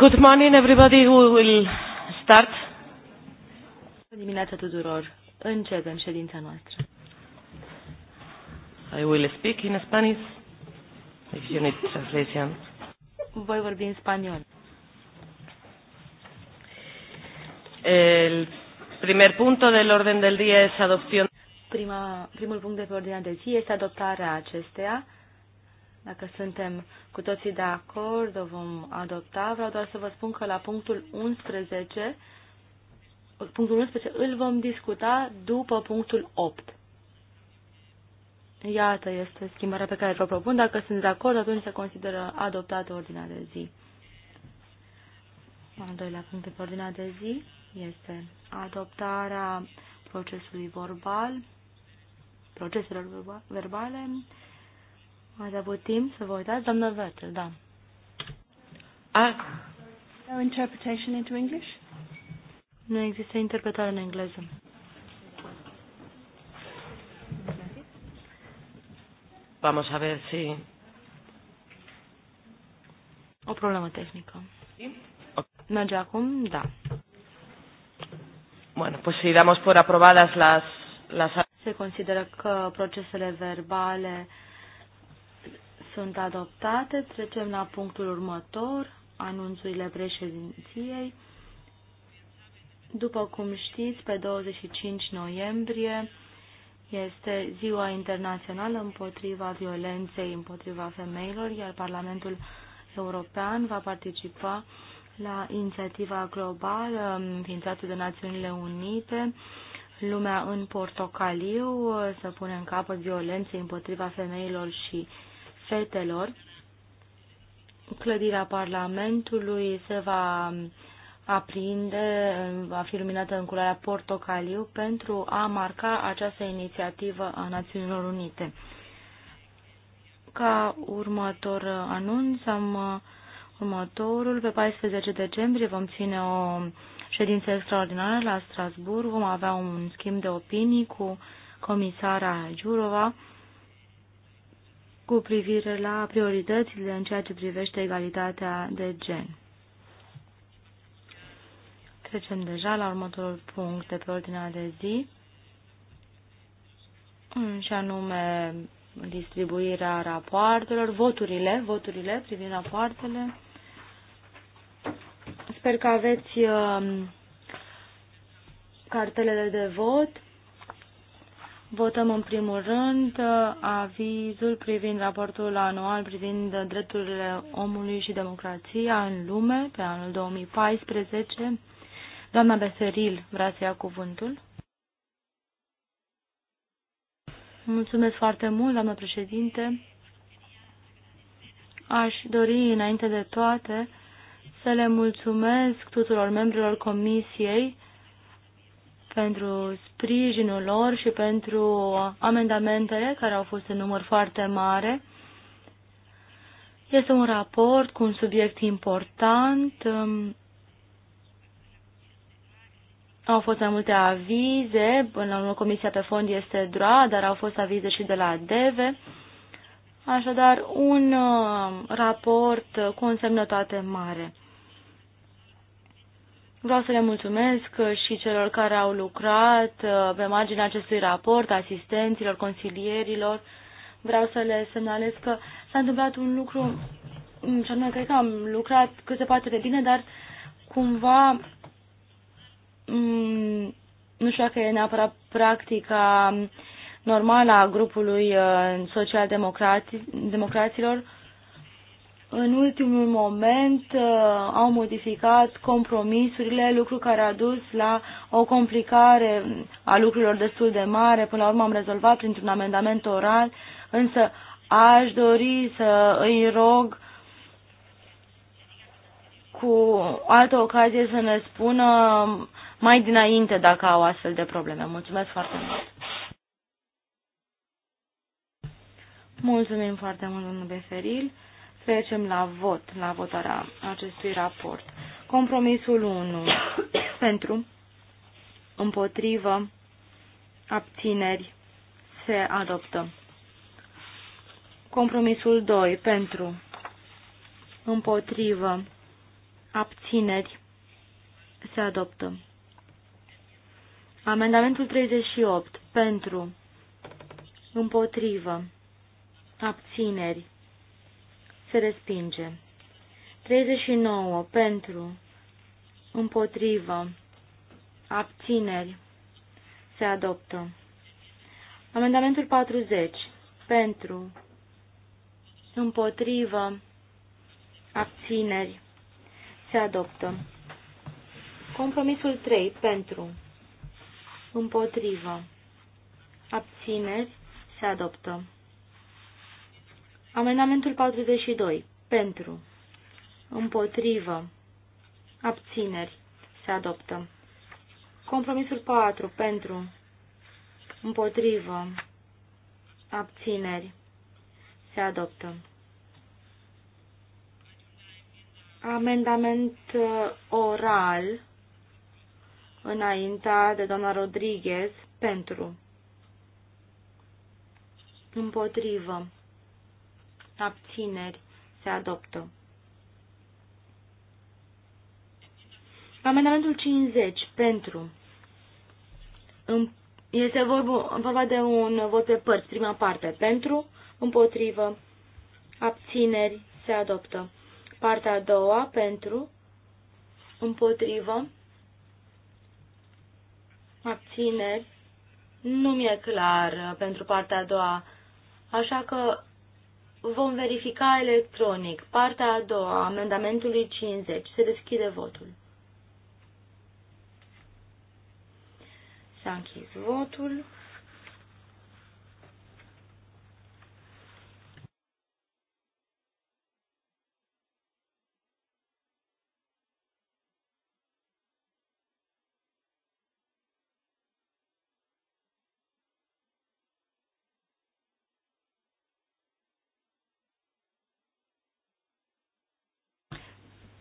Good morning everybody who will start. Bună dimineața tuturor. Începem ședința noastră. I will speak in Spanish if you need translation. Voi vorbi în spaniol. El primer punto del orden del día es adopción. Prima, primul punct de pe ordinea de zi este adoptarea acesteia. Dacă suntem cu toții de acord, o vom adopta. Vreau doar să vă spun că la punctul 11, punctul 11 îl vom discuta după punctul 8. Iată, este schimbarea pe care vă propun. Dacă sunt de acord, atunci se consideră adoptată ordinea de zi. Al doilea punct de pe ordinea de zi este adoptarea procesului verbal, proceselor verbale, Ați avut timp să vă uitați? Doamna Vettel, da. A. No interpretation into English? Nu există interpretare în engleză. Vamos a ver si... O problemă tehnică. Merge acum? Da. Bueno, pues si damos por aprobadas las... las... Se consideră că procesele verbale sunt adoptate. Trecem la punctul următor, anunțurile președinției. După cum știți, pe 25 noiembrie este Ziua Internațională împotriva violenței împotriva femeilor, iar Parlamentul European va participa la inițiativa globală înființată de Națiunile Unite, Lumea în portocaliu, să pune în capăt violenței împotriva femeilor și fetelor. Clădirea Parlamentului se va aprinde, va fi luminată în culoarea portocaliu pentru a marca această inițiativă a Națiunilor Unite. Ca următor anunț, am următorul, pe 14 decembrie vom ține o ședință extraordinară la Strasburg, vom avea un schimb de opinii cu comisara Jurova cu privire la prioritățile în ceea ce privește egalitatea de gen. Trecem deja la următorul punct de pe ordinea de zi, și anume distribuirea rapoartelor, voturile, voturile privind rapoartele. Sper că aveți um, cartelele de vot Votăm în primul rând uh, avizul privind raportul anual privind drepturile omului și democrația în lume pe anul 2014. Doamna Beseril vrea să ia cuvântul. Mulțumesc foarte mult, doamnă președinte. Aș dori, înainte de toate, să le mulțumesc tuturor membrilor comisiei pentru sprijinul lor și pentru amendamentele care au fost în număr foarte mare. Este un raport cu un subiect important. Um, au fost mai multe avize, până la Comisia pe fond este DRA, dar au fost avize și de la DEVE. Așadar, un uh, raport cu însemnătate mare. Vreau să le mulțumesc uh, și celor care au lucrat uh, pe marginea acestui raport, asistenților, consilierilor. Vreau să le semnalez că s-a întâmplat un lucru, mm, și anume, cred că am lucrat cât se poate de bine, dar cumva mm, nu știu dacă e neapărat practica normală a grupului uh, social-democraților, în ultimul moment uh, au modificat compromisurile, lucru care a dus la o complicare a lucrurilor destul de mare. Până la urmă am rezolvat printr-un amendament oral, însă aș dori să îi rog cu altă ocazie să ne spună mai dinainte dacă au astfel de probleme. Mulțumesc foarte mult! Mulțumim foarte mult, domnul Beferil trecem la vot, la votarea acestui raport. Compromisul 1. Pentru, împotrivă, abțineri, se adoptă. Compromisul 2. Pentru, împotrivă, abțineri, se adoptă. Amendamentul 38. Pentru, împotrivă, abțineri, se respinge. 39 pentru, împotrivă, abțineri, se adoptă. Amendamentul 40 pentru, împotrivă, abțineri, se adoptă. Compromisul 3 pentru, împotrivă, abțineri, se adoptă. Amendamentul 42. Pentru. Împotrivă. Abțineri. Se adoptă. Compromisul 4. Pentru. Împotrivă. Abțineri. Se adoptă. Amendament uh, oral înaintea de doamna Rodriguez pentru. Împotrivă abțineri, se adoptă. Amendamentul 50 pentru. Este vorba de un vot pe părți, prima parte. Pentru, împotrivă, abțineri, se adoptă. Partea a doua, pentru, împotrivă, abțineri, nu mi-e clar pentru partea a doua, așa că Vom verifica electronic partea a doua amendamentului 50. Se deschide votul. S-a închis votul.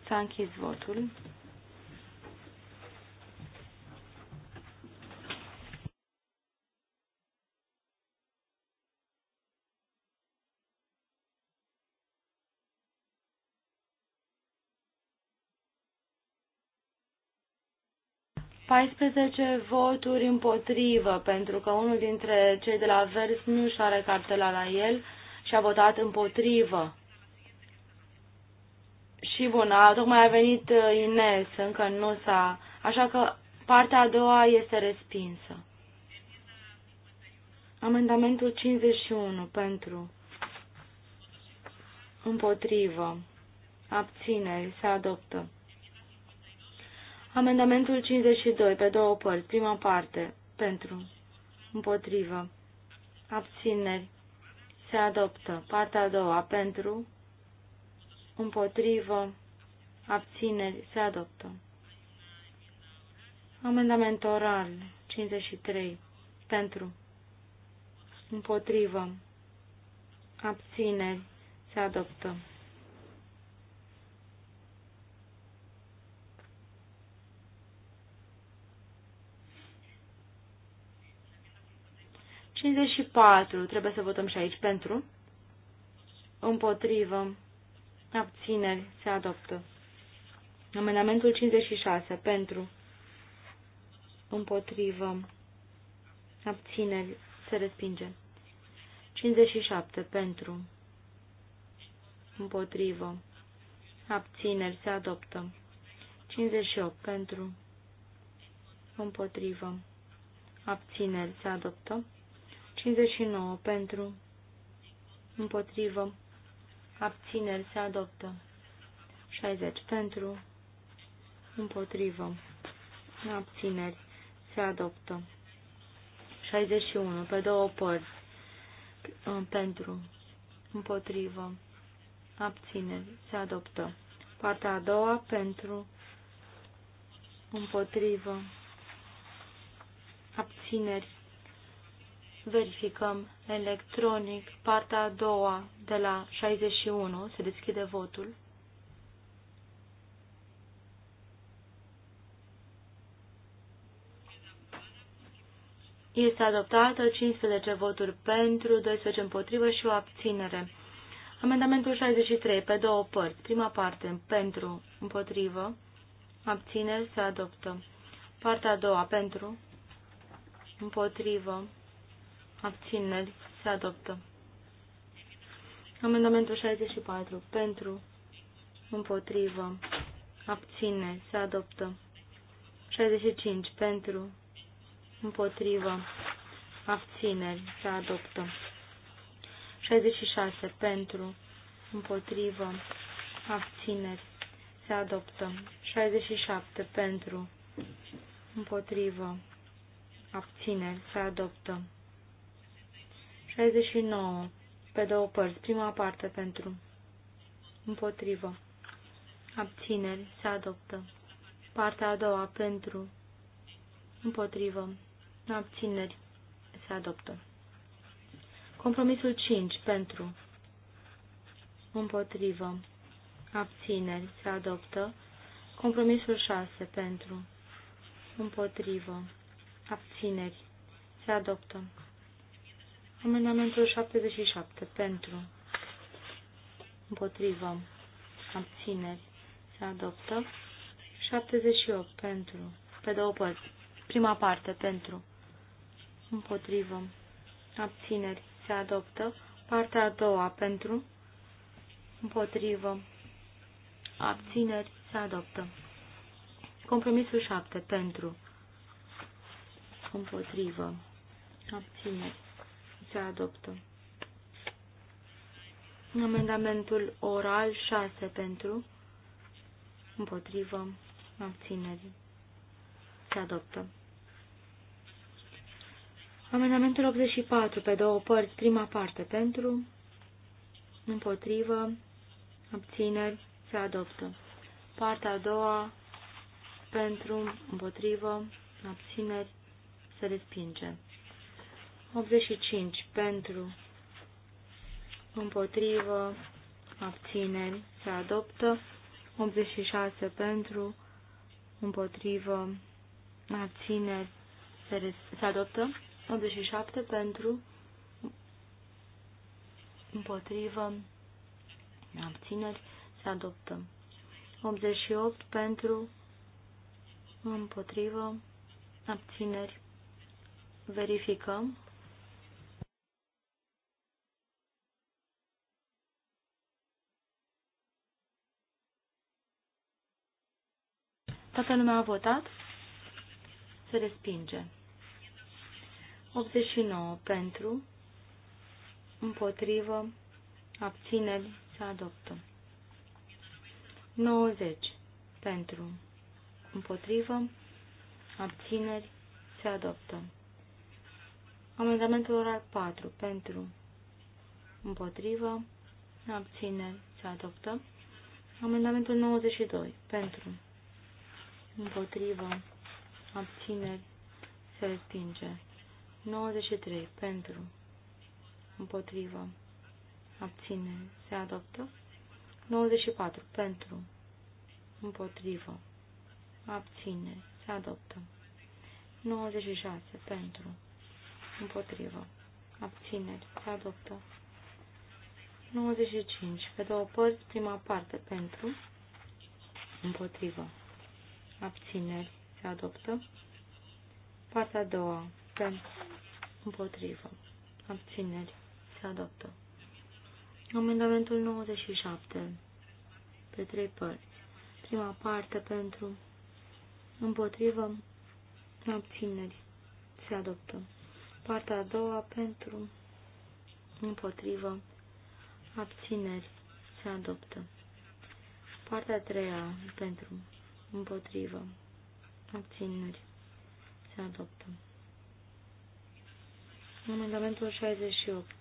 S-a închis votul. Paisprezece voturi împotrivă, pentru că unul dintre cei de la Vers nu și are cartela la el și a votat împotrivă și bun, a, tocmai a venit uh, Ines, încă nu s-a... Așa că partea a doua este respinsă. Amendamentul 51 pentru împotrivă abțineri se adoptă. Amendamentul 52 pe două părți, prima parte pentru împotrivă abțineri se adoptă. Partea a doua pentru împotrivă, abțineri, se adoptă. Amendament oral 53 pentru împotrivă abțineri se adoptă. patru. Trebuie să votăm și aici pentru. Împotrivă. Abțineri. Se adoptă. Amendamentul 56. Pentru. Împotrivă. Abțineri. Se respinge. 57. Pentru. Împotrivă. Abțineri. Se adoptă. 58. Pentru. Împotrivă. Abțineri. Se adoptă. 59. Pentru. Împotrivă abțineri se adoptă. 60 pentru, împotrivă, abțineri se adoptă. 61 pe două părți, uh, pentru, împotrivă, abțineri se adoptă. Partea a doua pentru, împotrivă, abțineri Verificăm electronic partea a doua de la 61. Se deschide votul. Este adoptată 15 voturi pentru, 12 împotrivă și o abținere. Amendamentul 63, pe două părți. Prima parte, pentru, împotrivă, abțineri, se adoptă. Partea a doua, pentru, împotrivă, abțineri, se adoptă. Amendamentul 64. Pentru, împotrivă, abține, se adoptă. 65. Pentru, împotrivă, abțineri, se adoptă. 66. Pentru, împotrivă, abțineri, se adoptă. 67. Pentru, împotrivă, abțineri, se adoptă. 69. Pe două părți. Prima parte pentru. Împotrivă. Abțineri. Se adoptă. Partea a doua pentru. Împotrivă. Abțineri. Se adoptă. Compromisul 5. Pentru. Împotrivă. Abțineri. Se adoptă. Compromisul 6. Pentru. Împotrivă. Abțineri. Se adoptă. Amendamentul 77. Pentru. Împotrivă. Abțineri. Se adoptă. 78. Pentru. Pe două părți. Prima parte. Pentru. Împotrivă. Abțineri. Se adoptă. Partea a doua. Pentru. Împotrivă. Abțineri. Se adoptă. Compromisul 7. Pentru. Împotrivă. Abțineri se adoptă. Amendamentul oral 6 pentru, împotrivă, abținerii, se adoptă. Amendamentul 84 pe două părți, prima parte pentru, împotrivă, abțineri, se adoptă. Partea a doua pentru, împotrivă, abțineri, se respinge. 85 pentru, împotrivă, abțineri, se adoptă. 86 pentru, împotrivă, abțineri, se, se adoptă. 87 pentru, împotrivă, abțineri, se adoptă. 88 pentru, împotrivă, abțineri. Verificăm. Toată lumea a votat? Se respinge. 89 pentru, împotrivă, abțineri, se adoptă. 90 pentru, împotrivă, abțineri, se adoptă. Amendamentul oral 4 pentru, împotrivă, abțineri, se adoptă. Amendamentul 92 pentru, împotrivă, abțineri, se respinge. 93. Pentru, împotrivă, abțineri, se adoptă. 94. Pentru, împotrivă, abțineri, se adoptă. 96. Pentru, împotrivă, abțineri, se adoptă. 95. Pe două părți, prima parte, pentru, împotrivă, abțineri se adoptă. Partea a doua, pentru, împotrivă, abțineri se adoptă. Amendamentul 97, pe trei părți. Prima parte pentru, împotrivă, abțineri se adoptă. Partea a doua pentru, împotrivă, abțineri se adoptă. Partea a treia pentru împotrivă, acțiunilor se adoptă. Amendamentul 68.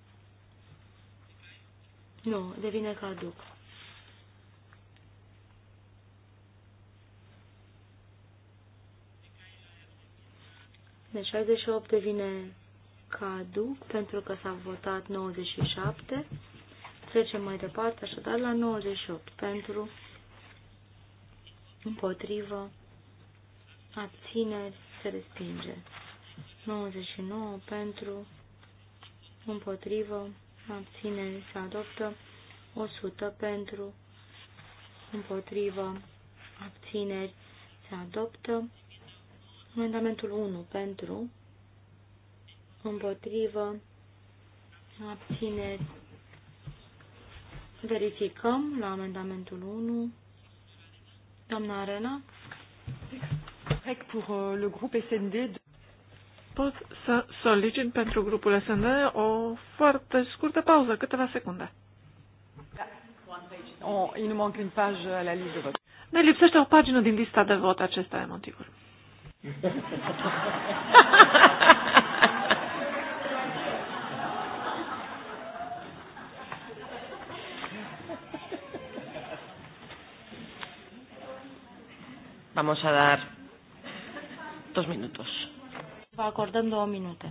Nu, devine caduc. Deci 68 devine caduc pentru că s-a votat 97. Trecem mai departe, așadar, la 98 pentru împotrivă, abțineri, se respinge. 99 pentru, împotrivă, abțineri, se adoptă. 100 pentru, împotrivă, abțineri, se adoptă. Amendamentul 1 pentru, împotrivă, abțineri. Verificăm la amendamentul 1. Doamna Arena? Pour euh, le grup SND. Pot să solicit pentru grupul SND o foarte scurtă pauză, câteva secunde. Da. Il nous manque une page à la liste de vote. Ne lipsește o pagină din lista de vot, acesta e motivul. Vamos a dar dos minutos. Va acordando dos minutos.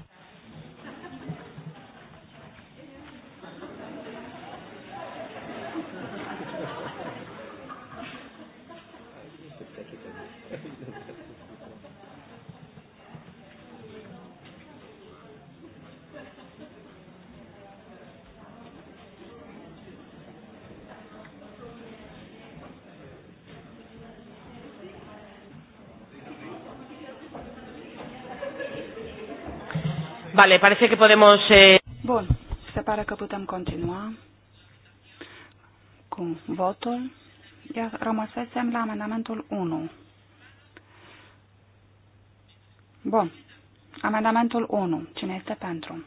Vale, parece que podemos... Eh... Bun, se pare că putem continua cu votul. Iar rămăsesem la amendamentul 1. Bun. Amendamentul 1. Cine este pentru?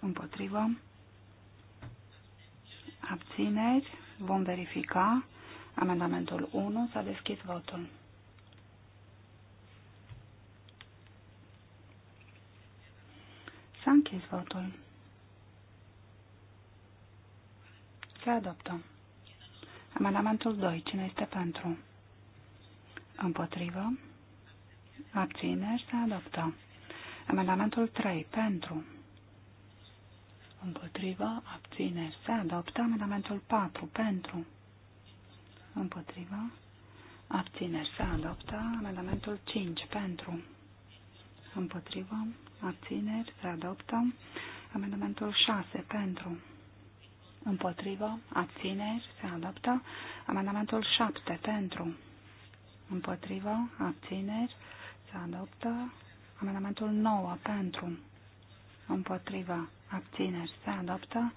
Împotrivă. Abțineri. Vom verifica. Amendamentul 1. S-a deschis votul. S-a închis votul. Se adoptă. Amendamentul 2. Cine este pentru? Împotrivă. Abțineri. Se adoptă. Amendamentul 3. Pentru. Împotrivă. Abțineri. Se adoptă. Amendamentul 4. Pentru. Împotrivă. Abțineri. Se adoptă. Amendamentul 5. Pentru. Împotrivă. abțineri, se adoptă. Amendamentul 6 pentru, Împotrivă. abțineri, se adoptă. Amendamentul 7 pentru, Împotrivă. abțineri, se adoptă. Amendamentul 9 pentru, Împotrivă. abțineri, se adoptă.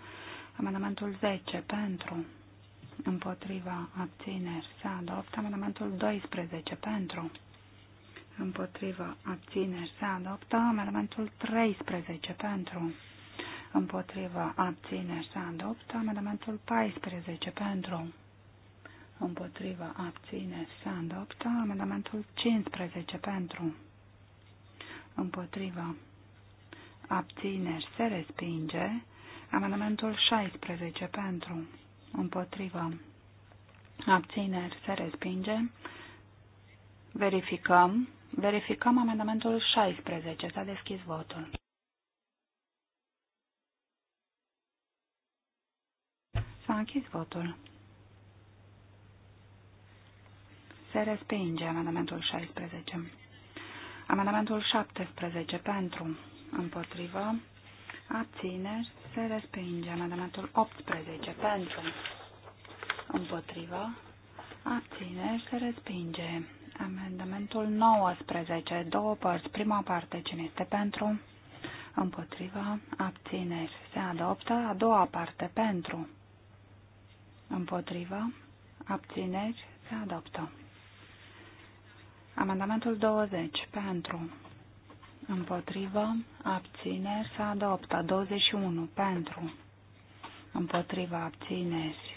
Amendamentul 10 pentru, împotriva, abțineri, se adoptă. Amendamentul 12 pentru, împotriva abțineri se adoptă, amendamentul 13 pentru, împotriva abțineri se adoptă, amendamentul 14 pentru, împotriva abțineri se adoptă, amendamentul 15 pentru, împotriva abțineri se respinge, amendamentul 16 pentru, împotriva abțineri se respinge, verificăm Verificăm amendamentul 16. S-a deschis votul. S-a închis votul. Se respinge amendamentul 16. Amendamentul 17 pentru, împotrivă, abțineri, se respinge. Amendamentul 18 pentru, împotrivă, abțineri, se respinge. Amendamentul 19, două părți. Prima parte, cine este pentru? Împotriva, abțineri. Se adoptă a doua parte, pentru. Împotriva, abțineri. Se adoptă. Amendamentul 20, pentru. Împotriva, abțineri, se adoptă. 21, pentru. Împotriva, abțineri,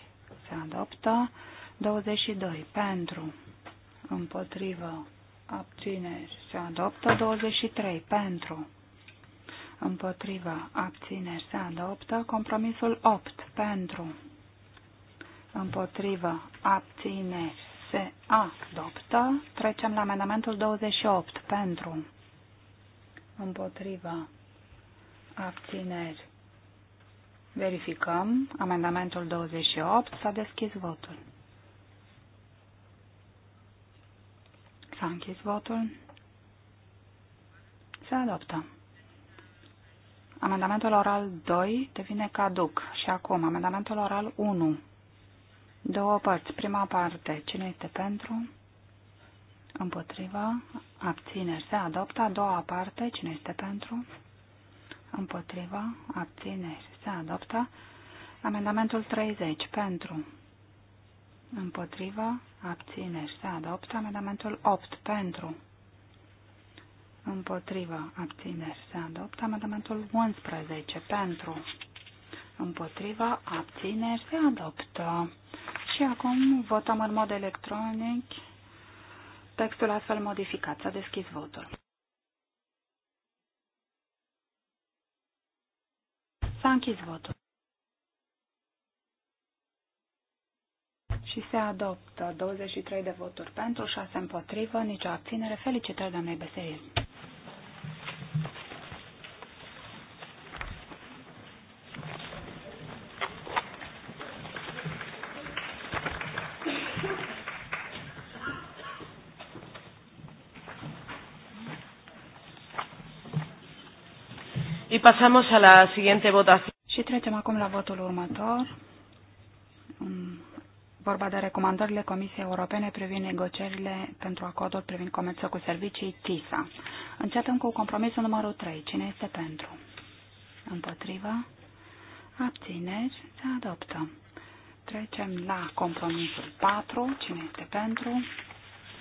se adoptă. 22, pentru împotrivă, abțineri, se adoptă 23 pentru, împotrivă, abțineri, se adoptă compromisul 8 pentru, împotrivă, abțineri, se adoptă, trecem la amendamentul 28 pentru, împotrivă, abțineri, verificăm, amendamentul 28 s-a deschis votul. S-a închis votul. Se adoptă. Amendamentul oral 2 devine caduc. Și acum, amendamentul oral 1. Două părți. Prima parte. Cine este pentru? Împotriva. Abțineri. Se adoptă. A doua parte. Cine este pentru? Împotriva. Abțineri. Se adoptă. Amendamentul 30. Pentru împotriva, abțineri, se adoptă. Amendamentul 8 pentru, împotriva, abțineri, se adoptă. Amendamentul 11 pentru, împotriva, abțineri, se adoptă. Și acum votăm în mod electronic textul astfel modificat. S-a deschis votul. S-a închis votul. și se adoptă 23 de voturi pentru, 6 împotrivă, nicio abținere. Felicitări, doamnei Beseril! Y pasamos a la siguiente votación. Și trecem acum la votul următor vorba de recomandările Comisiei Europene privind negocierile pentru acordul privind comerțul cu servicii TISA. Începem cu compromisul numărul 3. Cine este pentru? Împotrivă? Abțineri? Se adoptă. Trecem la compromisul 4. Cine este pentru?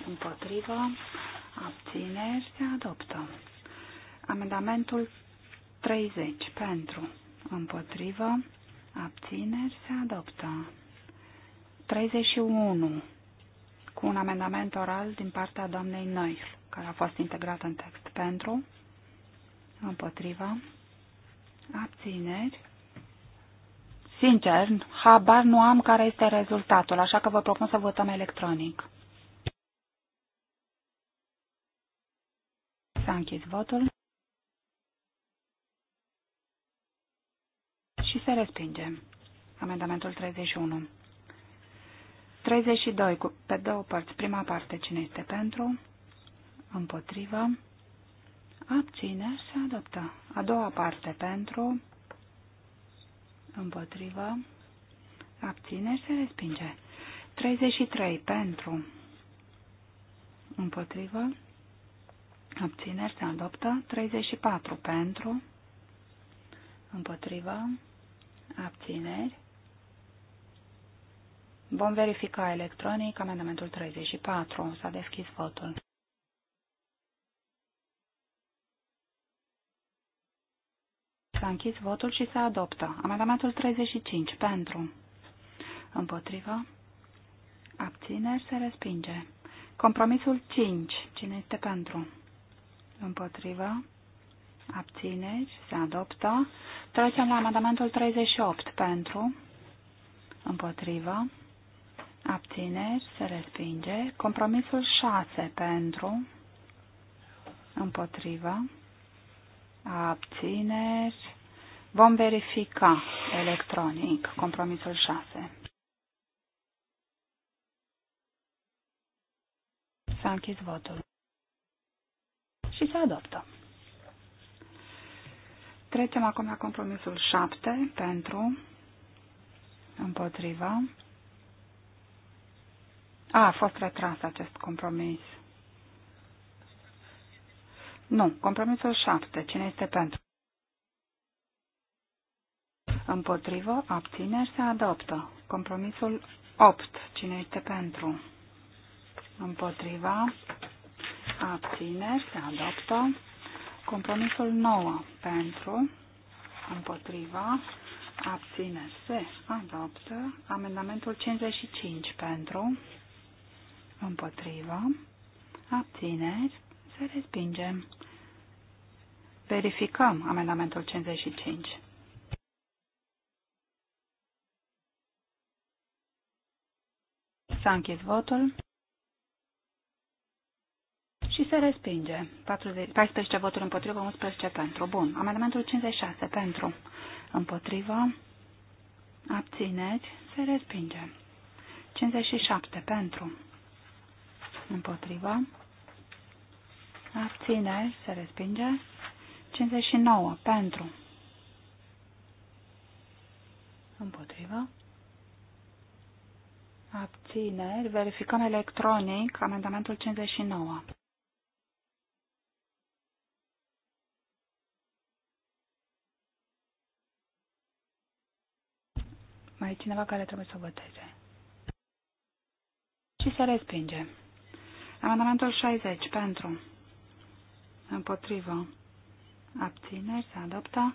Împotrivă? Abțineri? Se adoptă. Amendamentul 30. Pentru? Împotrivă? Abțineri? Se adoptă. 31 cu un amendament oral din partea doamnei Neuf, care a fost integrat în text pentru, împotriva, abțineri. Sincer, habar nu am care este rezultatul, așa că vă propun să votăm electronic. S-a închis votul. Și se respinge. Amendamentul 31. 32, cu, pe două părți. Prima parte, cine este pentru? Împotrivă. abține se adoptă. A doua parte, pentru? Împotrivă. abține se respinge. 33, pentru? Împotrivă. abține se adoptă. 34, pentru? Împotrivă. Abțineri Vom verifica electronic amendamentul 34. S-a deschis votul. S-a închis votul și se adoptă. Amendamentul 35. Pentru. Împotrivă. Abțineri se respinge. Compromisul 5. Cine este pentru? Împotrivă. Abțineri se adoptă. Trecem la amendamentul 38. Pentru. Împotrivă abțineri, se respinge. Compromisul 6 pentru, împotriva, abțineri. Vom verifica electronic compromisul 6. S-a închis votul. Și se adoptă. Trecem acum la compromisul 7 pentru împotriva a, a fost retras acest compromis. Nu, compromisul 7. Cine este pentru? Împotrivă, abțineri, se adoptă. Compromisul 8. Cine este pentru? Împotriva, abțineri, se adoptă. Compromisul 9. Pentru, împotriva, abțineri, se adoptă. Amendamentul 55. Pentru, împotriva, abțineri, se respinge. Verificăm amendamentul 55. S-a închis votul și se respinge. 14 voturi împotrivă, 11 pentru. Bun. Amendamentul 56 pentru. Împotrivă. Abțineți. Se respinge. 57 pentru împotriva, abține, se respinge, 59 pentru, împotriva, abțineri, verificăm electronic amendamentul 59. Mai e cineva care trebuie să voteze. Și se respinge. Amendamentul 60 pentru. Împotrivă. Abțineri. Se adoptă.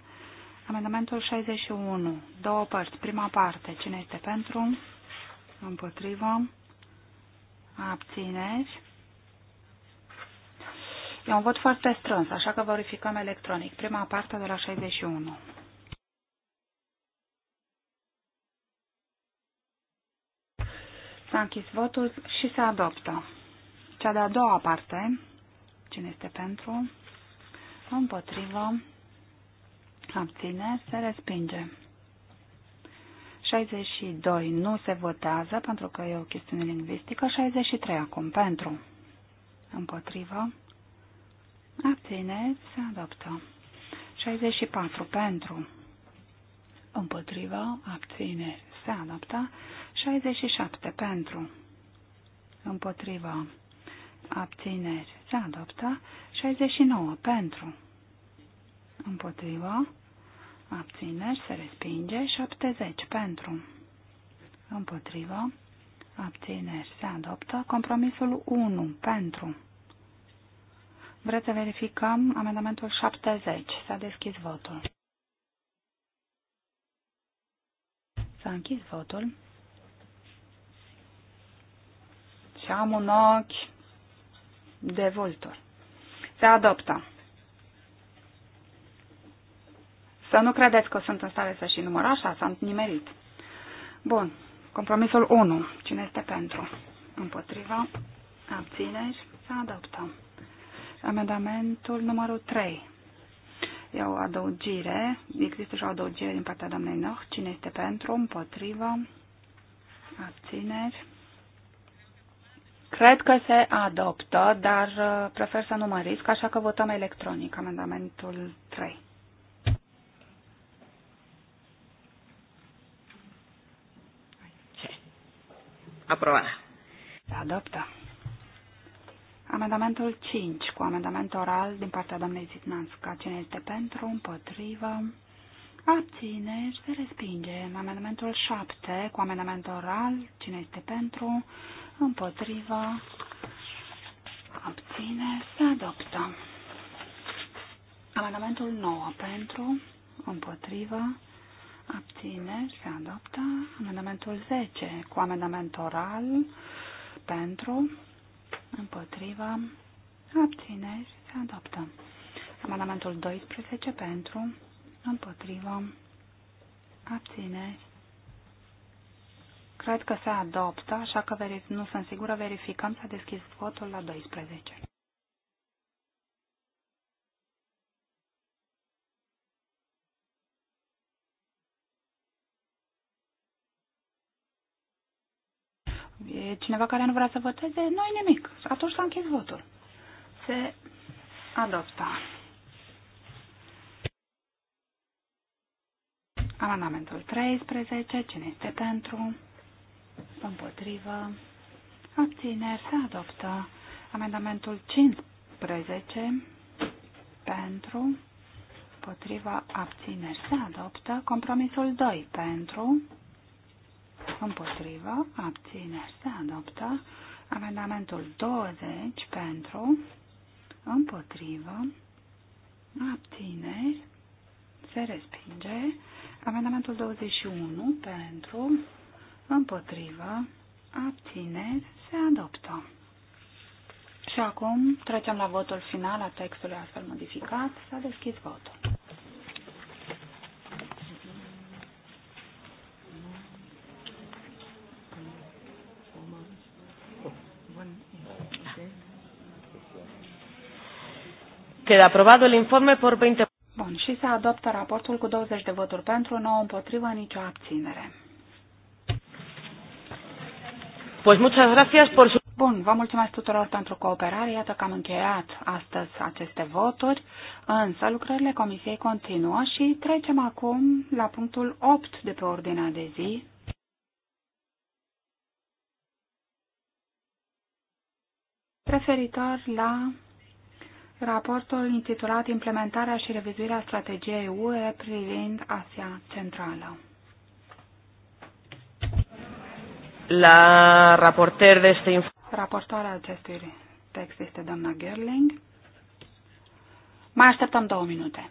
Amendamentul 61. Două părți. Prima parte. Cine este pentru? Împotrivă. Abțineri. E un vot foarte strâns, așa că verificăm electronic. Prima parte de la 61. S-a închis votul și se adoptă. Cea de-a doua parte, cine este pentru, împotrivă, abține, se respinge. 62 nu se votează pentru că e o chestiune lingvistică. 63 acum pentru. Împotrivă. Abține. Se adoptă. 64 pentru. Împotrivă. Abține. Se adoptă. 67 pentru. Împotrivă abțineri se adoptă, 69 pentru, împotriva, abțineri se respinge, 70 pentru, împotriva, abțineri se adoptă, compromisul 1 pentru. Vreți să verificăm amendamentul 70. S-a deschis votul. S-a închis votul. Și am un ochi de volturi. Se adoptă. Să nu credeți că sunt în stare să și număr așa, s-am nimerit. Bun. Compromisul 1. Cine este pentru? Împotriva. Abțineri. Se adoptă. Amendamentul numărul 3. E o adăugire. Există și o adăugire din partea doamnei Noh. Cine este pentru? Împotriva. Abțineri. Cred că se adoptă, dar uh, prefer să nu mă risc, așa că votăm electronic amendamentul 3. Aprobat. Se adoptă. Amendamentul 5 cu amendament oral din partea doamnei Zitnanska. Cine este pentru, împotrivă, abțineri, se respinge. Amendamentul 7 cu amendament oral. Cine este pentru, împotriva, abține, se adoptă. Amendamentul 9 pentru, împotriva, abține se adoptă. Amendamentul 10 cu amendament oral pentru, împotriva, abține se adoptă. Amendamentul 12 pentru, împotriva, abțineri, Cred că se adoptă, așa că nu sunt sigură, verificăm, s-a deschis votul la 12. E cineva care nu vrea să voteze? Nu-i nimic. Atunci s-a închis votul. Se adoptă. Amendamentul 13. Cine este pentru? împotrivă, abțineri, se adoptă. Amendamentul 15 pentru, împotriva, abțineri, se adoptă. Compromisul 2 pentru, împotriva, abțineri, se adoptă. Amendamentul 20 pentru, împotrivă, abțineri, se respinge. Amendamentul 21 pentru, împotrivă, abțineri, se adoptă. Și acum trecem la votul final a textului astfel modificat. S-a deschis votul. Queda aprobado el informe por 20. Bun, și se adoptă raportul cu 20 de voturi pentru, 9 împotrivă, nicio abținere. Pues muchas gracias por su... Bun, vă mulțumesc tuturor pentru cooperare. Iată că am încheiat astăzi aceste voturi, însă lucrările Comisiei continuă și trecem acum la punctul 8 de pe ordinea de zi. Referitor la raportul intitulat Implementarea și revizuirea strategiei UE privind Asia Centrală. La raporter de este informe. Raportoarea acestui text este doamna Gerling. Mai așteptăm două minute.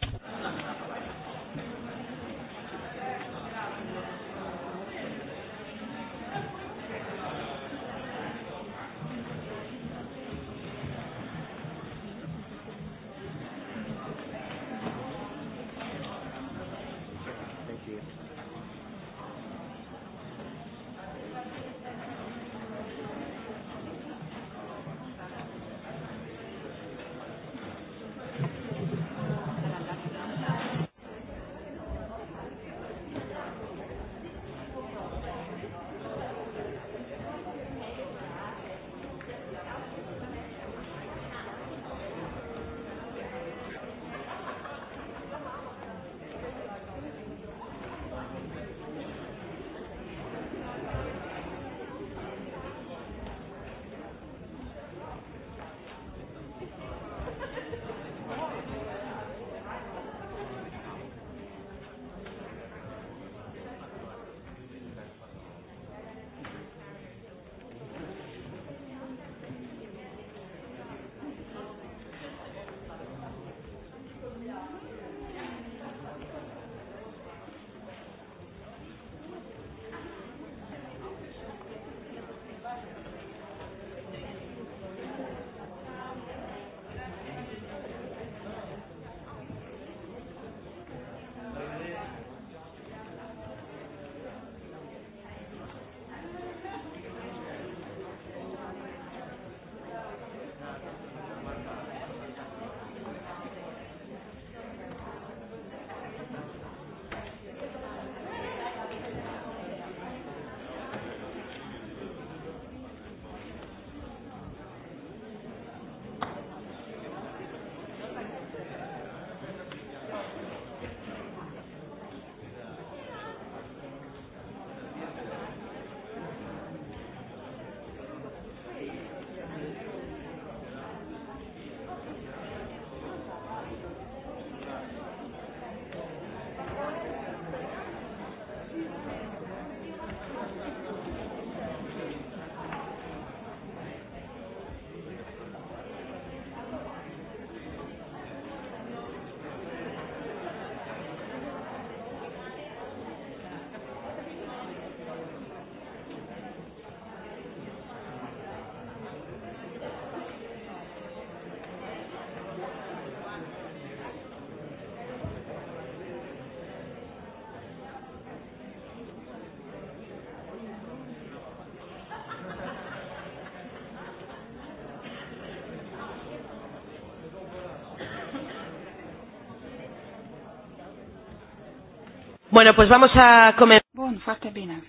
Bueno, pues vamos a comenzar. Bun, foarte bine.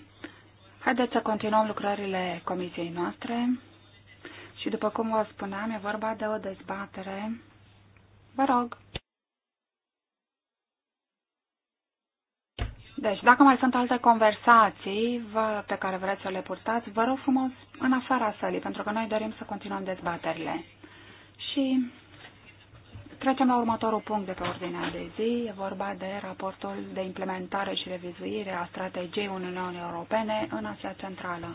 Haideți să continuăm lucrările comisiei noastre. Și după cum vă spuneam, e vorba de o dezbatere. Vă rog. Deci, dacă mai sunt alte conversații vă, pe care vreți să le purtați, vă rog frumos în afara sălii, pentru că noi dorim să continuăm dezbaterile. Și Trecem la următorul punct de pe ordinea de zi. E vorba de raportul de implementare și revizuire a strategiei Uniunii Europene în Asia Centrală.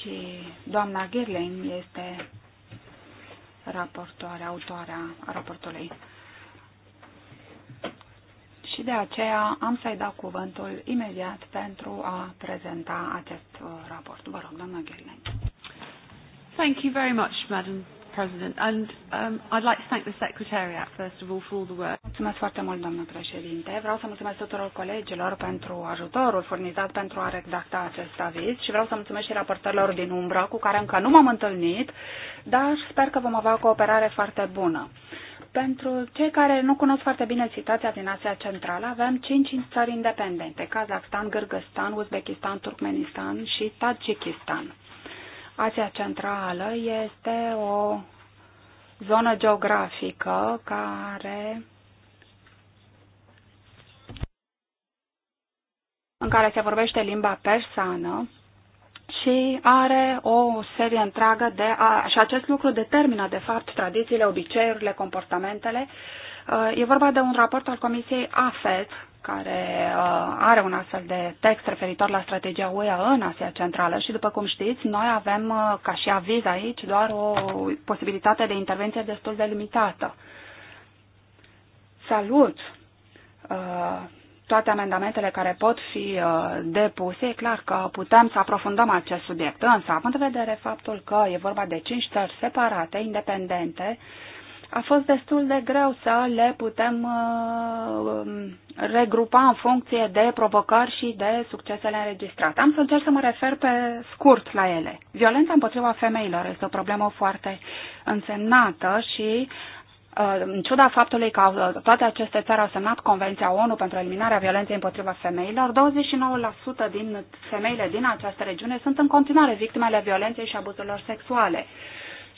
Și doamna Girling este raportoarea, autoarea raportului. Și de aceea am să-i dau cuvântul imediat pentru a prezenta acest uh, raport. Vă rog, doamna Girling. Thank you very much, Madam President. And um, I'd like to thank the Secretariat, first of all, for all the work. Mulțumesc foarte mult, doamnă președinte. Vreau să mulțumesc tuturor colegilor pentru ajutorul furnizat pentru a redacta acest aviz și vreau să mulțumesc și raportorilor din umbră cu care încă nu m-am întâlnit, dar sper că vom avea o cooperare foarte bună. Pentru cei care nu cunosc foarte bine situația din Asia Centrală, avem cinci țări independente, Kazakhstan, Gârgăstan, Uzbekistan, Turkmenistan și Tajikistan. Asia Centrală este o zonă geografică care în care se vorbește limba persană și are o serie întreagă de... A, și acest lucru determină, de fapt, tradițiile, obiceiurile, comportamentele Uh, e vorba de un raport al Comisiei AFET, care uh, are un astfel de text referitor la strategia UE în Asia Centrală și, după cum știți, noi avem, uh, ca și aviz aici, doar o posibilitate de intervenție destul de limitată. Salut! toate amendamentele care pot fi uh, depuse, e clar că putem să aprofundăm acest subiect. Însă, având în vedere faptul că e vorba de cinci țări separate, independente, a fost destul de greu să le putem uh, regrupa în funcție de provocări și de succesele înregistrate. Am să încerc să mă refer pe scurt la ele. Violența împotriva femeilor este o problemă foarte însemnată și uh, în ciuda faptului că toate aceste țări au semnat Convenția ONU pentru eliminarea violenței împotriva femeilor, 29% din femeile din această regiune sunt în continuare victimele violenței și abuzurilor sexuale.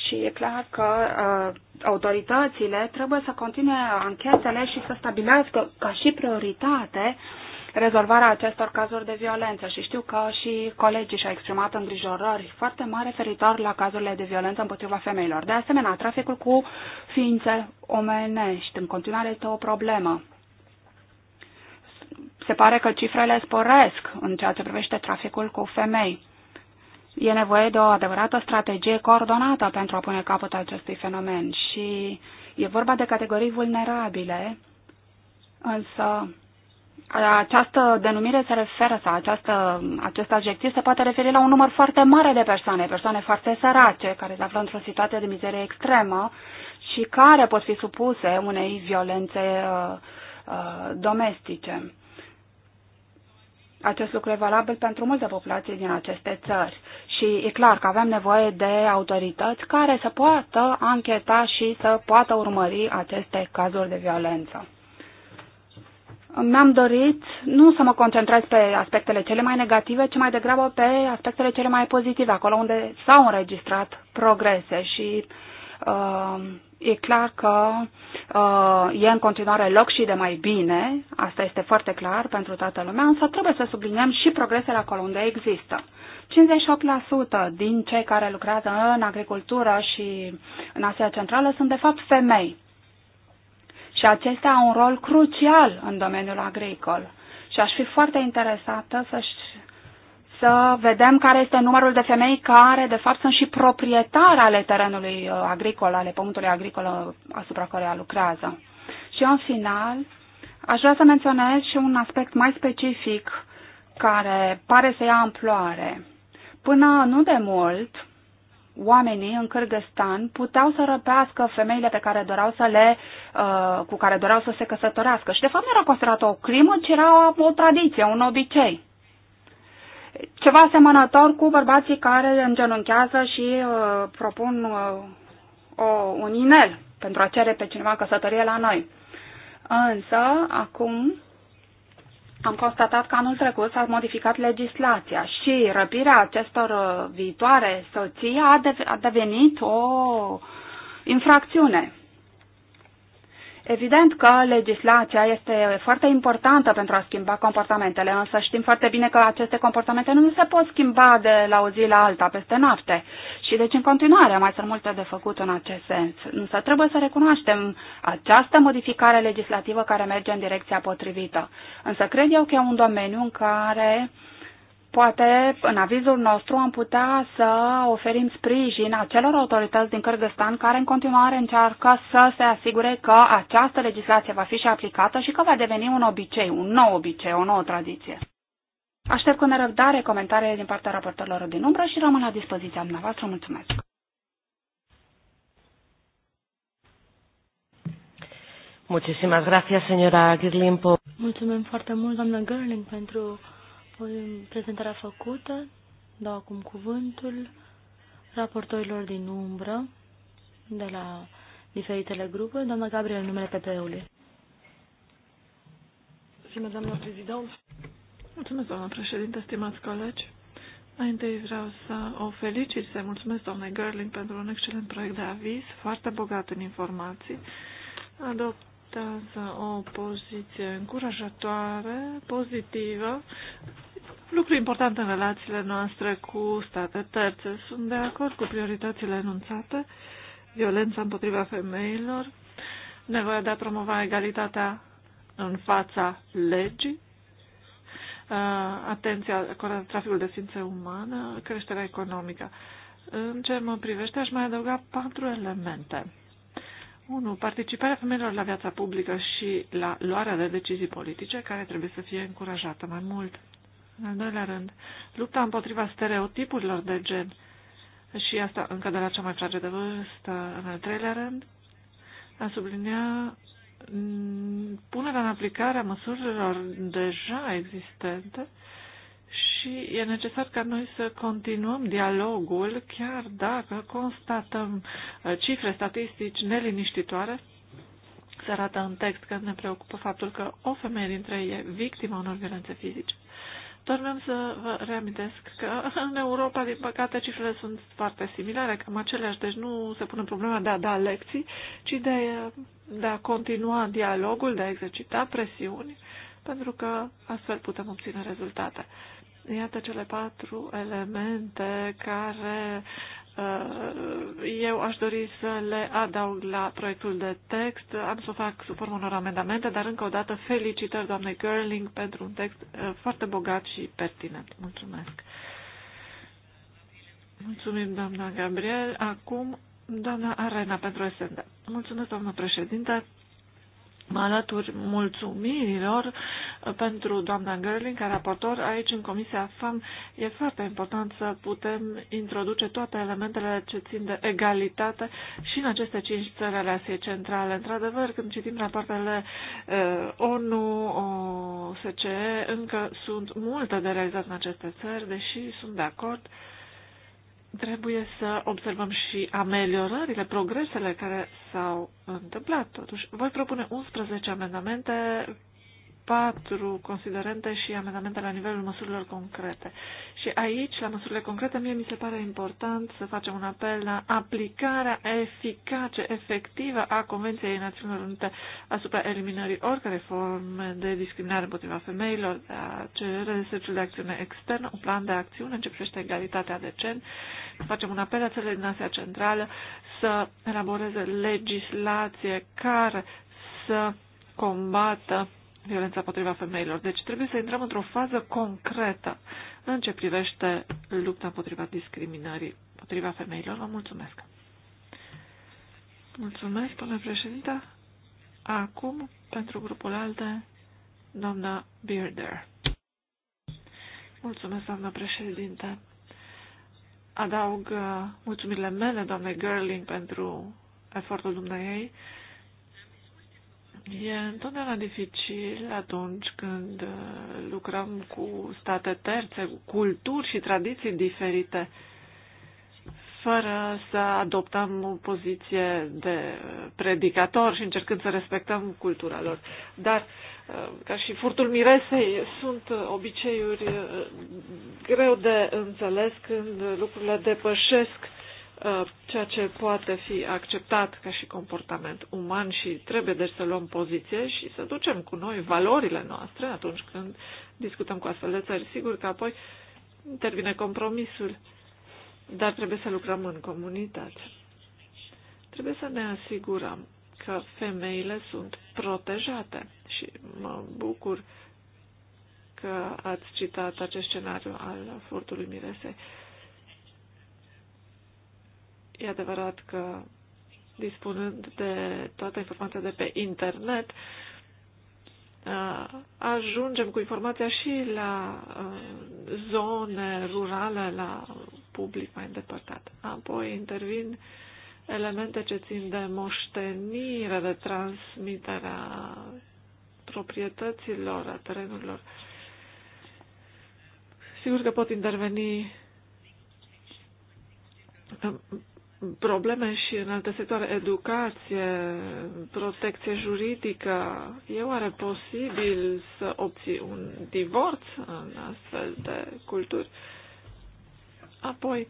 Și e clar că uh, autoritățile trebuie să continue anchetele și să stabilească ca și prioritate rezolvarea acestor cazuri de violență. Și știu că și colegii și-au exprimat îngrijorări foarte mari referitor la cazurile de violență împotriva femeilor. De asemenea, traficul cu ființe omenești în continuare este o problemă. Se pare că cifrele sporesc în ceea ce privește traficul cu femei. E nevoie de o adevărată strategie coordonată pentru a pune capăt acestui fenomen și e vorba de categorii vulnerabile, însă această denumire se referă sau această, acest adjectiv se poate referi la un număr foarte mare de persoane, persoane foarte sărace care se află într-o situație de mizerie extremă și care pot fi supuse unei violențe uh, uh, domestice. Acest lucru e valabil pentru multe populații din aceste țări. Și e clar că avem nevoie de autorități care să poată ancheta și să poată urmări aceste cazuri de violență. Mi-am dorit nu să mă concentrez pe aspectele cele mai negative, ci mai degrabă pe aspectele cele mai pozitive, acolo unde s-au înregistrat progrese și uh, e clar că uh, e în continuare loc și de mai bine, asta este foarte clar pentru toată lumea, însă trebuie să subliniem și progresele acolo unde există. 58% din cei care lucrează în agricultură și în Asia Centrală sunt de fapt femei. Și acestea au un rol crucial în domeniul agricol. Și aș fi foarte interesată să, să vedem care este numărul de femei care, de fapt, sunt și proprietari ale terenului uh, agricol, ale pământului agricol uh, asupra căruia lucrează. Și în final, aș vrea să menționez și un aspect mai specific care pare să ia amploare. Până nu de mult, oamenii în Kyrgyzstan puteau să răpească femeile pe care doreau să le, uh, cu care doreau să se căsătorească. Și de fapt nu era considerat o crimă, ci era o tradiție, un obicei. Ceva asemănător cu bărbații care îngenunchează și uh, propun uh, o, un inel pentru a cere pe cineva căsătorie la noi. Însă, acum, am constatat că anul trecut s-a modificat legislația și răpirea acestor uh, viitoare soții a, devenit o infracțiune. Evident că legislația este foarte importantă pentru a schimba comportamentele, însă știm foarte bine că aceste comportamente nu se pot schimba de la o zi la alta, peste noapte. Și deci în continuare mai sunt multe de făcut în acest sens. Însă trebuie să recunoaștem această modificare legislativă care merge în direcția potrivită. Însă cred eu că e un domeniu în care uh, Poate în avizul nostru am putea să oferim sprijin acelor autorități din Kyrgyzstan care în continuare încearcă să se asigure că această legislație va fi și aplicată și că va deveni un obicei, un nou obicei, o nouă tradiție. Aștept cu nerăbdare comentariile din partea raportorilor din umbră și rămân la dispoziția dumneavoastră. Mulțumesc! Muchísimas gracias, señora Mulțumim foarte mult, doamna Girling, pentru prezentarea făcută. Dau acum cuvântul raportorilor din umbră de la diferitele grupe. Doamna Gabriel, numele PP-ului. Mulțumesc, doamna prezident. Mulțumesc, doamna președinte, stimați colegi. Mai întâi vreau să o felicit și să mulțumesc doamnei Gerling pentru un excelent proiect de aviz, foarte bogat în informații. Adoptează o poziție încurajatoare, pozitivă, Lucru important în relațiile noastre cu state terțe. Sunt de acord cu prioritățile enunțate, violența împotriva femeilor, nevoia de a promova egalitatea în fața legii, uh, atenția acordată traficul de ființe umană, creșterea economică. În ce mă privește, aș mai adăuga patru elemente. 1. Participarea femeilor la viața publică și la luarea de decizii politice, care trebuie să fie încurajată mai mult. În al doilea rând, lupta împotriva stereotipurilor de gen și asta încă de la cea mai fragedă vârstă. În al treilea rând, a sublinea punerea în aplicare a măsurilor deja existente și e necesar ca noi să continuăm dialogul, chiar dacă constatăm uh, cifre statistici neliniștitoare. Se arată în text că ne preocupă faptul că o femeie dintre ei e victima unor violențe fizice vreau să vă reamintesc că în Europa, din păcate, cifrele sunt foarte similare, cam aceleași, deci nu se pune problema de a da lecții, ci de, de a continua dialogul, de a exercita presiuni, pentru că astfel putem obține rezultate. Iată cele patru elemente care Uh, eu aș dori să le adaug la proiectul de text. Am să o fac sub formă unor amendamente, dar încă o dată felicitări doamnei Gerling pentru un text uh, foarte bogat și pertinent. Mulțumesc! Mulțumim, doamna Gabriel. Acum, doamna Arena pentru SND. Mulțumesc, doamnă președinte mă alături mulțumirilor pentru doamna Gerling, ca raportor aici în Comisia FAM. E foarte important să putem introduce toate elementele ce țin de egalitate și în aceste cinci țări ale Asiei Centrale. Într-adevăr, când citim rapoartele eh, ONU, OSCE, încă sunt multe de realizat în aceste țări, deși sunt de acord uh, trebuie să observăm și ameliorările, progresele care s-au întâmplat. Totuși, voi propune 11 amendamente patru considerente și amendamente la nivelul măsurilor concrete. Și aici, la măsurile concrete, mie mi se pare important să facem un apel la aplicarea eficace, efectivă a Convenției Națiunilor Unite asupra eliminării oricărei forme de discriminare împotriva femeilor, de a cere serviciul de acțiune externă, un plan de acțiune în ce privește egalitatea de gen. Facem un apel la țările din Asia Centrală să elaboreze legislație care să combată violența potriva femeilor. Deci trebuie să intrăm într-o fază concretă în ce privește lupta împotriva discriminării potriva femeilor. Vă mulțumesc! Mulțumesc, domnule președinte! Acum, pentru grupul ALDE, doamna Bearder. Mulțumesc, doamna președinte! Adaug uh, mulțumirile mele, doamne Gerling, pentru efortul dumneavoastră E întotdeauna dificil atunci când uh, lucrăm cu state terțe, cu culturi și tradiții diferite, fără să adoptăm o poziție de predicator și încercând să respectăm cultura lor. Dar, uh, ca și furtul miresei, sunt obiceiuri uh, greu de înțeles când lucrurile depășesc Uh, ceea ce poate fi acceptat ca și comportament uman și trebuie deci să luăm poziție și să ducem cu noi valorile noastre atunci când discutăm cu astfel de țări. Sigur că apoi intervine compromisul, dar trebuie să lucrăm în comunitate. Trebuie să ne asigurăm că femeile sunt protejate și mă bucur că ați citat acest scenariu al furtului miresei E adevărat că dispunând de toată informația de pe internet, ajungem cu informația și la zone rurale, la public mai îndepărtat. Apoi intervin elemente ce țin de moștenire, de transmiterea proprietăților, a terenurilor. Sigur că pot interveni probleme și în alte sectoare, educație, protecție juridică. E oare posibil să obții un divorț în astfel de culturi? Apoi,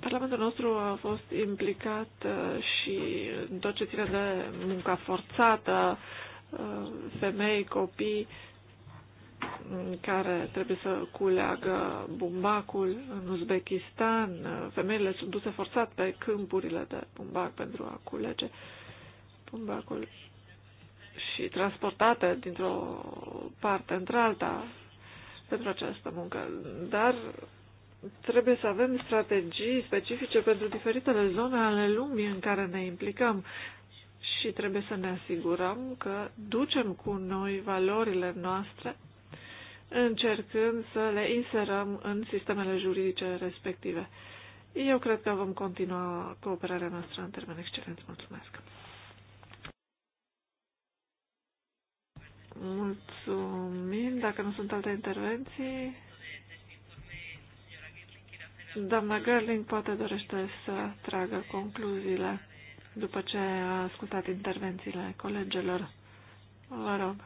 Parlamentul nostru a fost implicat uh, și în tot ce ține de munca forțată, uh, femei, copii, care trebuie să culeagă bumbacul în Uzbekistan. Femeile sunt duse forțat pe câmpurile de bumbac pentru a culege bumbacul și transportate dintr-o parte într-alta pentru această muncă. Dar trebuie să avem strategii specifice pentru diferitele zone ale lumii în care ne implicăm și trebuie să ne asigurăm că ducem cu noi valorile noastre încercând să le inserăm în sistemele juridice respective. Eu cred că vom continua cooperarea noastră în termen excelent. Mulțumesc! Mulțumim. Dacă nu sunt alte intervenții, doamna Gerling poate dorește să tragă concluziile după ce a ascultat intervențiile colegilor. Vă rog.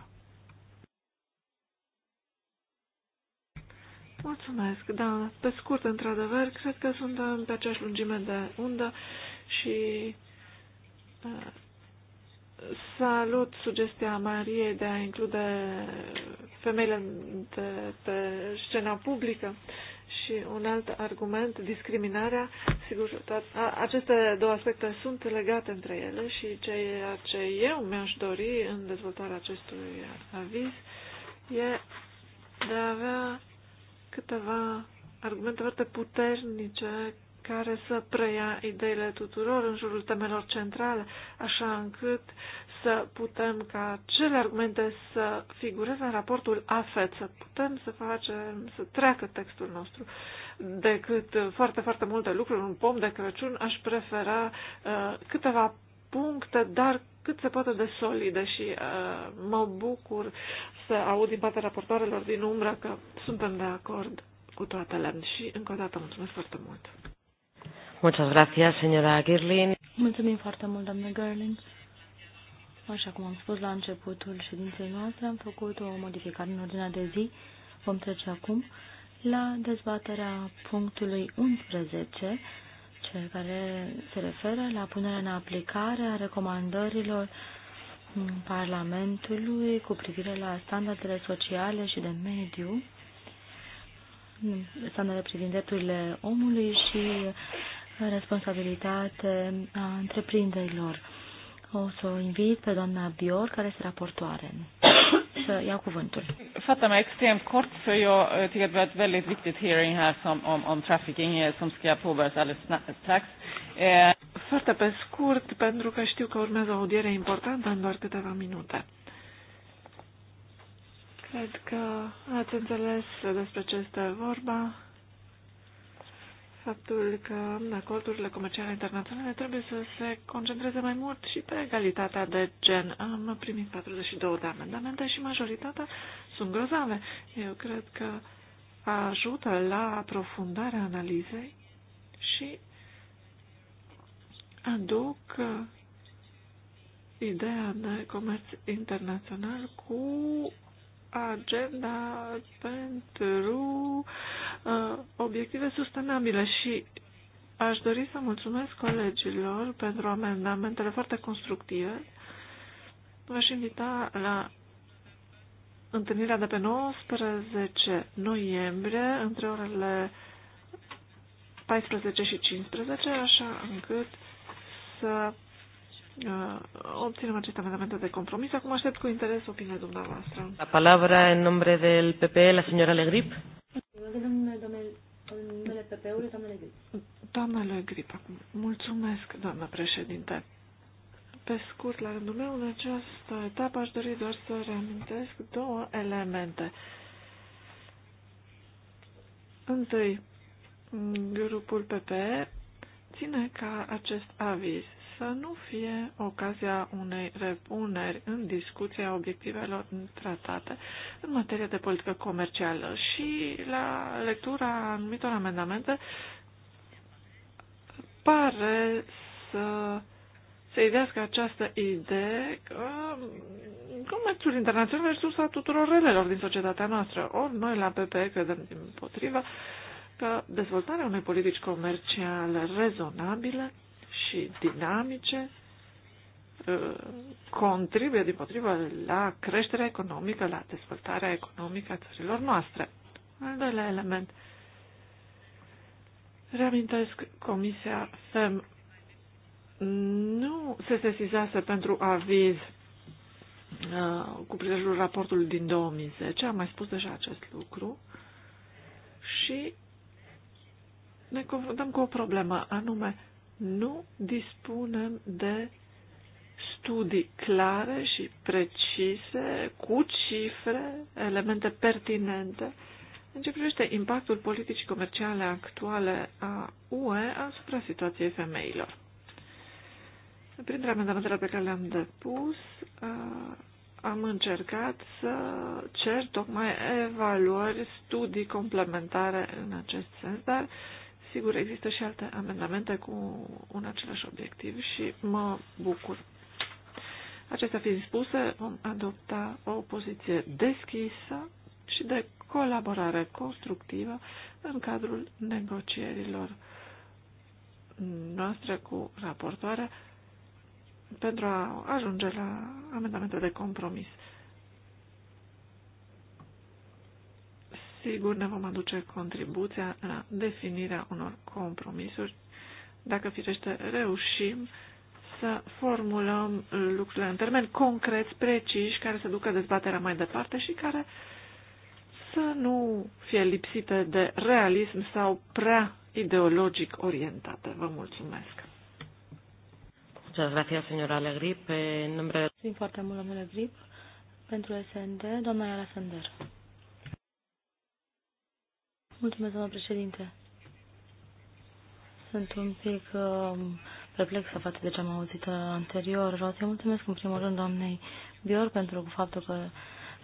Mulțumesc, da, pe scurt, într-adevăr, cred că sunt pe aceeași lungime de undă și uh, salut sugestia Mariei de a include femeile de, pe scena publică și un alt argument, discriminarea. Sigur, toate, aceste două aspecte sunt legate între ele și ceea ce eu mi-aș dori în dezvoltarea acestui aviz e de a avea câteva argumente foarte puternice care să preia ideile tuturor în jurul temelor centrale, așa încât să putem ca cele argumente să figureze în raportul AFET, să putem să facem, să treacă textul nostru, decât foarte, foarte multe lucruri, un pom de Crăciun, aș prefera uh, câteva puncte, dar cât se poate de solide și uh, mă bucur să aud din partea raportoarelor din umbră că suntem de acord cu toate le și încă o dată mulțumesc foarte mult. Muchas gracias, señora Girlin. Mulțumim foarte mult, doamne Girlin. Așa cum am spus la începutul ședinței noastre, am făcut o modificare în ordinea de zi. Vom trece acum la dezbaterea punctului 11, cel care se referă la punerea în aplicare a recomandărilor Parlamentului cu privire la standardele sociale și de mediu, standardele privind drepturile omului și responsabilitate a întreprinderilor. O să o invit pe doamna Bior, care este raportoare să iau cuvântul. Fata mai extrem kort för jag uh, tycker att vi har ett väldigt viktigt hearing här som, om, om trafficking som ska påbörjas alldeles strax. Uh, Foarte pe scurt, pentru că știu că urmează o audiere importantă în doar câteva minute. Cred că ați înțeles despre ce este vorba faptul că acordurile comerciale internaționale trebuie să se concentreze mai mult și pe egalitatea de gen. Am primit 42 de amendamente și majoritatea sunt grozave. Eu cred că ajută la aprofundarea analizei și aduc ideea de comerț internațional cu agenda pentru uh, obiective sustenabile și aș dori să mulțumesc colegilor pentru amendamentele foarte constructive. V-aș invita la întâlnirea de pe 19 noiembrie între orele 14 și 15, așa încât să Uh, obținem acest amendament de compromis. Acum aștept cu interes opinia dumneavoastră. La palabra în nombre del PP, la señora Legrip. Doamna Legrip, acum. Mulțumesc, doamna președinte. Pe scurt, la rândul meu, în această etapă aș dori doar să reamintesc două elemente. Întâi, grupul PPE ține ca acest aviz să nu fie ocazia unei repuneri în discuția obiectivelor tratate în materie de politică comercială. Și la lectura anumitor amendamente pare să se idească această idee că comerțul internațional e sursa tuturor relelor din societatea noastră. Ori noi la PPE credem din potriva că dezvoltarea unei politici comerciale rezonabile și dinamice uh, contribuie, din potrivă, la creșterea economică, la dezvoltarea economică a țărilor noastre. Al doilea element. Reamintesc, Comisia FEM nu se sesizase pentru aviz uh, cu prilejul raportului din 2010, am mai spus deja acest lucru, și ne confruntăm cu o problemă, anume nu dispunem de studii clare și precise, cu cifre, elemente pertinente, în ce privește impactul politicii comerciale actuale a UE asupra situației femeilor. Printre amendamentele pe care le-am depus, am încercat să cer tocmai evaluări, studii complementare în acest sens, dar Sigur, există și alte amendamente cu un același obiectiv și mă bucur. Acestea fiind spuse, vom adopta o poziție deschisă și de colaborare constructivă în cadrul negocierilor noastre cu raportoare pentru a ajunge la amendamente de compromis. sigur ne vom aduce contribuția la definirea unor compromisuri, dacă firește reușim să formulăm lucrurile în termeni concreți, preciși, care să ducă dezbaterea mai departe și care să nu fie lipsite de realism sau prea ideologic orientate. Vă mulțumesc! Muchas gracias, señora Legrip. En nombre de... Mulțumim foarte mult, domnule Grip. Pentru SND, doamna Iara Sender. Mulțumesc, doamna președinte. Sunt un pic uh, perplexă față de ce am auzit anterior. Vreau să-i mulțumesc în primul rând doamnei Bior pentru faptul că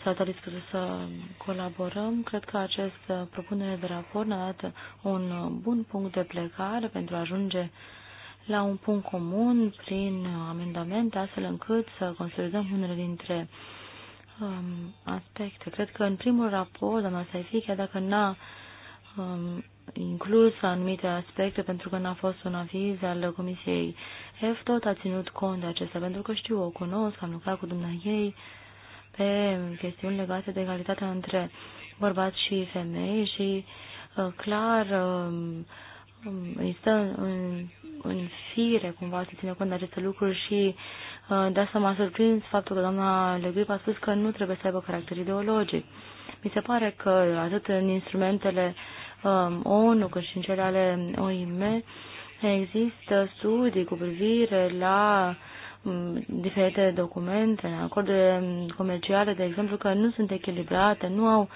s-a dat dispusă să colaborăm. Cred că acest uh, propunere de raport ne-a dat un uh, bun punct de plecare pentru a ajunge la un punct comun prin amendamente, astfel încât să consolidăm unele dintre um, aspecte. Cred că în primul raport, doamna Saifi, chiar dacă n-a um, inclus anumite aspecte pentru că n-a fost un aviz al Comisiei F, tot a ținut cont de acestea, pentru că știu, o cunosc, am lucrat cu ei pe chestiuni legate de egalitatea între bărbați și femei și uh, clar uh, um, îi um, stă în, în fire cumva să ține cont de aceste lucruri și uh, de asta m-a surprins faptul că doamna Legrip a spus că nu trebuie să aibă caracter ideologic. Uh, mi se pare că atât în instrumentele um, ONU cât și în cele ale OIM există studii cu privire la um, diferite documente, acorduri comerciale, de exemplu, că nu sunt echilibrate, nu au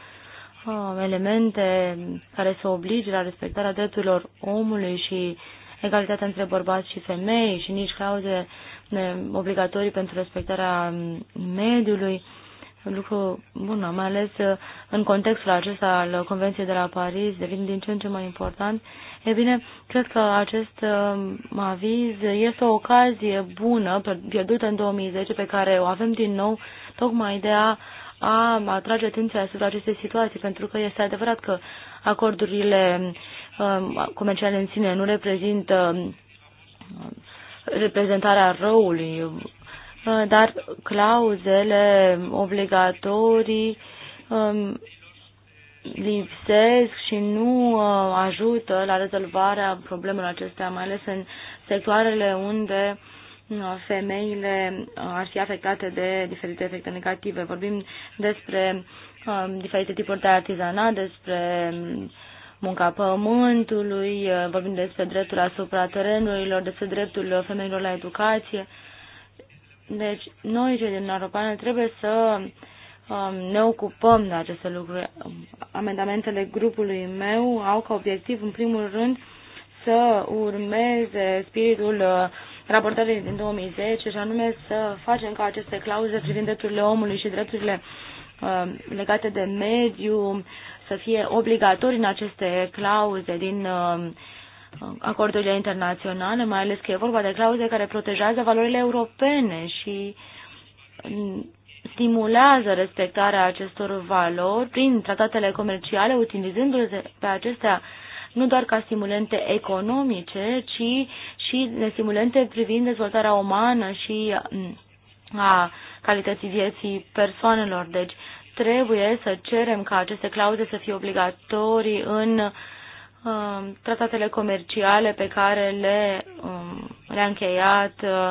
um, elemente care să oblige la respectarea drepturilor omului și egalitatea între bărbați și femei și nici clauze obligatorii pentru respectarea mediului lucru bun, mai ales uh, în contextul acesta al Convenției de la Paris, devin din ce în ce mai important. E bine, cred că acest uh, aviz este o ocazie bună, pierdută în 2010, pe care o avem din nou, tocmai de a, a atrage atenția asupra acestei situații, pentru că este adevărat că acordurile um, comerciale în sine nu reprezintă um, reprezentarea răului, Uh, dar clauzele obligatorii um, lipsesc și nu uh, ajută la rezolvarea problemelor acestea, mai ales în sectoarele unde uh, femeile ar fi afectate de diferite efecte negative. Vorbim despre um, diferite tipuri de artizanat, despre um, munca pământului, vorbim despre dreptul asupra terenurilor, despre dreptul femeilor la educație. Deci, noi, cei din Europeană, trebuie să um, ne ocupăm de aceste lucruri. Amendamentele grupului meu au ca obiectiv, în primul rând, să urmeze spiritul uh, raportării din 2010 și anume să facem ca aceste clauze privind drepturile omului și drepturile um, legate de mediu să fie obligatorii în aceste clauze din um, Uh, acordurile internaționale, mai ales că e vorba de clauze care protejează valorile europene și mm, stimulează respectarea acestor valori prin tratatele comerciale, utilizându-le pe acestea nu doar ca stimulente economice, ci și stimulente privind dezvoltarea umană și mm, a calității vieții persoanelor. Deci trebuie să cerem ca aceste clauze să fie obligatorii în Um, tratatele comerciale pe care le, um, le-a încheiat uh,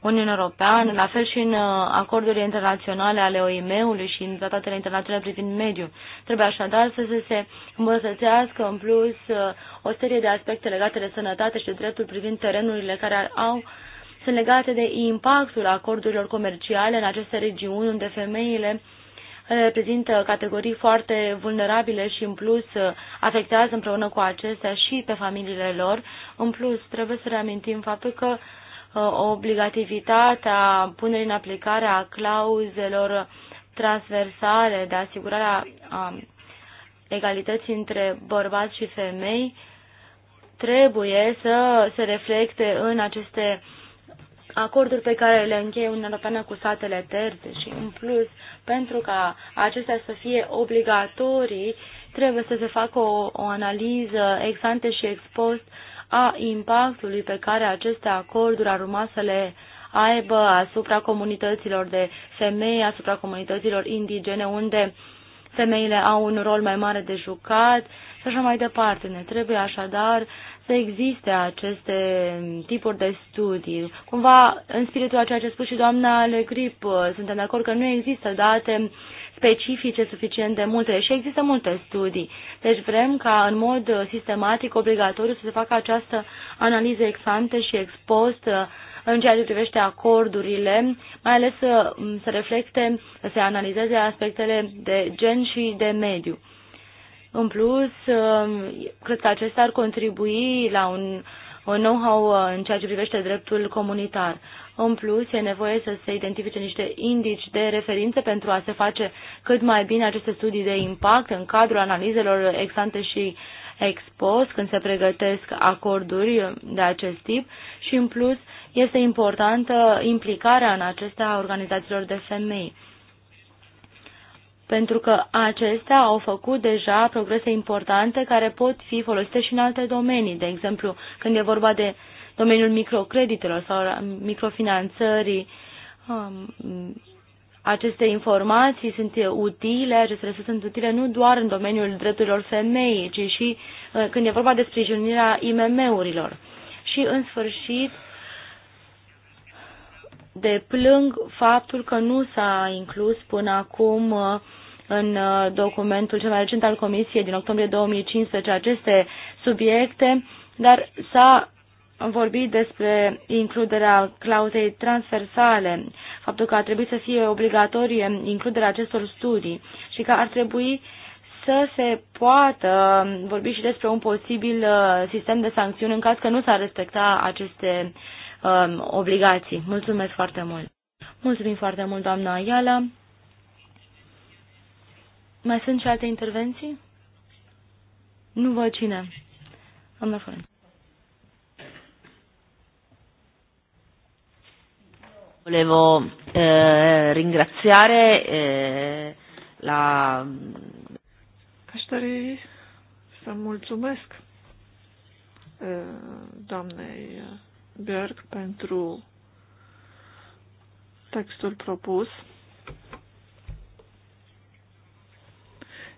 Uniunea Europeană, la fel și în uh, acordurile internaționale ale OIM-ului și în tratatele internaționale privind mediul. Trebuie așadar să se îmbunătățească în plus uh, o serie de aspecte legate de sănătate și de dreptul privind terenurile care au sunt legate de impactul acordurilor comerciale în aceste regiuni unde femeile uh, reprezintă categorii foarte vulnerabile și în plus afectează împreună cu acestea și pe familiile lor. În plus, trebuie să reamintim faptul că uh, obligativitatea punerii în aplicare a clauzelor transversale de asigurarea a egalității între bărbați și femei trebuie să se reflecte în aceste acorduri pe care le încheie Uniunea Europeană cu statele terțe și, în plus, pentru ca acestea să fie obligatorii, trebuie să se facă o, o analiză exante și expost a impactului pe care aceste acorduri ar urma să le aibă asupra comunităților de femei, asupra comunităților indigene, unde femeile au un rol mai mare de jucat și așa mai departe. Ne trebuie așadar să existe aceste tipuri de studii. Cumva, în spiritul a ceea ce a spus și doamna Legrip, suntem de acord că nu există date specifice suficient de multe și există multe studii. Deci vrem ca în mod sistematic, obligatoriu, să se facă această analiză ex și expostă uh, în ceea ce privește acordurile, mai ales uh, să, se reflecte, să se analizeze aspectele de gen și de mediu. În plus, um, cred că acesta ar contribui la un know-how uh, în ceea ce privește dreptul comunitar. În plus, e nevoie să se identifice niște indici de referință pentru a se face cât mai bine aceste studii de impact în cadrul analizelor exante și expos când se pregătesc acorduri de acest tip și, în plus, este importantă implicarea în acestea a organizațiilor de femei pentru că acestea au făcut deja progrese importante care pot fi folosite și în alte domenii. De exemplu, când e vorba de domeniul microcreditelor sau microfinanțării, um, aceste informații sunt utile, aceste resurse sunt utile nu doar în domeniul drepturilor femeii, ci și uh, când e vorba de sprijinirea IMM-urilor. Și, în sfârșit, deplâng faptul că nu s-a inclus până acum uh, în uh, documentul cel mai recent al Comisiei din octombrie 2015 aceste subiecte, dar s-a vorbit despre includerea clauzei transversale, faptul că ar trebui să fie obligatorie includerea acestor studii și că ar trebui să se poată vorbi și despre un posibil uh, sistem de sancțiuni în caz că nu s-ar respecta aceste uh, uh, obligații. Mulțumesc foarte mult. Mulțumim foarte mult, doamna Ayala. Mai sunt și alte intervenții? Nu văd cine. Doamna Foren. Volevo eh, ringraziare eh, la... Aș dori să mulțumesc eh, doamnei eh, Björk pentru textul propus.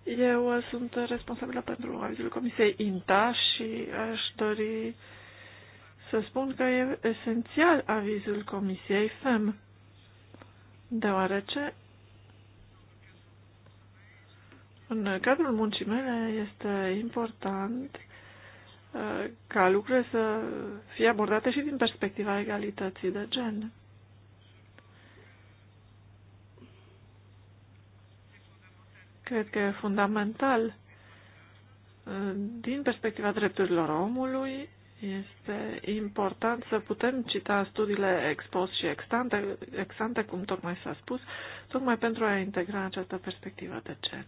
Eu sunt responsabilă pentru avizul Comisiei INTA și aș dori să spun că e esențial avizul Comisiei FEM, deoarece în cadrul muncii mele este important ca lucrurile să fie abordate și din perspectiva egalității de gen. Cred că e fundamental din perspectiva drepturilor omului este important să putem cita studiile expos și extante, extante, cum tocmai s-a spus, tocmai pentru a integra această perspectivă de gen.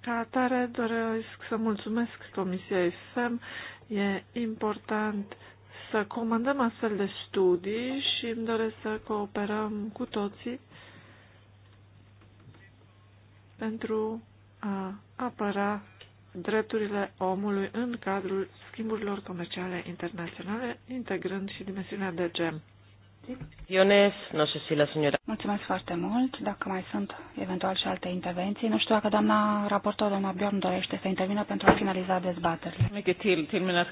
Ca atare doresc să mulțumesc Comisiei FEM. E important să comandăm astfel de studii și îmi doresc să cooperăm cu toții pentru a apăra drepturile omului în cadrul schimburilor comerciale internaționale, integrând și dimensiunea de gem. Mulțumesc foarte mult. Dacă mai sunt eventual și alte intervenții, nu știu dacă doamna raportor, doamna Bjorn, dorește să intervină pentru a finaliza dezbaterile.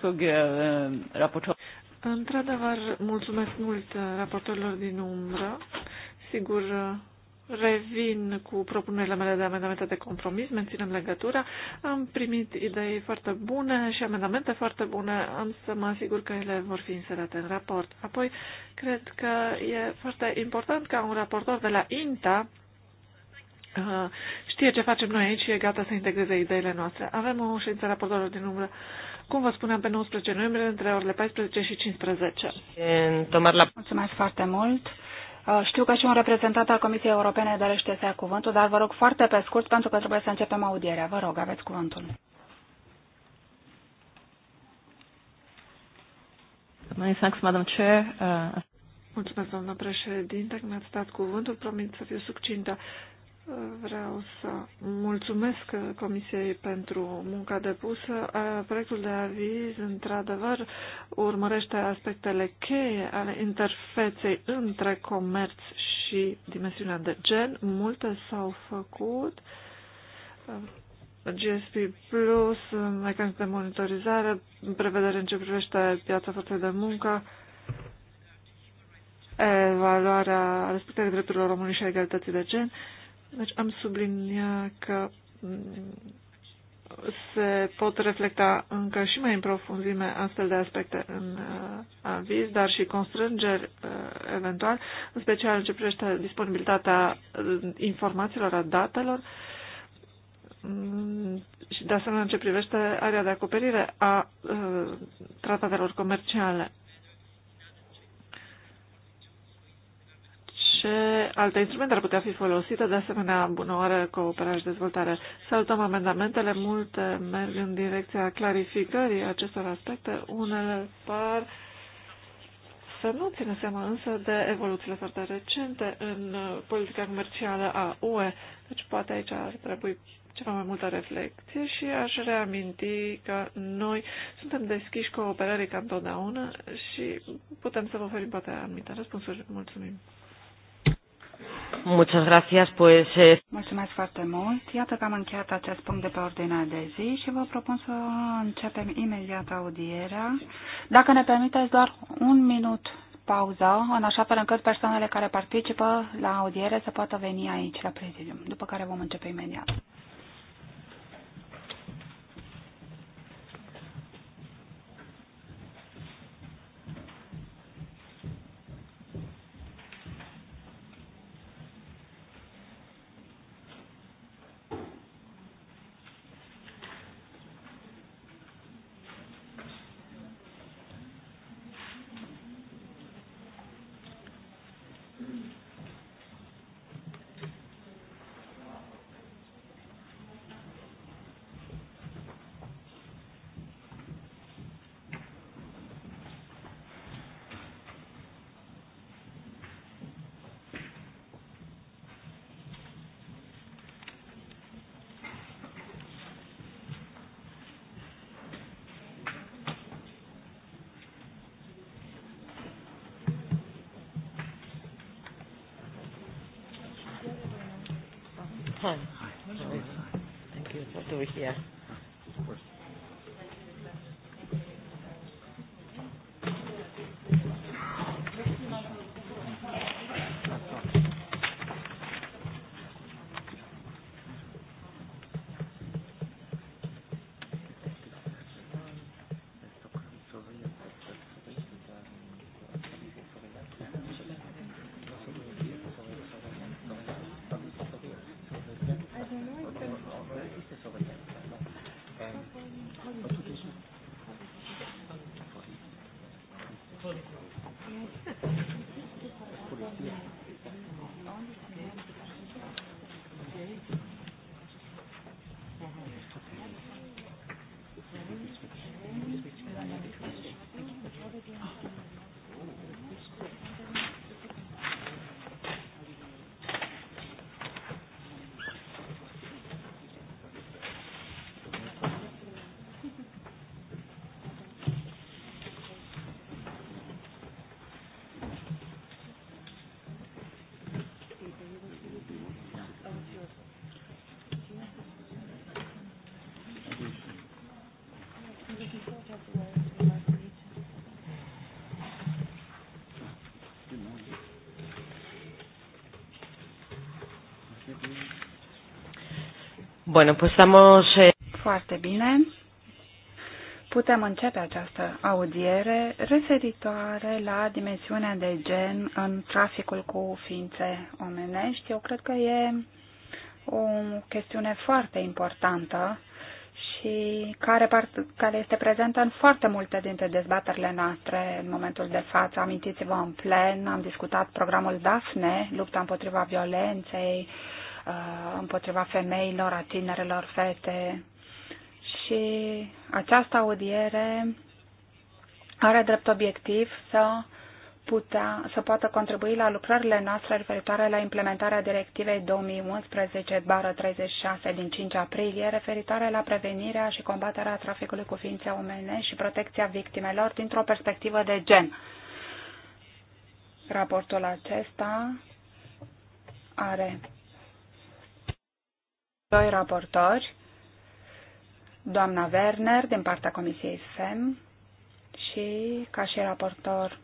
Uh, Într-adevăr, mulțumesc mult uh, raportorilor din umbră. Sigur, uh, revin cu propunerile mele de amendamente de compromis, menținem legătura. Am primit idei foarte bune și amendamente foarte bune. Am să mă asigur că ele vor fi inserate în raport. Apoi, cred că e foarte important ca un raportor de la INTA uh, știe ce facem noi aici și e gata să integreze ideile noastre. Avem o ședință raportorilor din umbră, cum vă spuneam, pe 19 noiembrie, între orele 14 și 15. Mulțumesc foarte mult! Uh, știu că și un reprezentant al Comisiei Europene dorește să ia cuvântul, dar vă rog foarte pe scurt pentru că trebuie să începem audierea. Vă rog, aveți cuvântul. Uh, Mulțumesc, doamnă președinte, că mi-ați dat cuvântul. Promit să fiu succintă. Vreau să mulțumesc Comisiei pentru munca depusă. Proiectul de aviz, într-adevăr, urmărește aspectele cheie ale interfeței între comerț și dimensiunea de gen. Multe s-au făcut. GSP Plus, mecanism de monitorizare, prevedere în ce privește piața forței de muncă, evaluarea respectării drepturilor omului și a egalității de gen. Deci am sublinia că mm, se pot reflecta încă și mai în profunzime astfel de aspecte în uh, aviz, dar și constrângeri uh, eventual, în special în ce privește disponibilitatea uh, informațiilor, a datelor um, și de asemenea în ce privește area de acoperire a uh, tratatelor comerciale. ce alte instrumente ar putea fi folosite, de asemenea, bună oară, cooperare și dezvoltare. Salutăm amendamentele, multe merg în direcția clarificării acestor aspecte, unele par să nu țină seama însă de evoluțiile foarte recente în politica comercială a UE, deci poate aici ar trebui ceva mai multă reflexie și aș reaminti că noi suntem deschiși cooperării ca întotdeauna și putem să vă oferim poate anumite răspunsuri. Mulțumim! Muchas gracias, pues... Eh... Mulțumesc foarte mult. Iată că am încheiat acest punct de pe ordinea de zi și vă propun să începem imediat audierea. Dacă ne permiteți doar un minut pauză, în așa fel încât persoanele care participă la audiere să poată veni aici, la prezidium, după care vom începe imediat. Hi. Thank you. What do we hear? Bueno, pues estamos... Eh, foarte bine. Putem începe această audiere referitoare la dimensiunea de gen în traficul cu ființe omenești. Eu cred că e o chestiune foarte importantă și care, part, care este prezentă în foarte multe dintre dezbaterile noastre în momentul de față. Amintiți-vă în plen, am discutat programul DAFNE, lupta împotriva violenței, uh, Uh, împotriva femeilor, a tinerelor fete. Și această audiere are drept obiectiv să putea, să poată contribui la lucrările noastre referitoare la implementarea directivei 2011-36 din 5 aprilie, referitoare la prevenirea și combaterea traficului cu ființe umane și protecția victimelor dintr-o perspectivă de gen. Raportul acesta are doi raportori, doamna Werner din partea Comisiei FEM și ca și raportor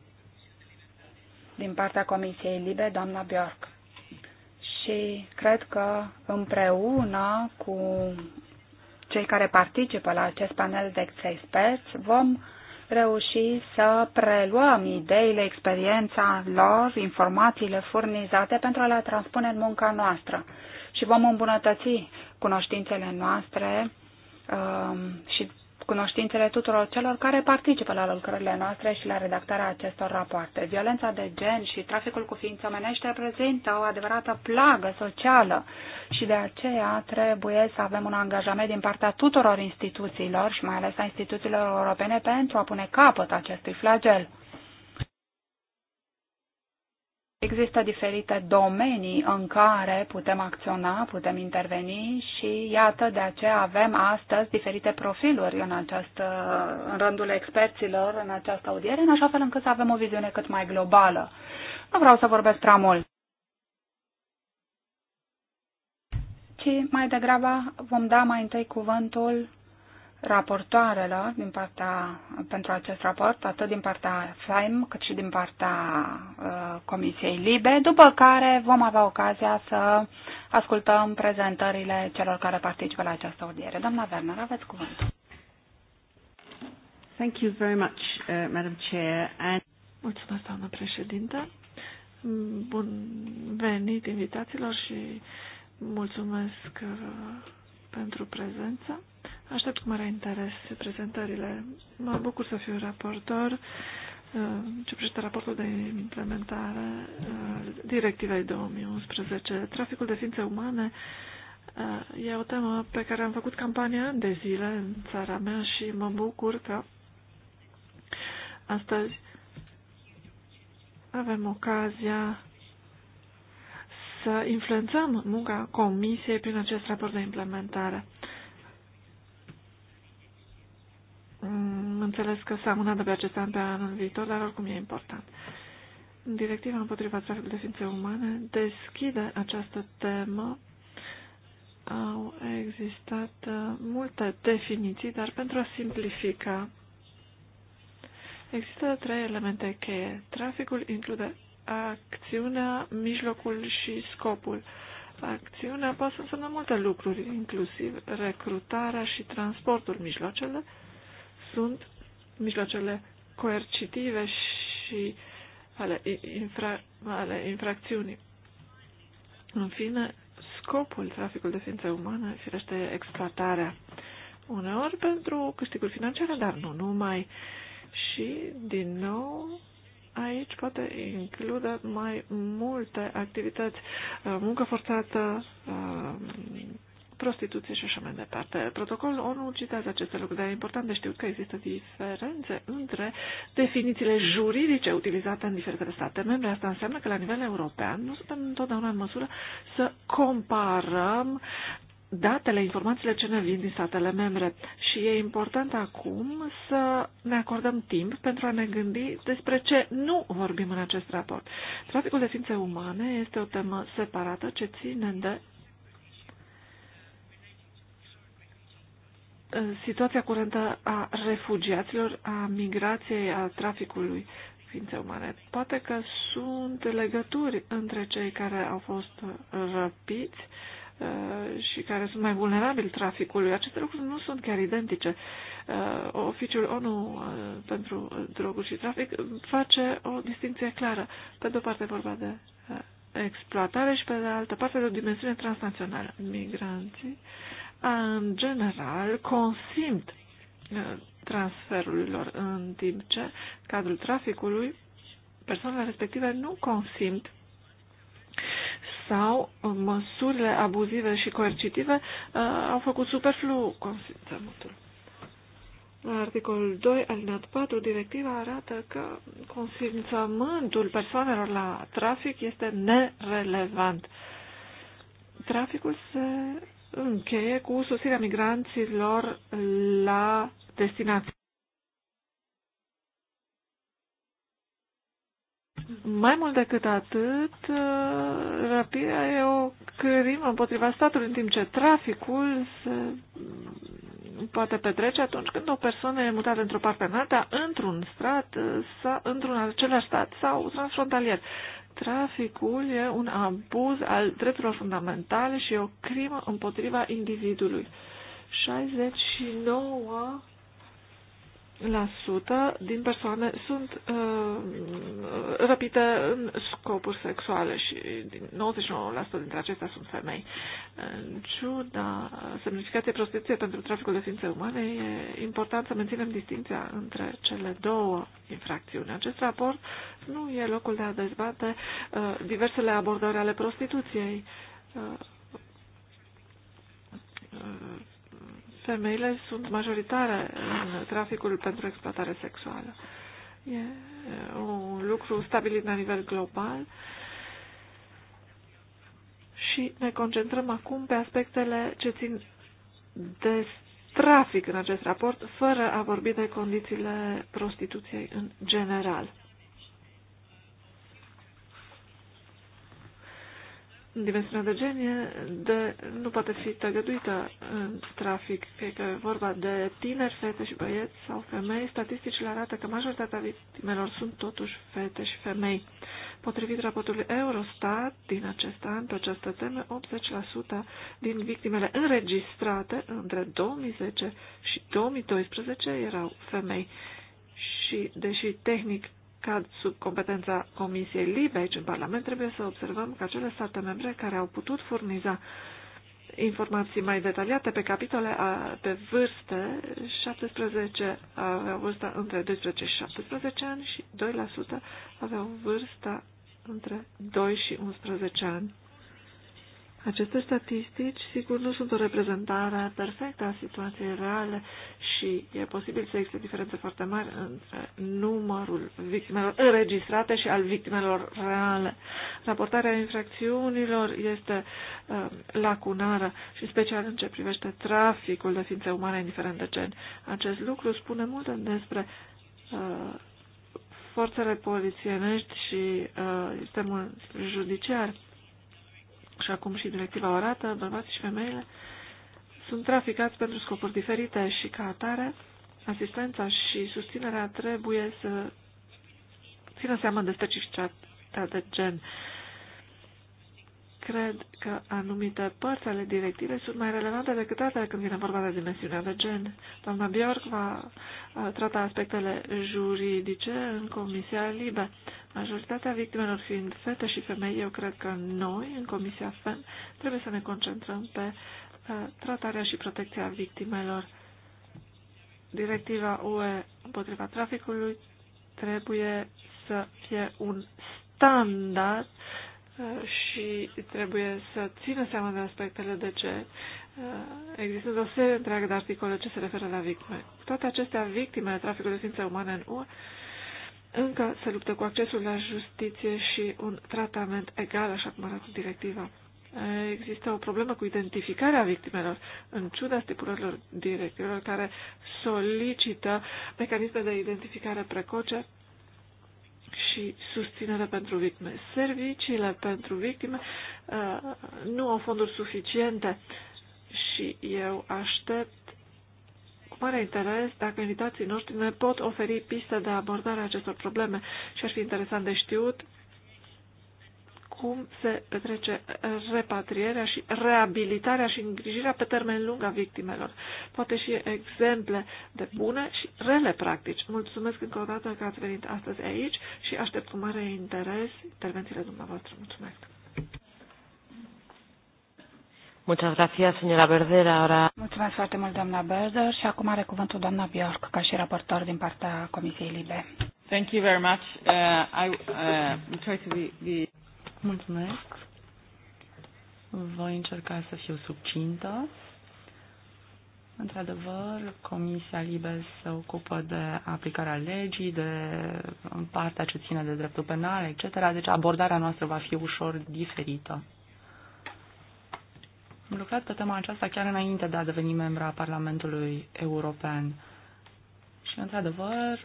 din partea Comisiei Libe, doamna Bjork. Și cred că împreună cu cei care participă la acest panel de experți vom reuși să preluăm ideile, experiența lor, informațiile furnizate pentru a le transpune în munca noastră și vom îmbunătăți cunoștințele noastre um, și cunoștințele tuturor celor care participă la lucrările noastre și la redactarea acestor rapoarte. Violența de gen și traficul cu ființe omenești reprezintă o adevărată plagă socială și de aceea trebuie să avem un angajament din partea tuturor instituțiilor și mai ales a instituțiilor europene pentru a pune capăt acestui flagel. Există diferite domenii în care putem acționa, putem interveni și iată de aceea avem astăzi diferite profiluri în, această, în rândul experților în această audiere, în așa fel încât să avem o viziune cât mai globală. Nu vreau să vorbesc prea mult, ci mai degrabă vom da mai întâi cuvântul raportoarelor din partea, pentru acest raport, atât din partea FAIM cât și din partea uh, Comisiei Libe, după care vom avea ocazia să ascultăm prezentările celor care participă la această audiere. Doamna Werner, aveți cuvântul. Thank you very much, uh, Madam Chair. And... Mulțumesc, doamnă președintă. Bun venit invitațiilor și mulțumesc uh, pentru prezență. Aștept cu mare interes prezentările. Mă bucur să fiu raportor uh, ce privește raportul de implementare uh, directivei 2011. Traficul de ființe umane uh, e o temă pe care am făcut campanie ani de zile în țara mea și mă bucur că astăzi avem ocazia să influențăm munca Comisiei prin acest raport de implementare. Mm, înțeles că s-a mânat de pe acest an pe anul viitor, dar oricum e important. Directiva împotriva traficului de ființe umane deschide această temă. Au existat uh, multe definiții, dar pentru a simplifica, există trei elemente cheie. Traficul include acțiunea, mijlocul și scopul. Acțiunea poate să însemne multe lucruri, inclusiv recrutarea și transportul. Mijloacele sunt mijloacele coercitive și ale, infra, ale infracțiunii. În fine, scopul traficului de ființe umane firește exploatarea. Uneori pentru câștiguri financiare, dar nu numai. Și, din nou, aici poate include mai multe activități, uh, muncă forțată, uh, prostituție și așa mai departe. Protocolul ONU citează aceste lucruri, dar e important de știut că există diferențe între definițiile juridice utilizate în diferitele state membre. Asta înseamnă că la nivel european nu suntem întotdeauna în măsură să comparăm datele, informațiile ce ne vin din statele membre. Și e important acum să ne acordăm timp pentru a ne gândi despre ce nu vorbim în acest raport. Traficul de ființe umane este o temă separată ce ține de uh, situația curentă a refugiaților, a migrației, a traficului ființe umane. Poate că sunt legături între cei care au fost răpiți Uh, și care sunt mai vulnerabili traficului. Aceste lucruri nu sunt chiar identice. Uh, Oficiul ONU uh, pentru droguri și trafic face o distinție clară. Pe de o parte vorba de exploatare și pe de altă parte de o dimensiune transnațională. Migranții, în general, consimt transferurilor lor, în timp ce, cadrul traficului, persoanele respective nu consimt sau uh, măsurile abuzive și coercitive uh, au făcut superflu consimțământul. La articolul 2, alineat 4, directiva arată că consimțământul persoanelor la trafic este nerelevant. Traficul se încheie cu susținerea migranților la destinație. Mai mult decât atât, uh, răpirea e o crimă împotriva statului, în timp ce traficul se poate petrece atunci când o persoană e mutată într-o parte în alta, într-un strat, uh, sau într-un același stat sau transfrontalier. Traficul e un abuz al drepturilor fundamentale și e o crimă împotriva individului. 69 din persoane sunt uh, răpite în scopuri sexuale și 99% dintre acestea sunt femei. În ciuda semnificației prostituției pentru traficul de ființe umane, e important să menținem distinția între cele două infracțiuni. Acest raport nu e locul de a dezbate uh, diversele abordări ale prostituției. Uh, uh, Femeile sunt majoritare în traficul pentru exploatare sexuală. E un lucru stabilit la nivel global și ne concentrăm acum pe aspectele ce țin de trafic în acest raport, fără a vorbi de condițiile prostituției în general. dimensiunea de genie de, nu poate fi tăgăduită în trafic, fie că e vorba de tineri, fete și băieți sau femei. Statisticile arată că majoritatea victimelor sunt totuși fete și femei. Potrivit raportului Eurostat din acest an, pe această temă, 80% din victimele înregistrate între 2010 și 2012 erau femei. Și, deși tehnic cad sub competența Comisiei Libe aici în Parlament, trebuie să observăm că acele state membre care au putut furniza informații mai detaliate pe capitole a, pe vârste, 17 aveau vârsta între 12 și 17 ani și 2% aveau vârsta între 2 și 11 ani. Aceste statistici, sigur, nu sunt o reprezentare perfectă a situației reale și e posibil să existe diferențe foarte mari între numărul victimelor înregistrate și al victimelor reale. Raportarea infracțiunilor este uh, lacunară și special în ce privește traficul de ființe umane, indiferent de gen. Acest lucru spune multe despre uh, forțele polițienești și uh, sistemul judiciar și acum și directiva arată, bărbații și femeile sunt traficați pentru scopuri diferite și ca atare, asistența și susținerea trebuie să țină seama de specificitatea de gen cred că anumite părți ale directivei sunt mai relevante decât altele când vine vorba de dimensiunea de gen. Doamna Bjork va trata aspectele juridice în Comisia Libe. Majoritatea victimelor fiind fete și femei, eu cred că noi, în Comisia FEM, trebuie să ne concentrăm pe tratarea și protecția victimelor. Directiva UE împotriva traficului trebuie să fie un standard și trebuie să țină seama de aspectele de ce uh, există o serie întreagă de articole ce se referă la victime. Cu toate acestea, victimele traficului de ființe umane în UE încă se luptă cu accesul la justiție și un tratament egal, așa cum arată directiva. Există o problemă cu identificarea victimelor, în ciuda stipulărilor directivelor care solicită mecanisme de identificare precoce și susținere pentru victime. Serviciile pentru victime uh, nu au fonduri suficiente și eu aștept cu mare interes dacă invitații noștri ne pot oferi piste de abordare a acestor probleme și ar fi interesant de știut cum se petrece repatrierea și reabilitarea și îngrijirea pe termen lung a victimelor. Poate și exemple de bune și rele practici. Mulțumesc încă o dată că ați venit astăzi aici și aștept cu mare interes intervențiile dumneavoastră. Mulțumesc! Muchas gracias, señora Berder. Ahora... Mulțumesc foarte mult, doamna Berder. Și acum are cuvântul doamna Bjork, ca și raportor din partea Comisiei Libe. Thank you very much. Uh, I, uh, try to be, be... Mulțumesc. Voi încerca să fiu subcintă. Într-adevăr, Comisia Libe se ocupă de aplicarea legii, de partea ce ține de dreptul penal, etc. Deci abordarea noastră va fi ușor diferită. Am lucrat pe tema aceasta chiar înainte de a deveni membra Parlamentului European într-adevăr,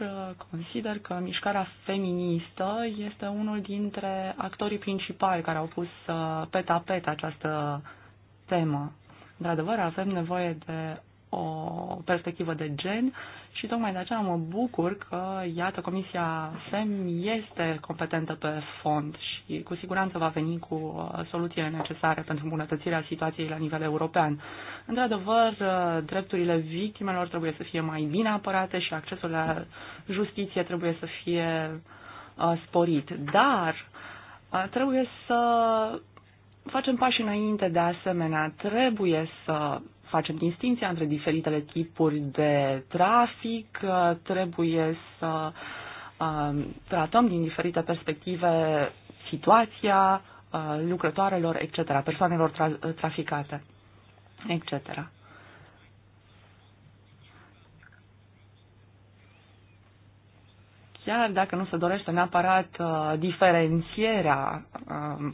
consider că mișcarea feministă este unul dintre actorii principali care au pus uh, pe tapet această temă. Într-adevăr, avem nevoie de o perspectivă de gen și tocmai de aceea mă bucur că, iată, Comisia SEM este competentă pe fond și cu siguranță va veni cu uh, soluțiile necesare pentru îmbunătățirea situației la nivel european. Într-adevăr, uh, drepturile victimelor trebuie să fie mai bine apărate și accesul la justiție trebuie să fie uh, sporit. Dar trebuie să facem pași înainte de asemenea. Trebuie să facem distinția între diferitele tipuri de trafic, uh, trebuie să uh, tratăm din diferite perspective situația uh, lucrătoarelor, etc., persoanelor tra- traficate, etc. Chiar dacă nu se dorește neapărat uh, diferențierea uh,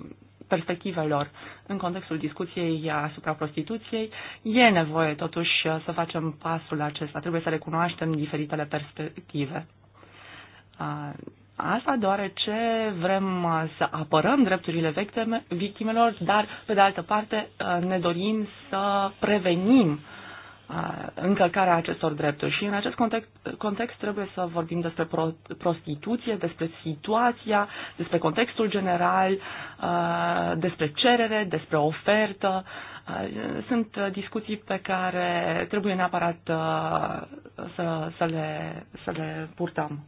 perspectivelor în contextul discuției asupra prostituției, e nevoie totuși să facem pasul acesta. Trebuie să recunoaștem diferitele perspective. Asta deoarece vrem să apărăm drepturile victimelor, dar, pe de altă parte, ne dorim să prevenim uh, Uh, încălcarea acestor drepturi. Și în acest context, context trebuie să vorbim despre pro, prostituție, despre situația, despre contextul general, uh, despre cerere, despre ofertă. Uh, sunt discuții pe care trebuie neapărat să, să, le, să le purtăm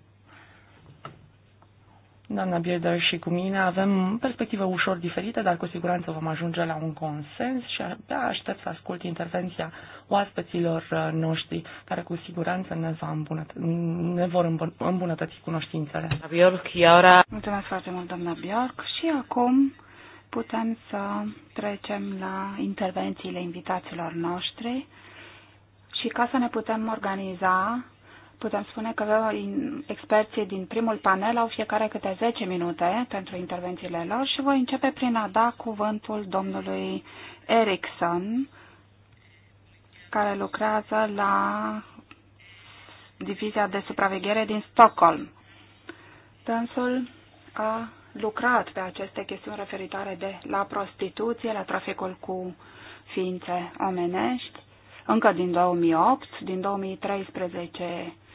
doamna Bieder și cu mine avem perspective ușor diferite, dar cu siguranță vom ajunge la un consens și abia aștept să ascult intervenția oaspeților uh, noștri, care cu siguranță ne, va îmbunătă- ne vor îmbunătăți cunoștințele. Bjork, Iara. Mulțumesc foarte mult, doamna Bjork. Și acum putem să trecem la intervențiile invitaților noștri și ca să ne putem organiza putem spune că experții din primul panel au fiecare câte 10 minute pentru intervențiile lor și voi începe prin a da cuvântul domnului Erickson, care lucrează la Divizia de Supraveghere din Stockholm. Tânsul a lucrat pe aceste chestiuni referitoare de la prostituție, la traficul cu ființe omenești, încă din 2008, din 2013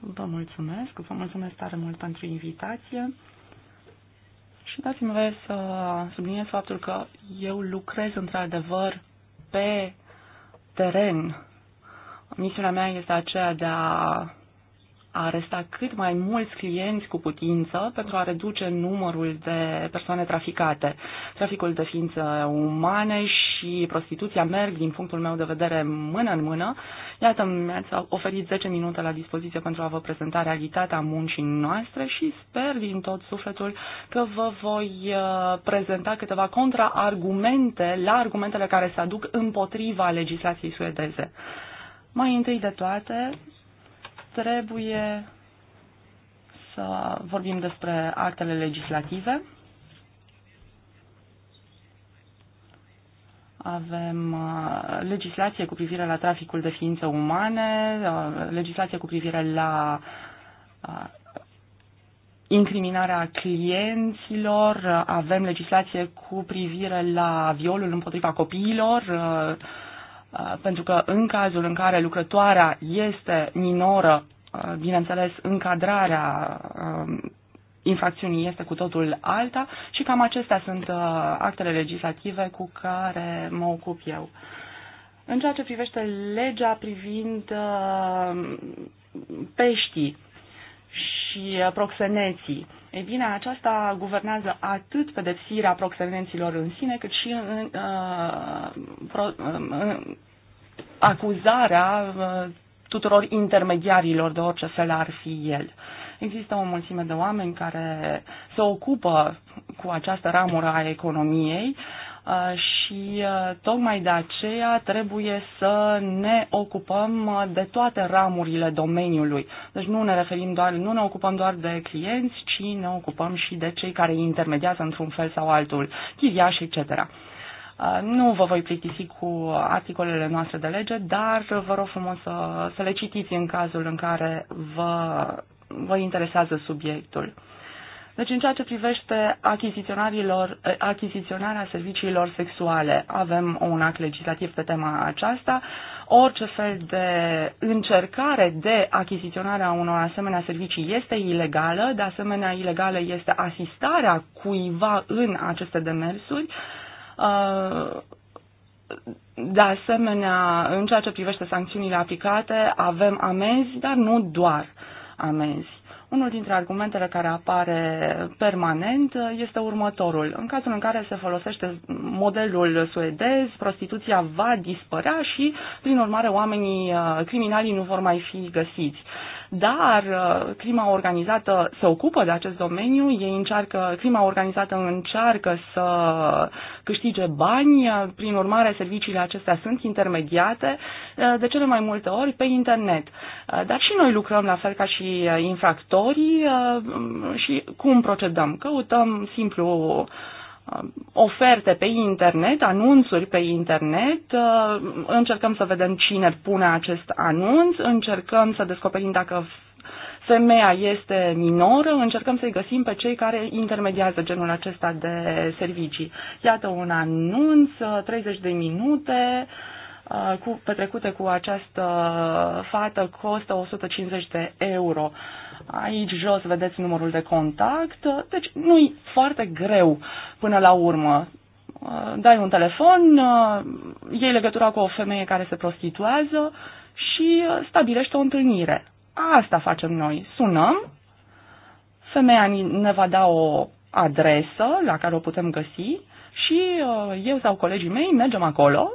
Vă mulțumesc, vă mulțumesc tare mult pentru invitație. Și dați-mi voie să subliniez faptul că eu lucrez într-adevăr pe teren. Misiunea mea este aceea de a a aresta cât mai mulți clienți cu putință pentru a reduce numărul de persoane traficate. Traficul de ființe umane și prostituția merg, din punctul meu de vedere, mână în mână. Iată, mi-ați oferit 10 minute la dispoziție pentru a vă prezenta realitatea muncii noastre și sper din tot sufletul că vă voi uh, prezenta câteva contraargumente la argumentele care se aduc împotriva legislației suedeze. Mai întâi de toate, trebuie să vorbim despre actele legislative. Avem uh, legislație cu privire la traficul de ființe umane, uh, legislație cu privire la uh, incriminarea clienților, avem legislație cu privire la violul împotriva copiilor, Uh, pentru că în cazul în care lucrătoarea este minoră, uh, bineînțeles, încadrarea um, infracțiunii este cu totul alta și cam acestea sunt uh, actele legislative cu care mă ocup eu. În ceea ce privește legea privind peștii, și proxeneții. Ei bine, aceasta guvernează atât pedepsirea proxenenților în sine, cât și în, uh, pro, uh, acuzarea uh, tuturor intermediarilor de orice fel ar fi el. Există o mulțime de oameni care se ocupă cu această ramură a economiei, uh, Uh, și uh, tocmai de aceea trebuie să ne ocupăm uh, de toate ramurile domeniului. Deci nu ne referim doar, nu ne ocupăm doar de clienți, ci ne ocupăm și de cei care intermediază într-un fel sau altul, chiriași, etc. Nu vă voi plictisi cu articolele noastre de lege, dar vă rog frumos să, să le citiți în cazul în care vă, vă interesează subiectul. Deci, în ceea ce privește eh, achiziționarea serviciilor sexuale, avem un act legislativ pe tema aceasta. Orice fel de încercare de achiziționare a unor asemenea servicii este ilegală, de asemenea ilegală este asistarea cuiva în aceste demersuri. Eh, de asemenea, în ceea ce privește sancțiunile aplicate, avem amenzi, dar nu doar amenzi. Unul dintre argumentele care apare permanent este următorul. În cazul în care se folosește modelul suedez, prostituția va dispărea și, prin urmare, oamenii uh, criminalii nu vor mai fi găsiți dar uh, crima organizată se ocupă de acest domeniu, ei încearcă, crima organizată încearcă să câștige bani, uh, prin urmare serviciile acestea sunt intermediate uh, de cele mai multe ori pe internet. Dar și noi lucrăm la fel ca și infractorii și cum procedăm? Căutăm simplu Uh, oferte pe internet, anunțuri pe internet, uh, încercăm să vedem cine pune acest anunț, încercăm să descoperim dacă femeia este minoră, încercăm să-i găsim pe cei care intermediază genul acesta de servicii. Iată un anunț, 30 uh, de minute, cu, petrecute cu această fată costă 150 de euro. Aici jos vedeți numărul de contact, deci nu-i foarte greu până la urmă. Uh, dai un telefon, uh, iei legătura cu o femeie care se prostituează și uh, stabilește o întâlnire. Asta facem noi. Sunăm, femeia ne va da o adresă la care o putem găsi și eu sau colegii mei mergem acolo,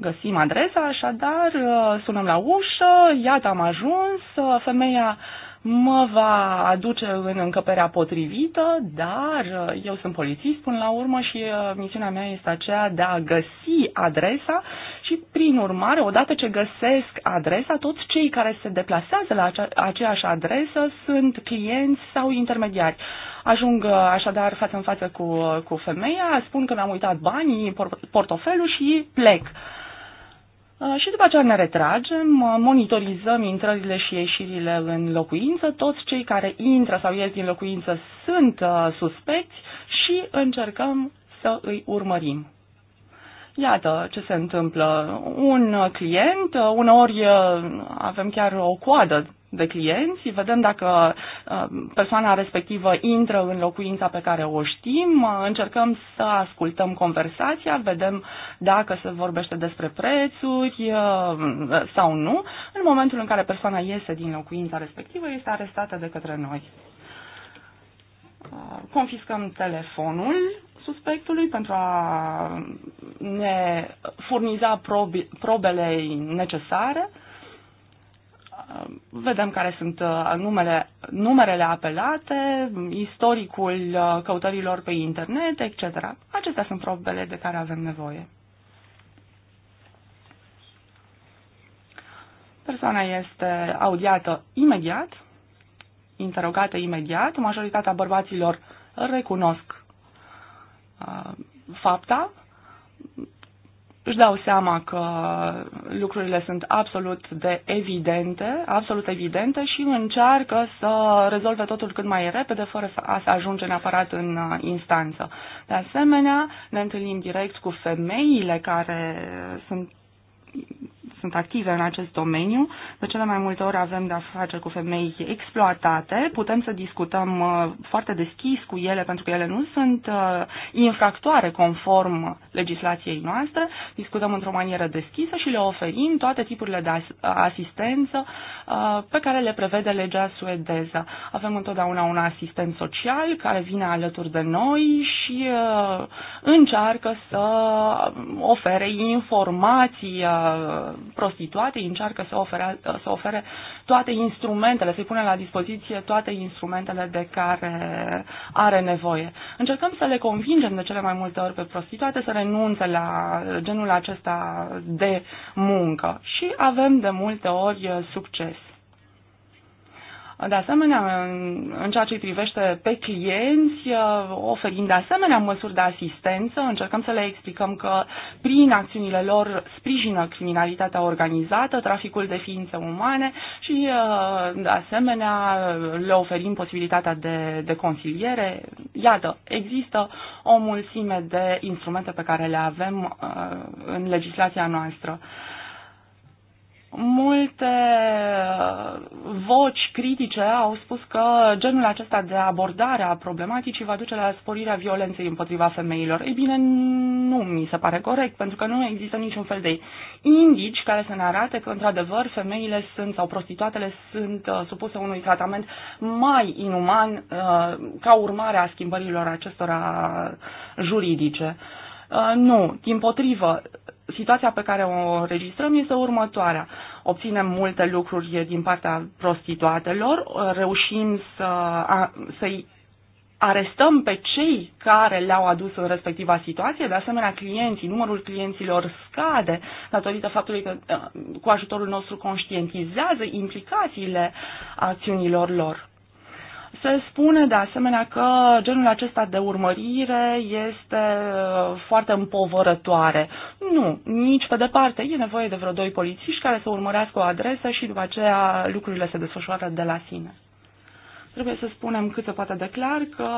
găsim adresa, așadar uh, sunăm la ușă, iată am ajuns, uh, femeia mă va aduce în încăperea potrivită, dar uh, eu sunt polițist până la urmă și misiunea mea este aceea de a găsi adresa și, prin urmare, odată ce găsesc adresa, toți cei care se deplasează la acea, aceeași adresă sunt clienți sau intermediari. Ajung așadar față în față cu, cu femeia, spun că mi-am uitat banii, portofelul și plec. Uh, Uh, și după aceea ne retragem, uh, monitorizăm intrările și ieșirile în locuință, toți cei care intră sau ies din locuință sunt uh, suspecți și încercăm să îi urmărim. Iată ce se întâmplă. Un client, uneori avem chiar o coadă de clienți, vedem dacă uh, persoana respectivă intră în locuința pe care o știm, încercăm să ascultăm conversația, vedem dacă se vorbește despre prețuri uh, sau nu. În momentul în care persoana iese din locuința respectivă, este arestată de către noi. Uh, confiscăm telefonul suspectului pentru a ne furniza probele necesare Uh, vedem care sunt uh, numele, numerele apelate, istoricul uh, căutărilor pe internet, etc. Acestea sunt probele de care avem nevoie. Persoana este audiată imediat, interogată imediat. Majoritatea bărbaților recunosc uh, fapta își dau seama că lucrurile sunt absolut de evidente, absolut evidente și încearcă să rezolve totul cât mai repede, fără a să ajunge neapărat în uh, instanță. De asemenea, ne întâlnim direct cu femeile care sunt sunt active în acest domeniu. De cele mai multe ori avem de-a face cu femei exploatate. Putem să discutăm uh, foarte deschis cu ele pentru că ele nu sunt uh, infractoare conform legislației noastre. Discutăm într-o manieră deschisă și le oferim toate tipurile de asistență uh, pe care le prevede legea suedeză. Avem întotdeauna un asistent social care vine alături de noi și încearcă să ofere informații prostituatei încearcă să ofere, să ofere toate instrumentele, să-i pune la dispoziție toate instrumentele de care are nevoie. Încercăm să le convingem de cele mai multe ori pe prostituate să renunțe la genul acesta de muncă și avem de multe ori succes. De asemenea, în ceea ce privește pe clienți, uh, oferim de asemenea măsuri de asistență, încercăm să le explicăm că prin acțiunile lor sprijină criminalitatea organizată, traficul de ființe umane și, uh, de asemenea, le oferim posibilitatea de, de consiliere. Iată, există o mulțime de instrumente pe care le avem uh, în legislația noastră multe uh, voci critice au spus că genul acesta de abordare a problematicii va duce la sporirea violenței împotriva femeilor. Ei bine, nu mi se pare corect, pentru că nu există niciun fel de indici care să ne arate că, într-adevăr, femeile sunt sau prostituatele sunt uh, supuse unui tratament mai inuman uh, ca urmare a schimbărilor acestora juridice. Uh, nu, din potrivă, situația pe care o registrăm este următoarea. Obținem multe lucruri din partea prostituatelor, reușim să, a, să-i arestăm pe cei care le-au adus în respectiva situație, de asemenea clienții, numărul clienților scade datorită faptului că uh, cu ajutorul nostru conștientizează implicațiile acțiunilor lor. Se spune de asemenea că genul acesta de urmărire este uh, foarte împovărătoare. Nu, nici pe departe. E nevoie de vreo doi polițiști care să urmărească o adresă și după aceea lucrurile se desfășoară de la sine. Trebuie să spunem cât se poate declar că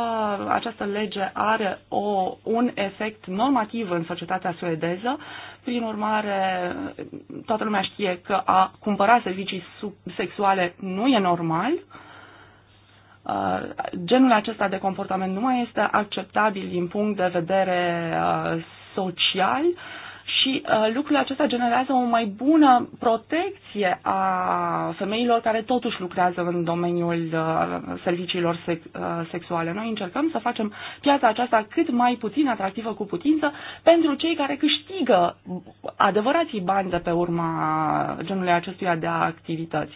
această lege are o, un efect normativ în societatea suedeză. Prin urmare, toată lumea știe că a cumpăra servicii sexuale nu e normal. Uh, Uh, genul acesta de comportament nu mai este acceptabil din punct de vedere uh, social și uh, lucrul acesta generează o mai bună protecție a femeilor care totuși lucrează în domeniul serviciilor sexuale. Noi încercăm să facem piața aceasta cât mai puțin atractivă cu putință pentru cei care câștigă adevărații bani de pe urma genului acestuia de activități.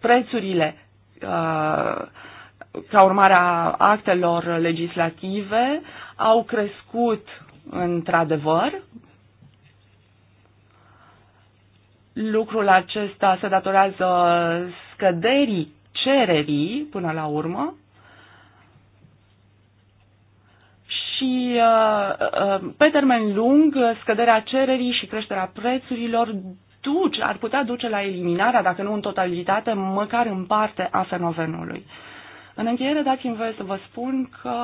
Prețurile uh, ca urmare a actelor legislative, au crescut într-adevăr. Lucrul acesta se datorează scăderii cererii până la urmă și uh, uh, pe termen lung scăderea cererii și creșterea prețurilor duce, ar putea duce la eliminarea, dacă nu în totalitate, măcar în parte a fenomenului. În încheiere, dați-mi voie să vă spun că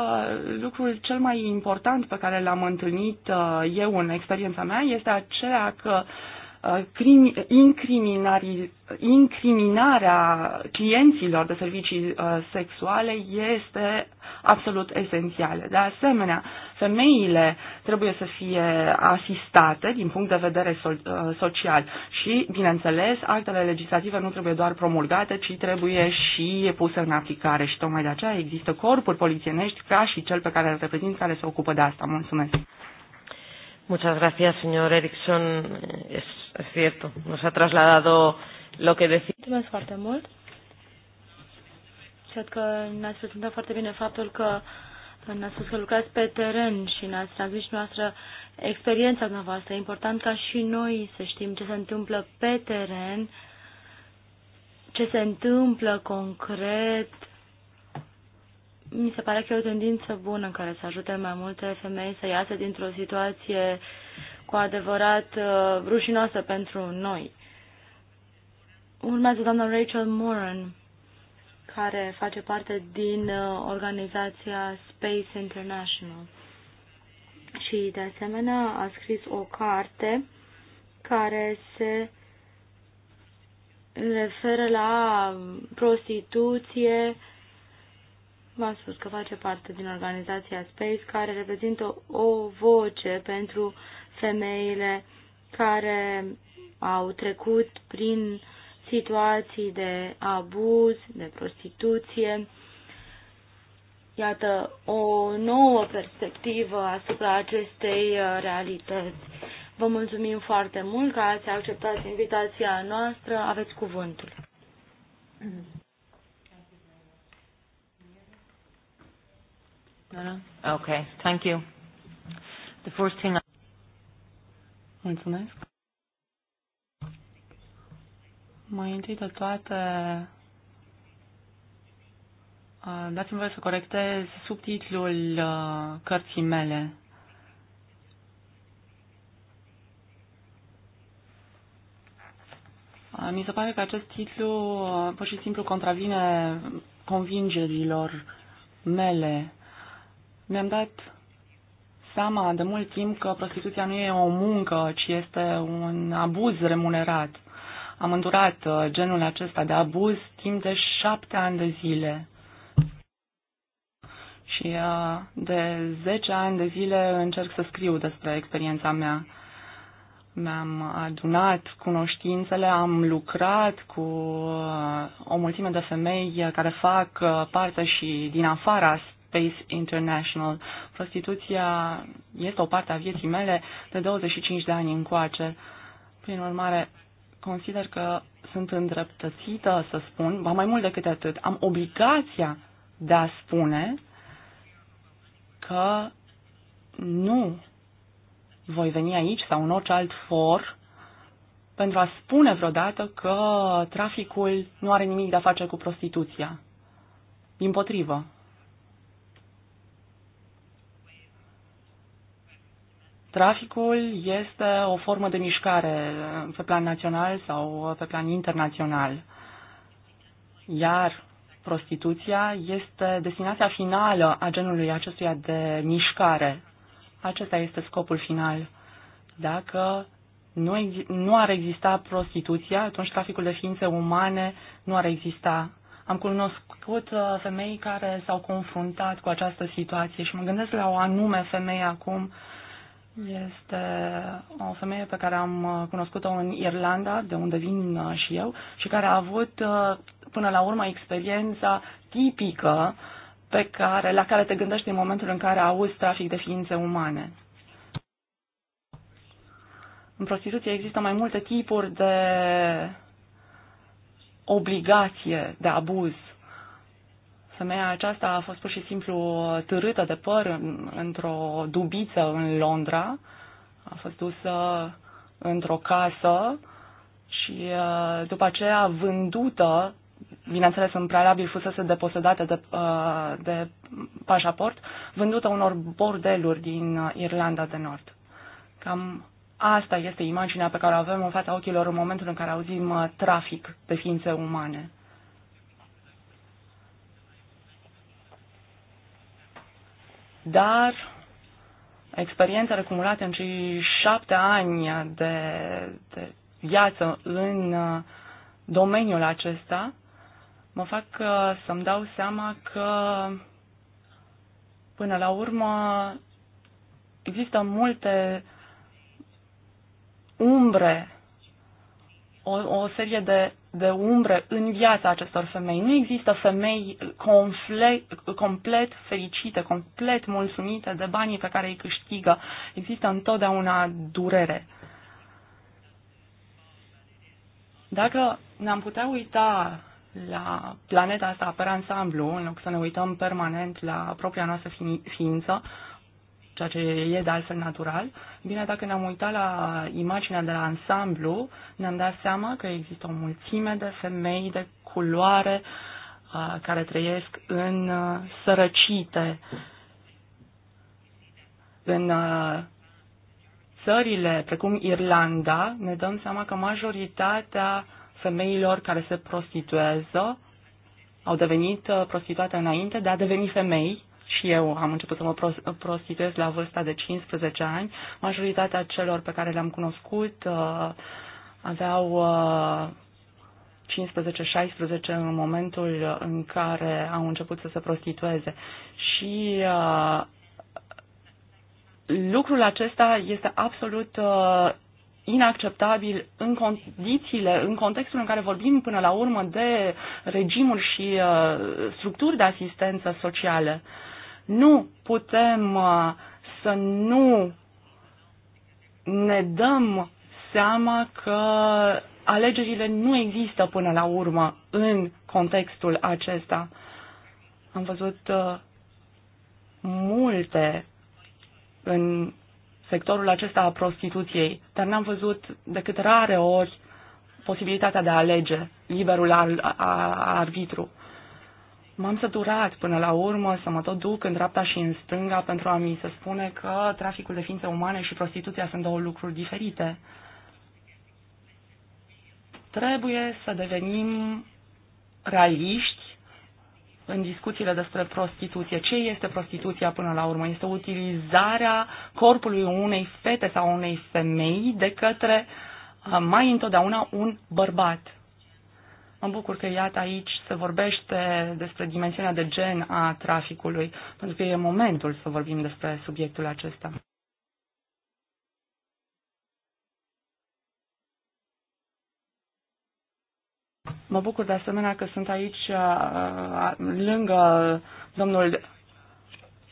lucrul cel mai important pe care l-am întâlnit uh, eu în experiența mea este aceea că uh, incriminarea clienților de servicii uh, sexuale este absolut esențială. De asemenea, femeile trebuie să fie asistate din punct de vedere uh, social și, bineînțeles, actele legislative nu trebuie doar promulgate, ci trebuie și puse în aplicare și tocmai de aceea există corpuri polițienești ca și cel pe care îl reprezint care se ocupă de asta. Mulțumesc! Muchas gracias, señor Erickson. Es, es cierto, nos ha trasladado lo que decía. Mulțumesc foarte mult. Cred că ne-ați prezentat foarte bine faptul că ne-ați spus că lucrați pe teren și ne-ați transmis și noastră experiența dumneavoastră. E important ca și noi să știm ce se întâmplă pe teren, ce se întâmplă concret mi se pare că e o tendință bună în care să ajute mai multe femei să iasă dintr-o situație cu adevărat uh, rușinoasă pentru noi. Urmează doamna Rachel Moran, care face parte din uh, organizația Space International. Și, de asemenea, a scris o carte care se referă la prostituție, V-am spus că face parte din organizația Space, care reprezintă o voce pentru femeile care au trecut prin situații de abuz, de prostituție. Iată o nouă perspectivă asupra acestei uh, realități. Vă mulțumim foarte mult că ați acceptat invitația noastră. Aveți cuvântul. Mm-hmm. No, no. Okay, thank you. The first thing Mulțumesc. Mai întâi de toate, dați-mi voie să corectez subtitlul cărții mele. Mi se pare că acest titlu pur și simplu contravine convingerilor mele mi-am dat seama de mult timp că prostituția nu e o muncă, ci este un abuz remunerat. Am îndurat uh, genul acesta de abuz timp de șapte ani de zile. Și uh, de zece ani de zile încerc să scriu despre experiența mea. Mi-am adunat cunoștințele, am lucrat cu uh, o mulțime de femei care fac parte și din afara Space International. Prostituția este o parte a vieții mele de 25 de ani încoace. Prin urmare, consider că sunt îndreptățită să spun, ba mai mult decât atât, am obligația de a spune că nu voi veni aici sau în orice alt for pentru a spune vreodată că traficul nu are nimic de a face cu prostituția. Din potrivă. Traficul este o formă de mișcare pe plan național sau pe plan internațional. Iar prostituția este destinația finală a genului acestuia de mișcare. Acesta este scopul final. Dacă nu, nu ar exista prostituția, atunci traficul de ființe umane nu ar exista. Am cunoscut uh, femei care s-au confruntat cu această situație și mă gândesc la o anume femeie acum uh, este o femeie pe care am cunoscut-o în Irlanda, de unde vin uh, și eu, și care a avut uh, până la urmă experiența tipică pe care, la care te gândești în momentul în care auzi trafic de ființe umane. În prostituție există mai multe tipuri de obligație, de abuz Femeia aceasta a fost pur și simplu târâtă de păr într-o dubiță în Londra. A fost dusă într-o casă și uh, după aceea vândută, bineînțeles în prealabil fusese deposedată de, uh, de pașaport, vândută unor bordeluri din Irlanda de Nord. Cam asta este imaginea pe care o avem în fața ochilor în momentul în care auzim uh, trafic de ființe umane. dar experiențele acumulate în cei șapte ani de, de viață în uh, domeniul acesta mă fac uh, să-mi dau seama că până la urmă există multe umbre o, o serie de, de umbre în viața acestor femei. Nu există femei confle, complet fericite, complet mulțumite de banii pe care îi câștigă. Există întotdeauna durere. Dacă ne-am putea uita la planeta asta pe ansamblu, în loc să ne uităm permanent la propria noastră ființă, ceea ce e de altfel natural, bine, dacă ne-am uitat la imaginea de la ansamblu, ne-am dat seama că există o mulțime de femei de culoare care trăiesc în sărăcite, în țările precum Irlanda, ne dăm seama că majoritatea femeilor care se prostituează au devenit prostituate înainte de a deveni femei și eu am început să mă prostituez la vârsta de 15 ani. Majoritatea celor pe care le-am cunoscut uh, aveau uh, 15-16 în momentul în care au început să se prostitueze. Și uh, lucrul acesta este absolut uh, inacceptabil în condițiile, în contextul în care vorbim până la urmă de regimuri și uh, structuri de asistență socială. Uh, nu putem uh, să nu ne dăm seama că alegerile nu există până la urmă în contextul acesta. Am văzut uh, multe în sectorul acesta a prostituției, dar n-am văzut decât rare ori posibilitatea de a alege liberul ar, a, arbitru. M-am săturat până la urmă să mă tot duc în dreapta și în stânga pentru a mi se spune că traficul de ființe umane și prostituția sunt două lucruri diferite. Trebuie să devenim realiști în discuțiile despre prostituție. Ce este prostituția până la urmă? Este utilizarea corpului unei fete sau unei femei de către uh, mai întotdeauna un bărbat. Mă bucur că, iată, aici se vorbește despre dimensiunea de gen a traficului, pentru că e momentul să vorbim despre subiectul acesta. Mă bucur de asemenea că sunt aici uh, lângă domnul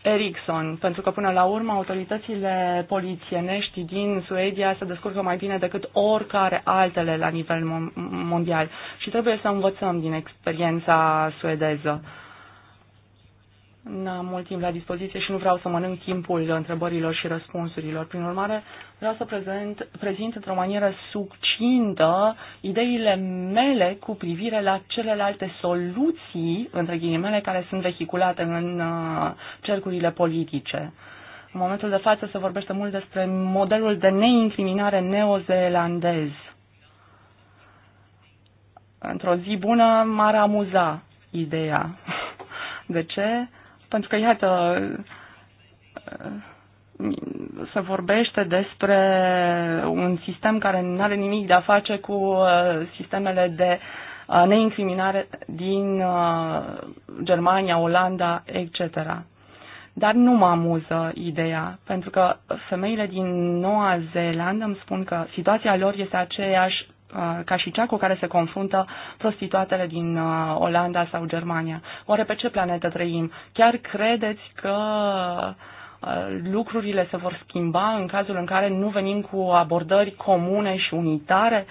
Ericsson, pentru că până la urmă autoritățile polițienești din Suedia se descurcă mai bine decât oricare altele la nivel mondial și trebuie să învățăm din experiența suedeză. N-am mult timp la dispoziție și nu vreau să mănânc timpul întrebărilor și răspunsurilor. Prin urmare, vreau să prezent, prezint într-o manieră succintă ideile mele cu privire la celelalte soluții, între ghilimele, care sunt vehiculate în uh, cercurile politice. În momentul de față se vorbește mult despre modelul de neincriminare neozeelandez. Într-o zi bună m-ar amuza ideea. De ce? Pentru că, iată, se vorbește despre un sistem care nu are nimic de a face cu uh, sistemele de uh, neincriminare din uh, Germania, Olanda, etc. Dar nu mă amuză ideea, pentru că femeile din Noua Zeelandă îmi spun că situația lor este aceeași Uh, ca și cea cu care se confruntă prostituatele din uh, Olanda sau Germania. Oare pe ce planetă trăim? Chiar credeți că uh, lucrurile se vor schimba în cazul în care nu venim cu abordări comune și unitare?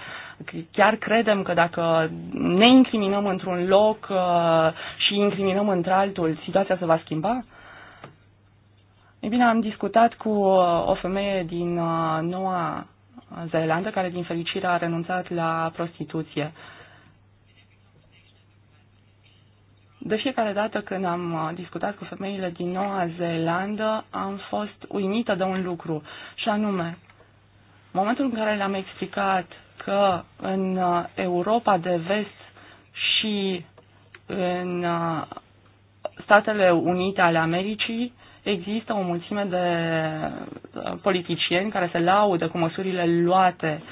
Chiar credem că dacă ne incriminăm într-un loc și incriminăm într-altul, situația se va schimba? Ei bine, am discutat cu o femeie din noua Zeelandă, care din fericire a renunțat la prostituție. De fiecare dată când am uh, discutat cu femeile din Noua Zeelandă, am fost uimită de un lucru, și anume, momentul în care le-am explicat că în uh, Europa de vest și în uh, Statele Unite ale Americii există o mulțime de uh, politicieni care se laudă cu măsurile luate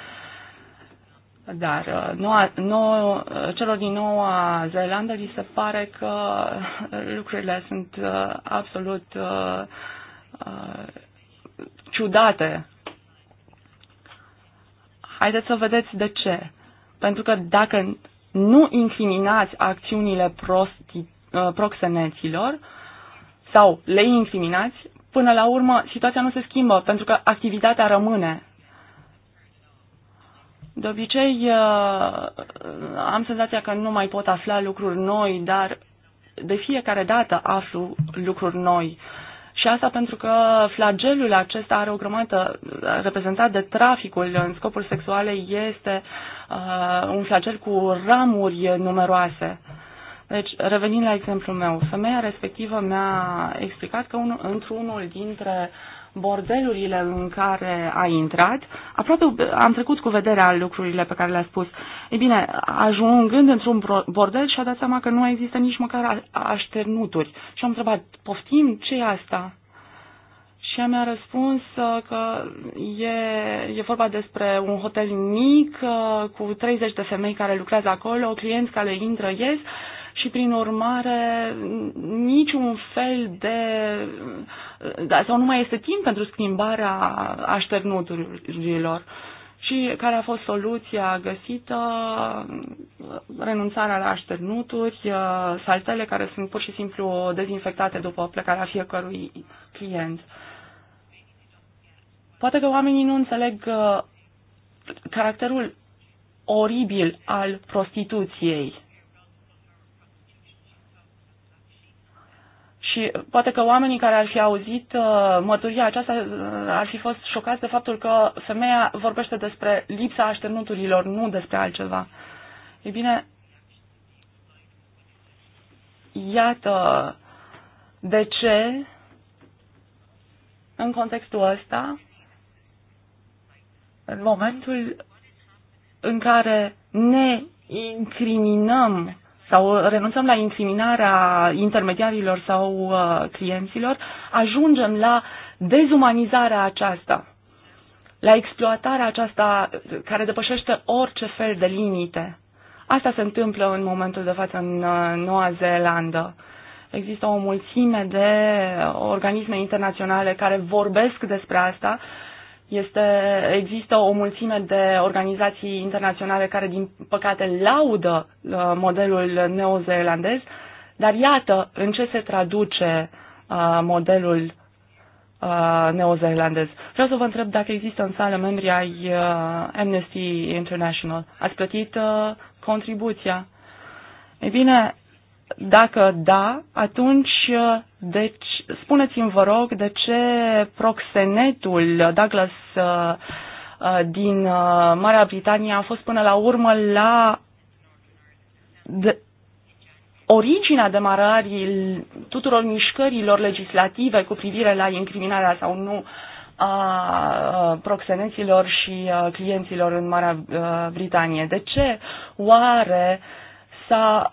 dar uh, noua, nouă, uh, celor din Noua Zeelandă li se pare că lucrurile sunt absolut uh, ciudate. Haideți să vedeți de ce. Pentru că dacă nu incriminați acțiunile prosti, uh, proxeneților, uh, sau le incriminați, până la urmă situația nu se schimbă pentru că activitatea rămâne. De obicei uh, am senzația că nu mai pot afla lucruri noi, dar de fiecare dată aflu lucruri noi. Și asta pentru că flagelul acesta are o grămadă reprezentat de traficul în scopuri sexuale este uh, un flagel cu ramuri numeroase. Uh, deci, revenind la exemplul meu, femeia respectivă mi-a explicat că un, într-unul dintre bordelurile în care a intrat, aproape am trecut cu vederea lucrurile pe care le-a spus. Ei bine, ajungând într-un bordel și-a dat seama că nu există nici măcar așternuturi. Și am întrebat, poftim, ce e asta? Și ea mi-a răspuns uh, că e, e vorba despre un hotel mic uh, cu 30 de femei care lucrează acolo, clienți care intră, ies și, prin urmare, niciun fel de. Da, sau nu mai este timp pentru schimbarea așternuturilor. Și care a fost soluția găsită? Renunțarea la așternuturi, saltele care sunt pur și simplu dezinfectate după plecarea fiecărui client. Poate că oamenii nu înțeleg uh, caracterul oribil al prostituției. Și poate că oamenii care ar fi auzit uh, mărturia aceasta uh, ar fi fost șocați de faptul că femeia vorbește despre lipsa așternuturilor, nu despre altceva. E bine, iată de ce în contextul ăsta, în momentul în care ne incriminăm sau renunțăm la incriminarea intermediarilor sau uh, clienților, ajungem la dezumanizarea aceasta, la exploatarea aceasta care depășește orice fel de limite. Asta se întâmplă în momentul de față în uh, Noua Zeelandă. Există o mulțime de uh, organisme internaționale care vorbesc despre asta, este, există o mulțime de organizații internaționale care, din păcate, laudă uh, modelul neozeelandez, dar iată în ce se traduce uh, modelul uh, neozeelandez. Vreau să vă întreb dacă există în sală membri ai Amnesty International. Ați plătit contribuția? Ei bine, dacă da, atunci de spuneți-mi, vă rog, de ce proxenetul Douglas uh, din uh, Marea Britanie a fost până la urmă la de originea demarării tuturor mișcărilor legislative cu privire la incriminarea sau nu a uh, proxeneților și clienților în Marea Britanie. De ce oare s-a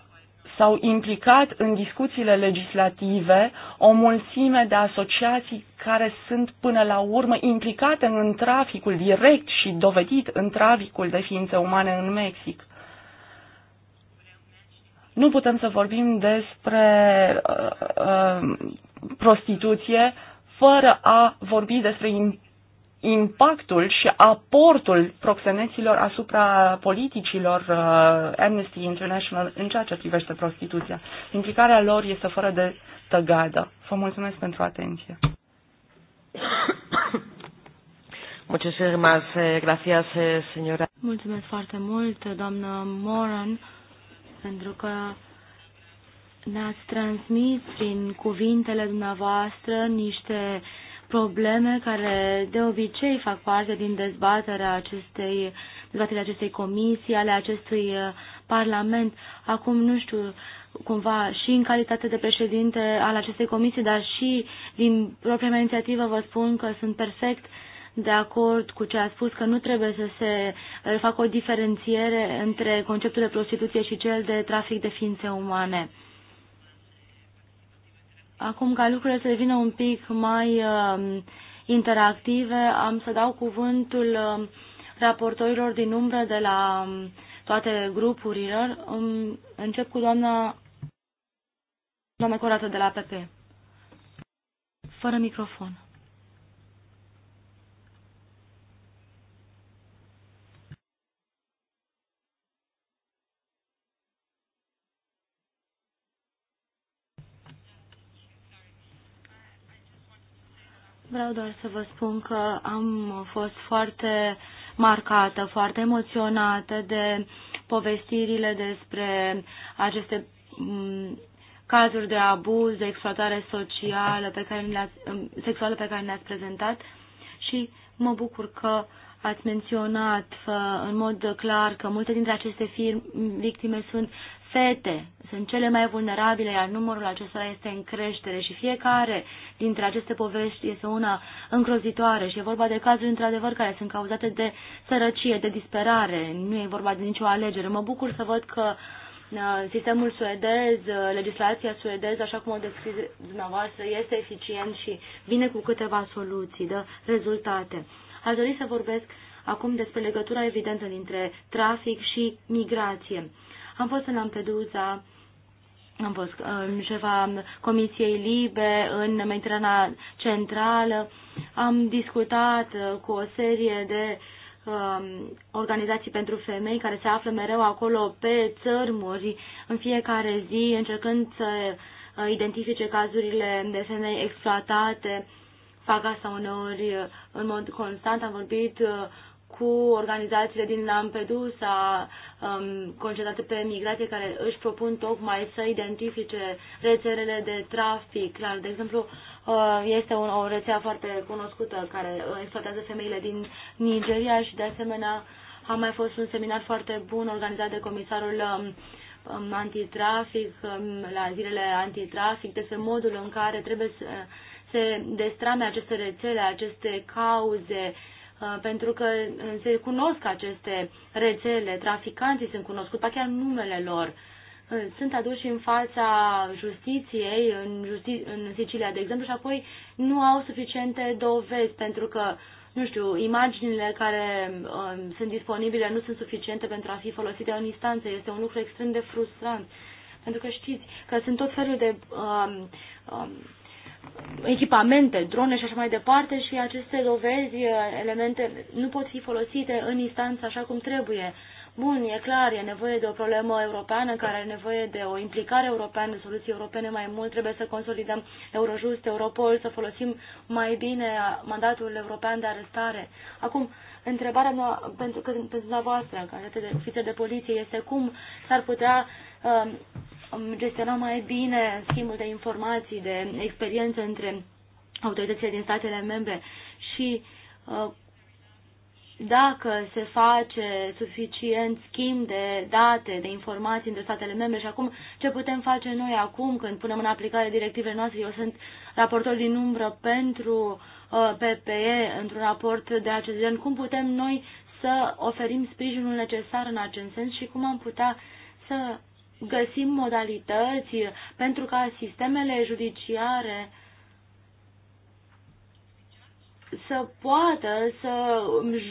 s-au implicat în discuțiile legislative o mulțime de asociații care sunt până la urmă implicate în traficul direct și dovedit în traficul de ființe umane în Mexic. Nu putem să vorbim despre uh, uh, prostituție fără a vorbi despre impactul și aportul proxeneților asupra politicilor uh, Amnesty International în ceea ce privește prostituția. Implicarea lor este fără de tăgadă. Vă mulțumesc pentru atenție. Eh, eh, mulțumesc foarte mult, doamnă Moran, pentru că ne-ați transmis prin cuvintele dumneavoastră niște uh, probleme care de obicei fac parte din dezbaterea acestei, dezbaterea acestei comisii, ale acestui uh, Parlament. Acum, nu știu, cumva și în calitate de președinte al acestei comisii, dar și din propria mea inițiativă vă spun că sunt perfect de acord cu ce a spus, că nu trebuie să se uh, facă o diferențiere între conceptul de prostituție și cel de trafic de ființe umane. Acum ca lucrurile să devină un pic mai uh, interactive, am să dau cuvântul uh, raportorilor din umbră de la um, toate grupurile. Um, încep cu doamna, doamna Corată de la PP. Fără microfon. Vreau doar să vă spun că am fost foarte marcată, foarte emoționată de povestirile despre aceste mm, cazuri de abuz, de exploatare socială pe care le mm, sexuală pe care le-ați prezentat și mă bucur că ați menționat uh, în mod clar că multe dintre aceste victime sunt fete sunt cele mai vulnerabile, iar numărul acesta este în creștere și fiecare dintre aceste povești este una îngrozitoare și e vorba de cazuri într-adevăr care sunt cauzate de sărăcie, de disperare, nu e vorba de nicio alegere. Mă bucur să văd că uh, sistemul suedez, uh, legislația suedeză, așa cum o descris dumneavoastră, este eficient și vine cu câteva soluții, dă rezultate. Aș dori să vorbesc acum despre legătura evidentă dintre trafic și migrație. Am fost în Lampedusa, am fost în șefa Comisiei Libe, în Mediterana Centrală, am discutat uh, cu o serie de um, organizații pentru femei care se află mereu acolo pe țărmuri în fiecare zi, încercând să uh, identifice cazurile de femei exploatate. Fac asta uneori uh, în mod constant. Am vorbit cu organizațiile din Lampedusa um, concentrate pe migrație care își propun tocmai să identifice rețelele de trafic. Clar, de exemplu, uh, este un, o rețea foarte cunoscută care exploatează femeile din Nigeria și de asemenea a mai fost un seminar foarte bun organizat de comisarul um, um antitrafic um, la zilele antitrafic despre modul în care trebuie să se destrame aceste rețele, aceste cauze uh, Uh, pentru că uh, se cunosc aceste rețele, traficanții sunt cunoscuți, chiar numele lor. Uh, sunt aduși în fața justiției, în, justi- în Sicilia, de exemplu, și apoi nu au suficiente dovezi, pentru că, nu știu, imaginile care um, sunt disponibile nu sunt suficiente pentru a fi folosite în instanță. Este un lucru extrem de frustrant, pentru că știți că sunt tot felul de um, um, echipamente, drone și așa mai departe și aceste dovezi, eh, elemente, nu pot fi folosite în instanță așa cum trebuie. Bun, e clar, e nevoie de o problemă europeană care are nevoie de o implicare europeană, de soluții europene mai mult, trebuie să consolidăm Eurojust, Europol, să folosim mai bine mandatul european de arestare. Acum, întrebarea mea pentru, pentru dumneavoastră, care este de de poliție, este cum s-ar putea eh, gestiona mai bine schimbul de informații, de experiențe între autoritățile din statele membre și uh, dacă se face suficient schimb de date, de informații între statele membre și acum ce putem face noi acum când punem în aplicare directivele noastre. Eu sunt raportor din umbră pentru uh, PPE într-un raport de acest gen. Cum putem noi să oferim sprijinul necesar în acest sens și cum am putea să găsim modalități pentru ca sistemele judiciare să poată să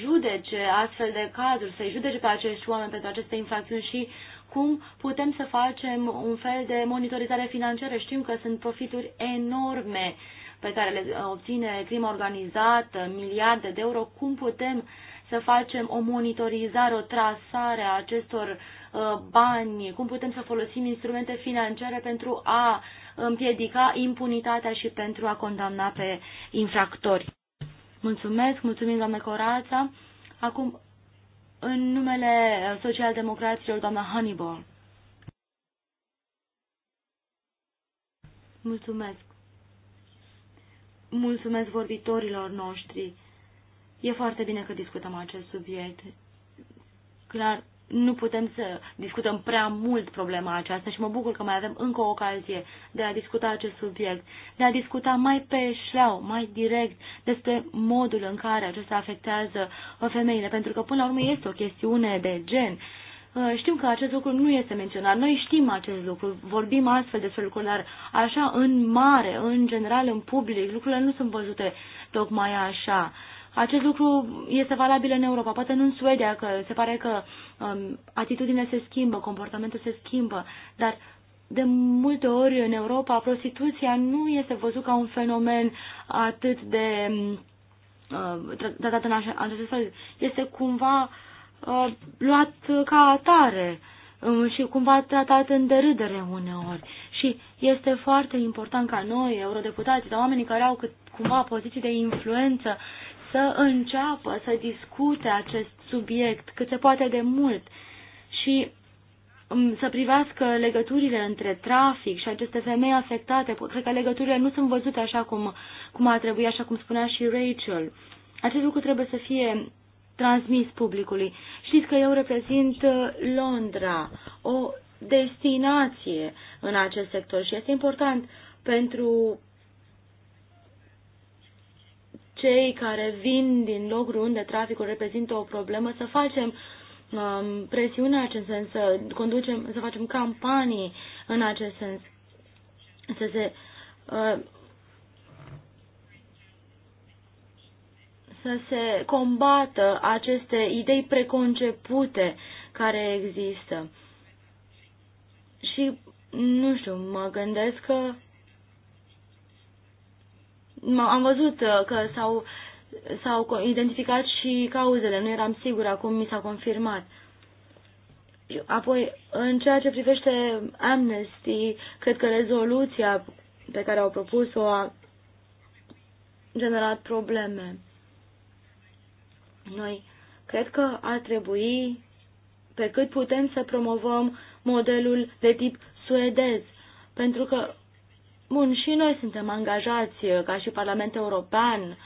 judece astfel de cazuri, să-i judece pe acești oameni pentru aceste infracțiuni și cum putem să facem un fel de monitorizare financiară. Știm că sunt profituri enorme pe care le obține crima organizată, miliarde de euro. Cum putem să facem o monitorizare, o trasare a acestor Uh, bani, cum putem să folosim instrumente financiare pentru a împiedica impunitatea și pentru a condamna pe infractori. Mulțumesc, mulțumim doamne Corața. Acum, în numele socialdemocraților, doamna Hannibal. Mulțumesc. Mulțumesc vorbitorilor noștri. E foarte bine că discutăm acest subiect. Clar, nu putem să discutăm prea mult problema aceasta și mă bucur că mai avem încă o ocazie de a discuta acest subiect, de a discuta mai pe șleau, mai direct despre modul în care acesta afectează uh, femeile, pentru că până la urmă este o chestiune de gen. Uh, știm că acest lucru nu este menționat, noi știm acest lucru, vorbim astfel despre lucruri, dar așa în mare, în general, în public, lucrurile nu sunt văzute tocmai așa. Acest lucru este valabil în Europa, poate nu în Suedia, că se pare că um, atitudinea se schimbă, comportamentul se schimbă, dar de multe ori în Europa prostituția nu este văzut ca un fenomen atât de um, uh, tratat în acest fel. Este cumva uh, luat ca atare um, și cumva tratat în derâdere uneori. Și este foarte important ca noi, eurodeputații, dar oamenii care au cât, cumva poziții de influență, să înceapă să discute acest subiect cât se poate de mult și mm, să privească legăturile între trafic și aceste femei afectate. Cred că legăturile nu sunt văzute așa cum, cum ar trebui, așa cum spunea și Rachel. Acest lucru trebuie să fie transmis publicului. Știți că eu reprezint uh, Londra, o destinație în acest sector și este important pentru cei care vin din locuri unde traficul reprezintă o problemă, să facem um, presiune în acest sens, să, conducem, să facem campanii în acest sens, să se uh, să se combată aceste idei preconcepute care există. Și, nu știu, mă gândesc că am văzut uh, că s-au, s-au identificat și cauzele, nu eram sigur, acum mi s-a confirmat. Apoi, în ceea ce privește Amnesty, cred că rezoluția pe care au propus-o a generat probleme. Noi cred că ar trebui, pe cât putem, să promovăm modelul de tip suedez, pentru că Bun, și noi suntem angajați uh, ca și Parlamentul European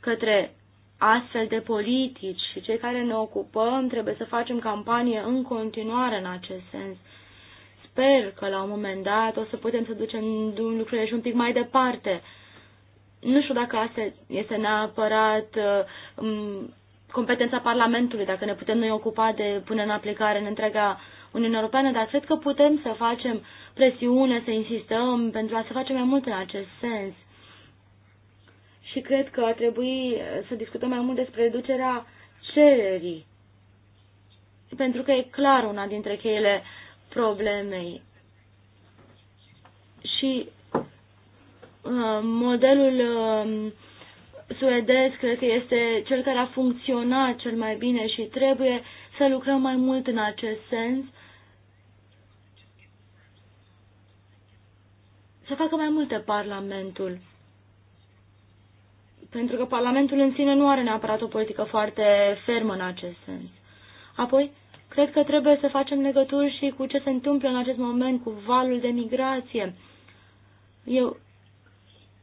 către astfel de politici și cei care ne ocupăm trebuie să facem campanie în continuare în acest sens. Sper că la un moment dat o să putem să ducem lucrurile și un pic mai departe. Nu știu dacă asta este neapărat uh, competența Parlamentului, dacă ne putem noi ocupa de până în aplicare în întreaga Uniune Europeană, dar cred că putem să facem uh, presiune, să insistăm pentru a se face mai mult în acest sens. Și cred că ar trebui eh, să discutăm mai mult despre reducerea cererii, pentru că e clar una dintre cheile problemei. Și uh, modelul uh, suedez cred că este cel care a funcționat cel mai bine și trebuie să lucrăm mai mult în acest sens să facă mai multe Parlamentul. Pentru că Parlamentul în sine nu are neapărat o politică foarte fermă în acest sens. Apoi, cred că trebuie să facem legături și cu ce se întâmplă în acest moment, cu valul de migrație. Eu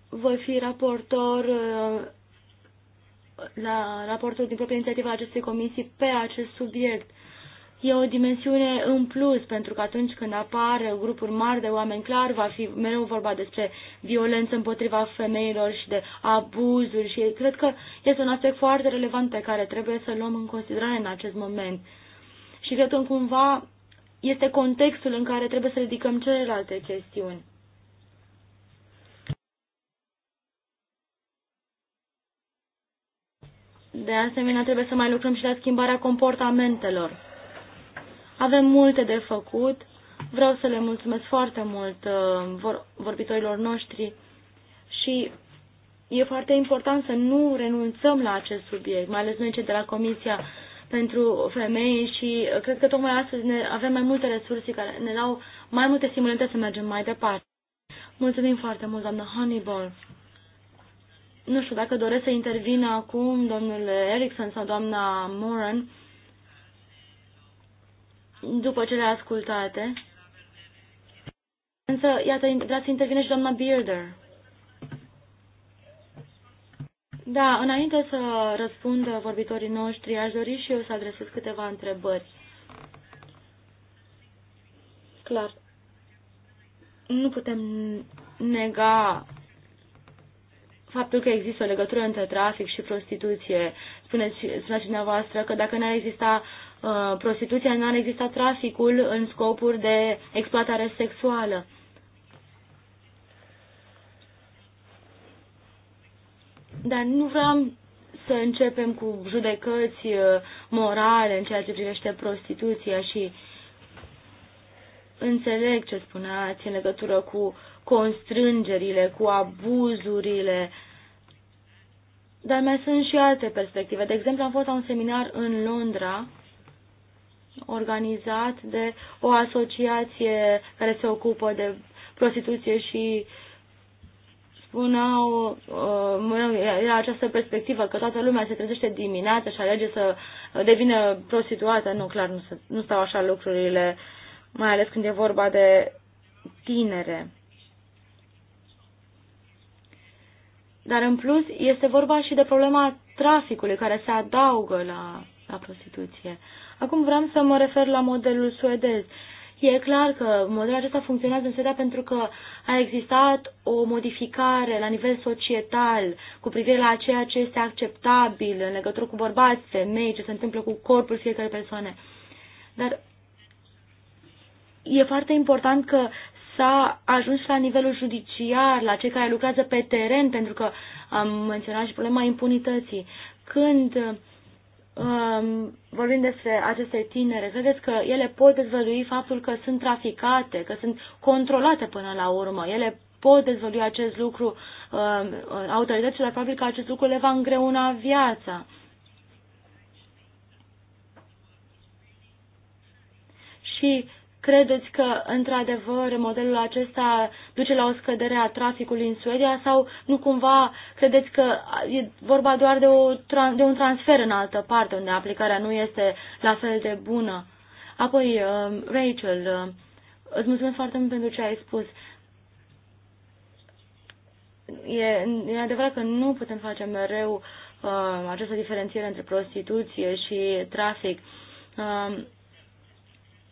voi fi raportor uh, la raportul din propria inițiativă acestei comisii pe acest subiect e o dimensiune în plus, pentru că atunci când apar grupuri mari de oameni, clar, va fi mereu vorba despre violență împotriva femeilor și de abuzuri și cred că este un aspect foarte relevant pe care trebuie să-l luăm în considerare în acest moment. Și cred că cumva este contextul în care trebuie să ridicăm celelalte chestiuni. De asemenea, trebuie să mai lucrăm și la schimbarea comportamentelor avem multe de făcut. Vreau să le mulțumesc foarte mult uh, vorbitorilor noștri și e foarte important să nu renunțăm la acest subiect, mai ales noi cei de la Comisia pentru Femei și uh, cred că tocmai astăzi ne, avem mai multe resurse care ne dau mai multe stimulente să mergem mai departe. Mulțumim foarte mult, doamnă Honeyball. Nu știu dacă doresc să intervină acum domnul Erickson sau doamna Moran după cele ascultate. Însă, iată, vrea să intervine și doamna Bearder. Da, înainte să răspund vorbitorii noștri, aș dori și eu să adresez câteva întrebări. Clar, nu putem nega faptul că există o legătură între trafic și prostituție. Spuneți, spuneți dumneavoastră că dacă n-ar exista Uh, prostituția, nu ar exista traficul în scopuri de exploatare sexuală. Dar nu vreau să începem cu judecăți uh, morale în ceea ce privește prostituția și înțeleg ce spuneați în legătură cu constrângerile, cu abuzurile, dar mai sunt și alte perspective. De exemplu, am fost la un seminar în Londra organizat de o asociație care se ocupă de prostituție și spuneau, uh, era această perspectivă că toată lumea se trezește dimineața și alege să devină prostituată. Nu, clar, nu, nu stau așa lucrurile, mai ales când e vorba de tinere. Dar în plus este vorba și de problema traficului care se adaugă la, la prostituție. Acum vreau să mă refer la modelul suedez. E clar că modelul acesta funcționează în Suedia pentru că a existat o modificare la nivel societal cu privire la ceea ce este acceptabil în legătură cu bărbați, femei, ce se întâmplă cu corpul fiecare persoane. Dar e foarte important că s-a ajuns la nivelul judiciar, la cei care lucrează pe teren, pentru că am menționat și problema impunității. Când um, vorbim despre aceste tinere, credeți că ele pot dezvălui faptul că sunt traficate, că sunt controlate până la urmă? Ele pot dezvălui acest lucru um, autoritățile, probabil că acest lucru le va îngreuna viața. Și Credeți că, într-adevăr, modelul acesta duce la o scădere a traficului în Suedia sau nu cumva credeți că e vorba doar de, o, de un transfer în altă parte unde aplicarea nu este la fel de bună? Apoi, uh, Rachel, uh, îți mulțumesc foarte mult pentru ce ai spus. E, e adevărat că nu putem face mereu uh, această diferențiere între prostituție și trafic. Uh,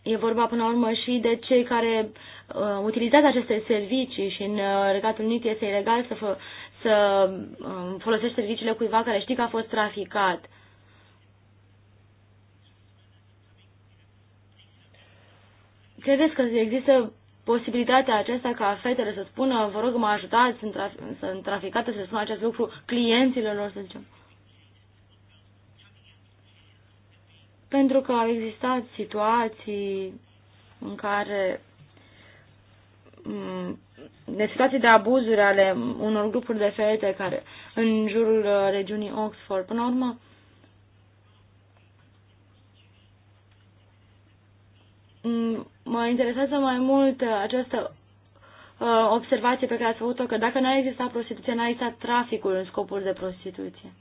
E vorba până la urmă și de cei care uh, utilizează aceste servicii și în uh, Regatul Unit este ilegal să, fă, să uh, folosești serviciile cuiva care știi că a fost traficat. Credeți că există posibilitatea aceasta ca fetele să spună, vă rog, mă ajutați, sunt, traf- sunt traficate, să spună acest lucru clienților lor, să zicem? Uh, pentru că au existat situații în care mm, de situații de abuzuri ale unor grupuri de fete care în jurul uh, regiunii Oxford. Până la urmă, mă interesează mai mult uh, această uh, observație pe care ați făcut-o, că dacă n a existat prostituție, n a existat traficul în scopul de prostituție.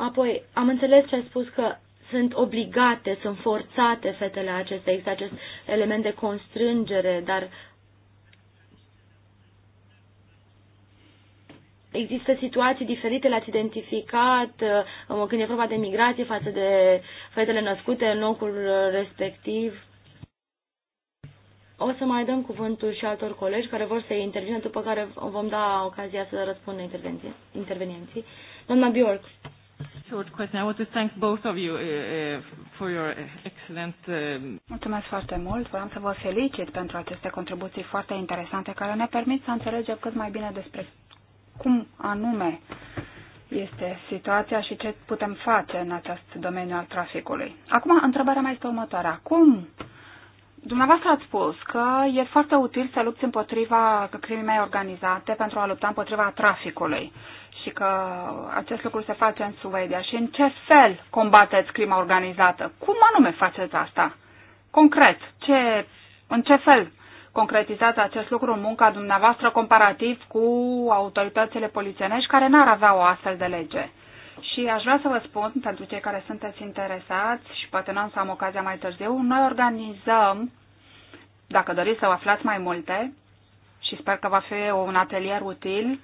Apoi, am înțeles ce a spus că sunt obligate, sunt forțate fetele acestea, există acest element de constrângere, dar Există situații diferite, le-ați identificat uh, când e vorba de migrație față de fetele născute în locul respectiv. O să mai dăm cuvântul și altor colegi care vor să intervină, după care vom da ocazia să răspundă intervenții. intervenienții. Doamna Bjork short question. I want to thank both of you uh, uh, for your excellent. Um, Mulțumesc foarte mult. Vreau să vă felicit pentru aceste contribuții foarte interesante care ne permit să înțelegem cât mai bine despre cum anume este situația și ce putem face în acest domeniu al traficului. Acum, întrebarea mai este următoarea. Cum Dumneavoastră ați spus că e foarte util să lupți împotriva crimei organizate pentru a lupta împotriva traficului și că acest lucru se face în Suedia și în ce fel combateți crima organizată? Cum anume faceți asta? Concret, ce, în ce fel concretizați acest lucru în munca dumneavoastră comparativ cu autoritățile polițienești care n-ar avea o astfel de lege? Și aș vrea să vă spun, pentru cei care sunteți interesați și poate nu am să am ocazia mai târziu, noi organizăm, dacă doriți să aflați mai multe, și sper că va fi un atelier util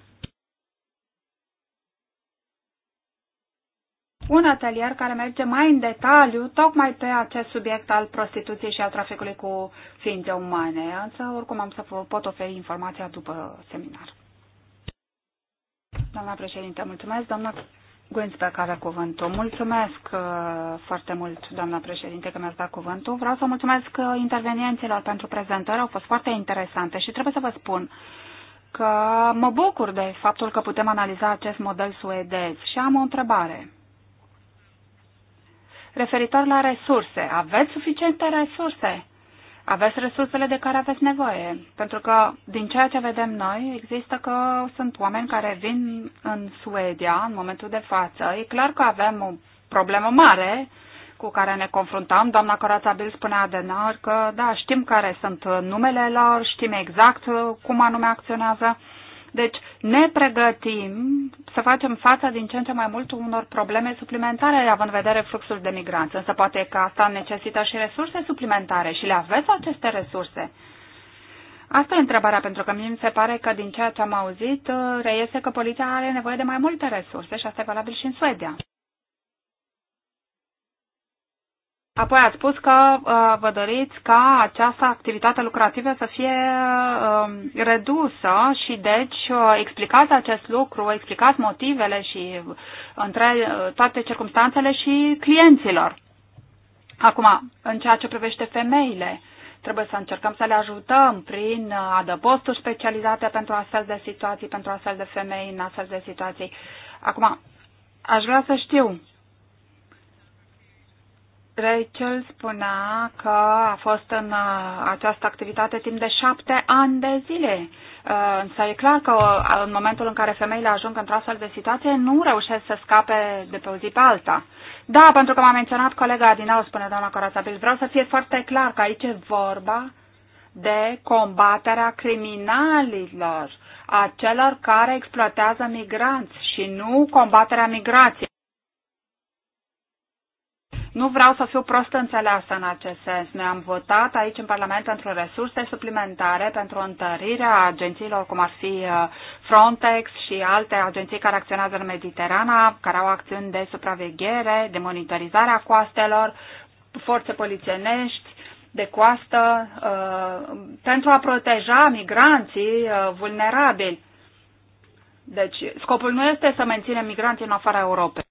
un atelier care merge mai în detaliu tocmai pe acest subiect al prostituției și al traficului cu ființe umane. Însă, oricum, am să vă pot oferi informația după seminar. Doamna președinte, mulțumesc. Doamna Gânsbeck are cuvântul. Mulțumesc uh, foarte mult, doamna președinte, că mi-ați dat cuvântul. Vreau să mulțumesc uh, intervenienților pentru prezentări. Au fost foarte interesante și trebuie să vă spun că mă bucur de faptul că putem analiza acest model suedez și am o întrebare referitor la resurse. Aveți suficiente resurse? Aveți resursele de care aveți nevoie? Pentru că, din ceea ce vedem noi, există că sunt oameni care vin în Suedia în momentul de față. E clar că avem o problemă mare cu care ne confruntăm. Doamna Corața Bil spunea adenar că, da, știm care sunt numele lor, știm exact cum anume acționează. Deci ne pregătim să facem față din ce în ce mai mult unor probleme suplimentare, având în vedere fluxul de migranți. Însă poate că asta necesită și resurse suplimentare și le aveți aceste resurse. Asta e întrebarea, pentru că mie mi se pare că din ceea ce am auzit uh, reiese că poliția are nevoie de mai multe resurse și asta e valabil și în Suedia. Apoi ați spus că uh, vă doriți ca această activitate lucrativă să fie uh, redusă și deci uh, explicați acest lucru, explicați motivele și uh, între uh, toate circumstanțele și clienților. Acum, în ceea ce privește femeile, trebuie să încercăm să le ajutăm prin adăposturi specializate pentru astfel de situații, pentru astfel de femei în astfel de situații. Acum, aș vrea să știu Rachel spunea că a fost în uh, această activitate timp de șapte ani de zile. Uh, însă e clar că uh, în momentul în care femeile ajung într-o astfel de situație, nu reușesc să scape de pe o zi pe alta. Da, pentru că m-a menționat colega Adinau, spune doamna bil. vreau să fie foarte clar că aici e vorba de combaterea criminalilor, a celor care exploatează migranți și nu combaterea migrației. Nu vreau să fiu prost înțeleasă în acest sens. Noi am votat aici în Parlament pentru resurse suplimentare, pentru întărirea agențiilor cum ar fi uh, Frontex și alte agenții care acționează în Mediterana, care au acțiuni de supraveghere, de monitorizare a coastelor, forțe polițienești, de coastă, uh, pentru a proteja migranții uh, vulnerabili. Deci, scopul nu este să menținem migranții în afara Europei.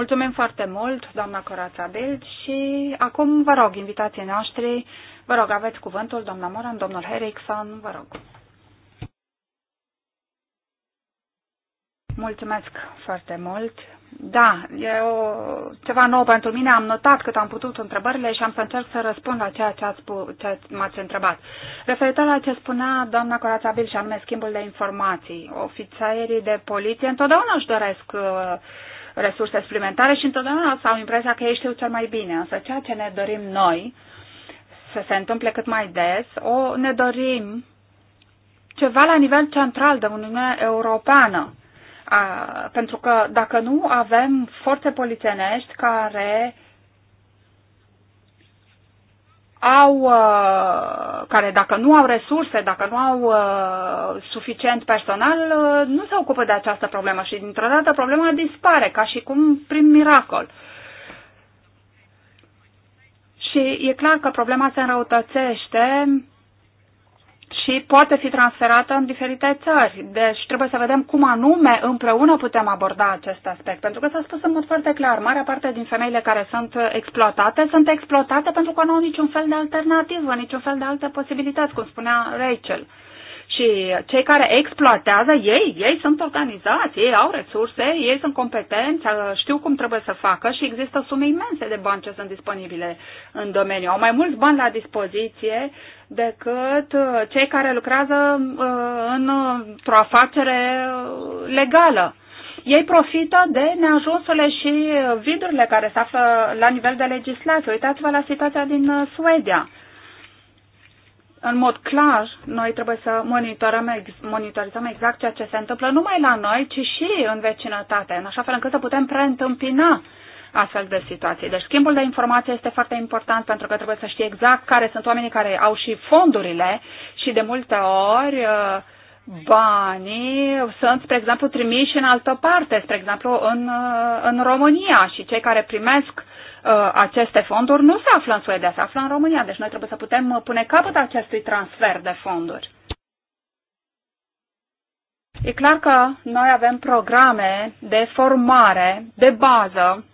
Mulțumim foarte mult, doamna Corața Bild, și acum vă rog, invitații noștri, vă rog, aveți cuvântul, doamna Moran, domnul Herrickson, vă rog. Mulțumesc foarte mult. Da, e o, ceva nou pentru mine. Am notat cât am putut întrebările și am să încerc să răspund la ceea ce, ați, ce m-ați întrebat. Referitor la ce spunea doamna Bil și anume schimbul de informații, ofițerii de poliție întotdeauna își doresc uh, resurse suplimentare și întotdeauna au impresia că ei știu cel mai bine. Însă ceea ce ne dorim noi să se întâmple cât mai des, o ne dorim ceva la nivel central de Uniunea Europeană. A, pentru că dacă nu avem forțe polițienești care au, uh, care dacă nu au resurse, dacă nu au uh, suficient personal, uh, nu se ocupă de această problemă și dintr-o dată problema dispare, ca și cum prin miracol. Și e clar că problema se înrăutățește și poate fi transferată în diferite țări. Deci trebuie să vedem cum anume împreună putem aborda acest aspect. Pentru că s-a spus în mod foarte clar, marea parte din femeile care sunt exploatate sunt exploatate pentru că nu au niciun fel de alternativă, niciun fel de alte posibilități, cum spunea Rachel. Și cei care exploatează, ei, ei sunt organizați, ei au resurse, ei sunt competenți, uh, știu cum trebuie să facă și există sume imense de bani ce sunt disponibile în domeniu. Au mai mulți bani la dispoziție decât uh, cei care lucrează uh, într-o afacere legală ei profită de neajunsurile și vidurile care se află la nivel de legislație. Uitați-vă la situația din Suedia în mod clar, noi trebuie să monitorizăm, monitorizăm exact ceea ce se întâmplă numai la noi, ci și în vecinătate, în așa fel încât să putem preîntâmpina astfel de situații. Deci schimbul de informații este foarte important pentru că trebuie să știi exact care sunt oamenii care au și fondurile și de multe ori uh, banii sunt, spre exemplu, trimiși în altă parte, spre exemplu în, uh, în România și cei care primesc Uh, aceste fonduri nu se află în Suedia, se află în România. Deci noi trebuie să putem uh, pune capăt acestui transfer de fonduri. E clar că noi avem programe de formare, de bază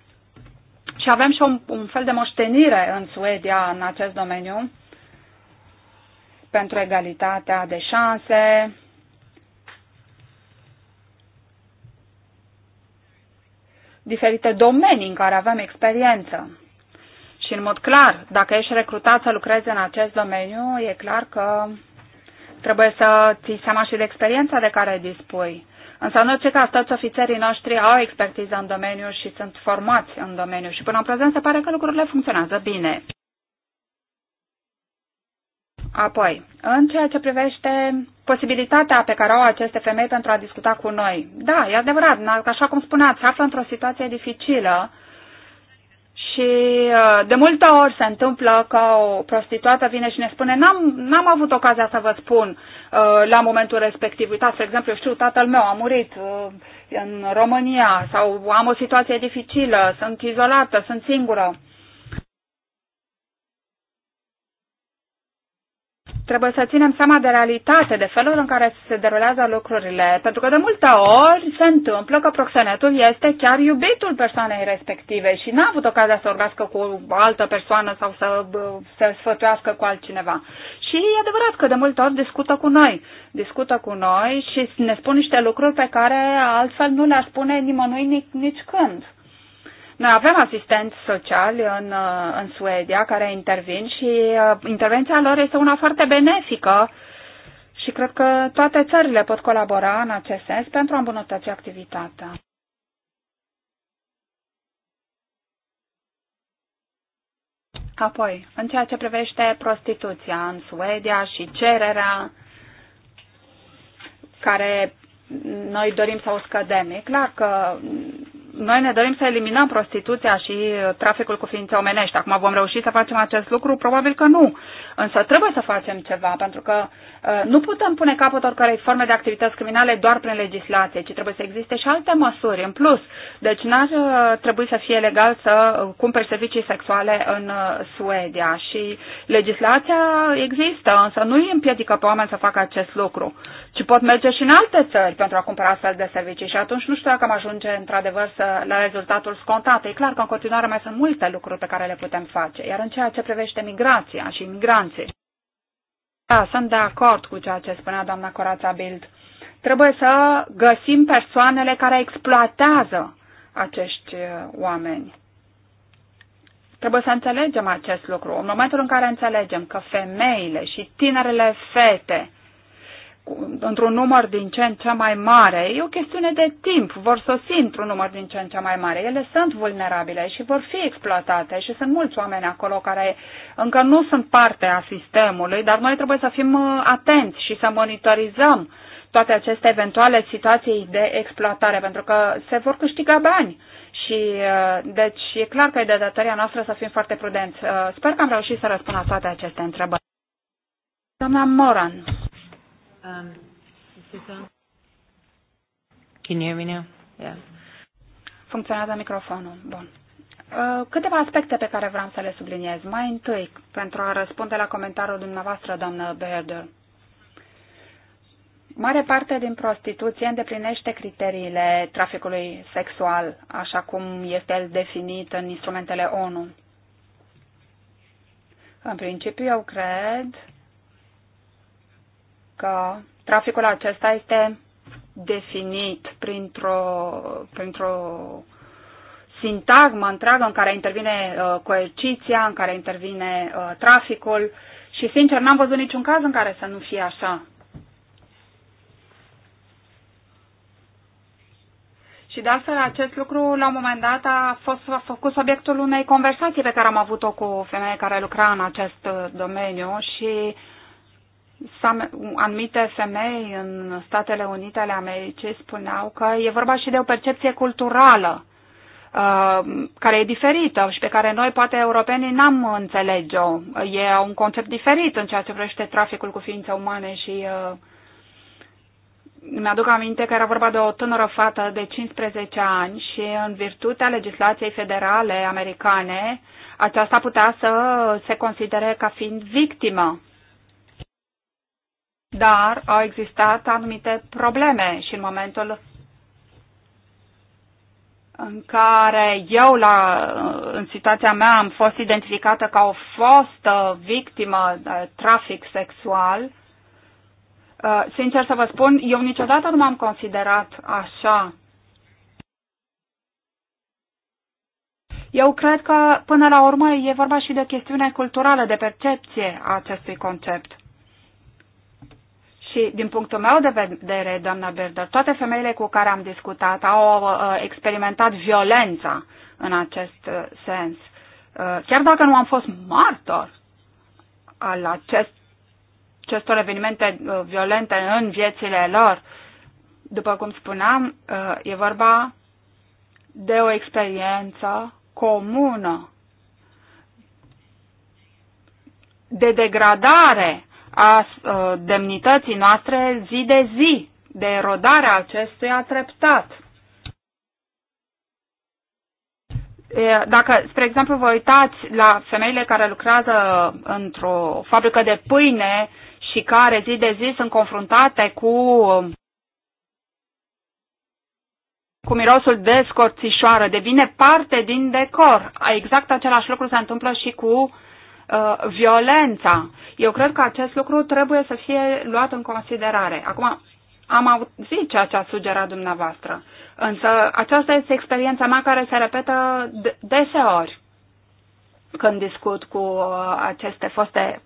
și avem și un, un fel de moștenire în Suedia în acest domeniu pentru egalitatea de șanse, diferite domenii în care avem experiență. Și în mod clar, dacă ești recrutat să lucrezi în acest domeniu, e clar că trebuie să ții seama și de experiența de care dispui. Însă în orice caz, toți ofițerii noștri au expertiză în domeniu și sunt formați în domeniu și până în prezent se pare că lucrurile funcționează bine. Apoi, în ceea ce privește posibilitatea pe care au aceste femei pentru a discuta cu noi, da, e adevărat, așa cum spuneați, se află într-o situație dificilă și uh, de multe ori se întâmplă că o prostituată vine și ne spune n-am, n-am avut ocazia să vă spun uh, la momentul respectiv. Uitați, de exemplu, eu știu, tatăl meu a murit uh, în România sau am o situație dificilă, sunt izolată, sunt singură. Trebuie să ținem seama de realitate, de felul în care se derulează lucrurile, pentru că de multe ori se întâmplă că proxenetul este chiar iubitul persoanei respective și n-a avut ocazia să vorbească cu o altă persoană sau să se sfătuiască cu altcineva. Și e adevărat că de multe ori discută cu noi, discută cu noi și ne spun niște lucruri pe care altfel nu le-ar spune nimănui nici, nici când. Noi avem asistenți sociali în, uh, în Suedia care intervin și uh, intervenția lor este una foarte benefică și cred că toate țările pot colabora în acest sens pentru a îmbunătăți activitatea. Apoi, în ceea ce privește prostituția în Suedia și cererea care noi dorim să o scădem, e clar că noi ne dorim să eliminăm prostituția și uh, traficul cu ființe omenești. Acum vom reuși să facem acest lucru? Probabil că nu. Însă trebuie să facem ceva, pentru că uh, nu putem pune capăt oricărei forme de activități criminale doar prin legislație, ci trebuie să existe și alte măsuri în plus. Deci n-ar uh, trebui să fie legal să cumperi servicii sexuale în Suedia și legislația există, însă nu îi împiedică pe oameni să facă acest lucru, ci pot merge și în alte țări pentru a cumpăra astfel de servicii și atunci nu știu dacă am ajunge într-adevăr să la rezultatul scontat. E clar că în continuare mai sunt multe lucruri pe care le putem face. Iar în ceea ce privește migrația și imigranții, da, sunt de acord cu ceea ce spunea doamna Corața Bild. Trebuie să găsim persoanele care exploatează acești uh, oameni. Trebuie să înțelegem acest lucru. În momentul în care înțelegem că femeile și tinerele fete într-un număr din ce în ce mai mare. E o chestiune de timp. Vor sosi într-un număr din ce în ce mai mare. Ele sunt vulnerabile și vor fi exploatate și sunt mulți oameni acolo care încă nu sunt parte a sistemului, dar noi trebuie să fim uh, atenți și să monitorizăm toate aceste eventuale situații de exploatare, pentru că se vor câștiga bani. Și, uh, deci, e clar că e de datoria noastră să fim foarte prudenți. Uh, sper că am reușit să răspund la toate aceste întrebări. Doamna Moran. Um, Can you hear me now? Yeah. Funcționează microfonul. Bun. Uh, câteva aspecte pe care vreau să le subliniez. Mai întâi, pentru a răspunde la comentariul dumneavoastră, doamnă Berder. Mare parte din prostituție îndeplinește criteriile traficului sexual, așa cum este el definit în instrumentele ONU. În principiu, eu cred că traficul acesta este definit printr-o, printr sintagmă întreagă în care intervine uh, coerciția, în care intervine uh, traficul și, sincer, n-am văzut niciun caz în care să nu fie așa. Și de altfel acest lucru la un moment dat a fost a făcut obiectul unei conversații pe care am avut-o cu o femeie care lucra în acest uh, domeniu și anumite femei în Statele Unite ale Americii spuneau că e vorba și de o percepție culturală uh, care e diferită și pe care noi, poate, europenii n-am înțelege-o. E un concept diferit în ceea ce privește traficul cu ființe umane și uh, mi-aduc aminte că era vorba de o tânără fată de 15 ani și în virtutea legislației federale americane, aceasta putea să se considere ca fiind victimă dar au existat anumite probleme și în momentul în care eu, la, în situația mea, am fost identificată ca o fostă victimă de trafic sexual, uh, sincer să vă spun, eu niciodată nu m-am considerat așa. Eu cred că, până la urmă, e vorba și de chestiune culturală, de percepție a acestui concept. Și din punctul meu de vedere, doamna Berder, toate femeile cu care am discutat au uh, experimentat violența în acest uh, sens. Uh, chiar dacă nu am fost martor al acest, acestor evenimente violente în viețile lor, după cum spuneam, e vorba de o experiență comună de degradare a uh, demnității noastre zi de zi, de erodarea acestuia treptat. Dacă, spre exemplu, vă uitați la femeile care lucrează într-o fabrică de pâine și care zi de zi sunt confruntate cu um, cu mirosul de scorțișoară, devine parte din decor. Exact același lucru se întâmplă și cu Uh, violența. Eu cred că acest lucru trebuie să fie luat în considerare. Acum, am auzit ceea ce a sugerat dumneavoastră, însă aceasta este experiența mea care se repetă deseori când discut cu uh, aceste foste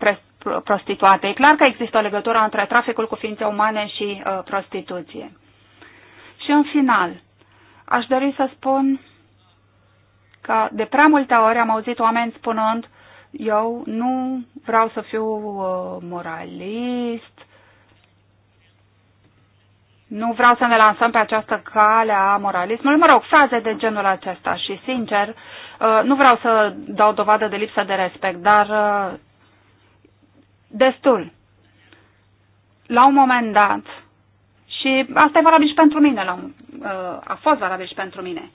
prostituate. E clar că există o legătură între traficul cu ființe umane și uh, prostituție. Și în final, aș dori să spun că de prea multe ori am auzit oameni spunând eu nu vreau să fiu uh, moralist, nu vreau să ne lansăm pe această cale a moralismului, mă rog, fraze de genul acesta și, sincer, uh, nu vreau să dau dovadă de lipsă de respect, dar uh, destul. La un moment dat, și asta e valabil și pentru mine, a fost valabil și pentru mine,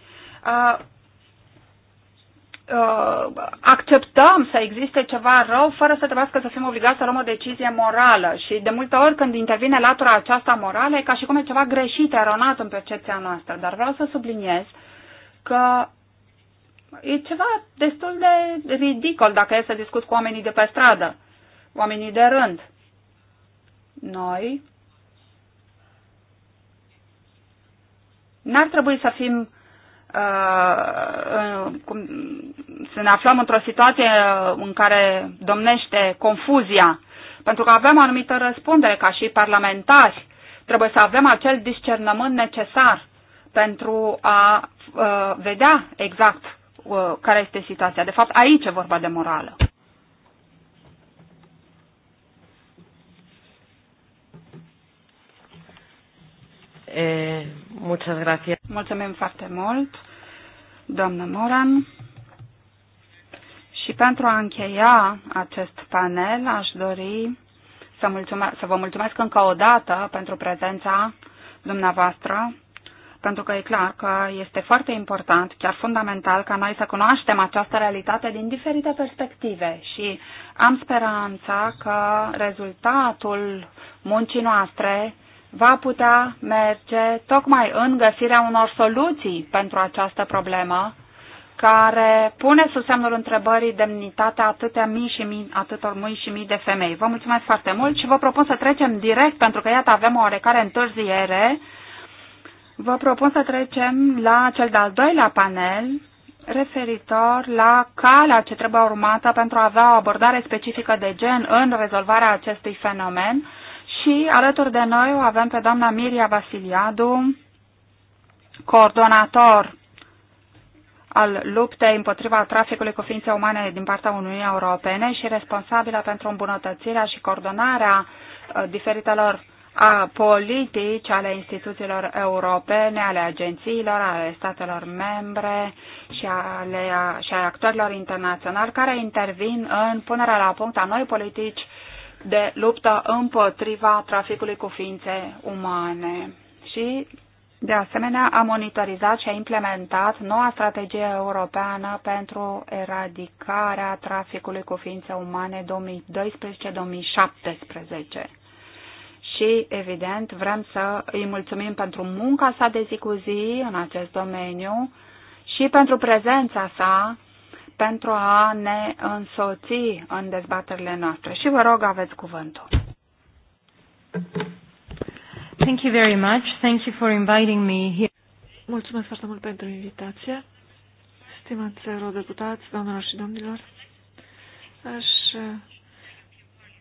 Uh, acceptăm să existe ceva rău fără să trebuiască să fim obligați să luăm o decizie morală și de multe ori când intervine latura aceasta morală e ca și cum e ceva greșit, eronat în percepția noastră, dar vreau să subliniez că e ceva destul de ridicol dacă e să discuți cu oamenii de pe stradă, oamenii de rând. Noi n-ar trebui să fim Uh, să ne aflăm într-o situație în care domnește confuzia, pentru că avem o anumită răspundere ca și parlamentari. Trebuie să avem acel discernământ necesar pentru a uh, vedea exact uh, care este situația. De fapt, aici e vorba de morală. Eh, muchas gracias. Mulțumim foarte mult, doamnă Moran. Și pentru a încheia acest panel, aș dori să, mulțumesc, să vă mulțumesc încă o dată pentru prezența dumneavoastră, pentru că e clar că este foarte important, chiar fundamental, ca noi să cunoaștem această realitate din diferite perspective și am speranța că rezultatul muncii noastre va putea merge tocmai în găsirea unor soluții pentru această problemă care pune sub semnul întrebării demnitatea atâtea mii și mii, atâtor mii și mii de femei. Vă mulțumesc foarte mult și vă propun să trecem direct, pentru că iată avem o oarecare întârziere, vă propun să trecem la cel de-al doilea panel referitor la calea ce trebuie urmată pentru a avea o abordare specifică de gen în rezolvarea acestui fenomen și alături de noi o avem pe doamna Miria Vasiliadu, coordonator al luptei împotriva traficului cu ființe umane din partea Uniunii Europene și responsabilă pentru îmbunătățirea și coordonarea uh, diferitelor a politici ale instituțiilor europene, ale agențiilor, ale statelor membre și ale și a actorilor internaționali care intervin în punerea la punct a noi politici de luptă împotriva traficului cu ființe umane. Și, de asemenea, a monitorizat și a implementat noua strategie europeană pentru eradicarea traficului cu ființe umane 2012-2017 și, evident, vrem să îi mulțumim pentru munca sa de zi cu zi în acest domeniu și pentru prezența sa pentru a ne însoți în dezbaterile noastre. Și vă rog, aveți cuvântul. Thank you very much. Thank you for inviting me here. Mulțumesc foarte mult pentru invitație. Stimați eurodeputați, doamnelor și domnilor, aș uh,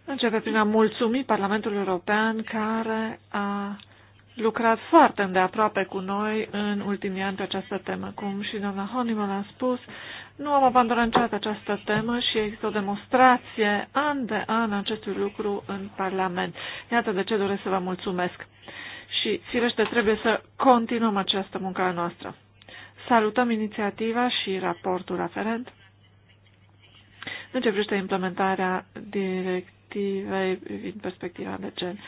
începe prin a mulțumi Parlamentul European care a lucrat foarte îndeaproape cu noi în ultimii ani pe această temă. Cum și doamna Honimon a spus, nu am abandonat niciodată această temă și există o demonstrație an de an acestui lucru în Parlament. Iată de ce doresc să vă mulțumesc. Și, firește, trebuie să continuăm această muncă a noastră. Salutăm inițiativa și raportul aferent. În ce privește implementarea directivei din perspectiva de gen.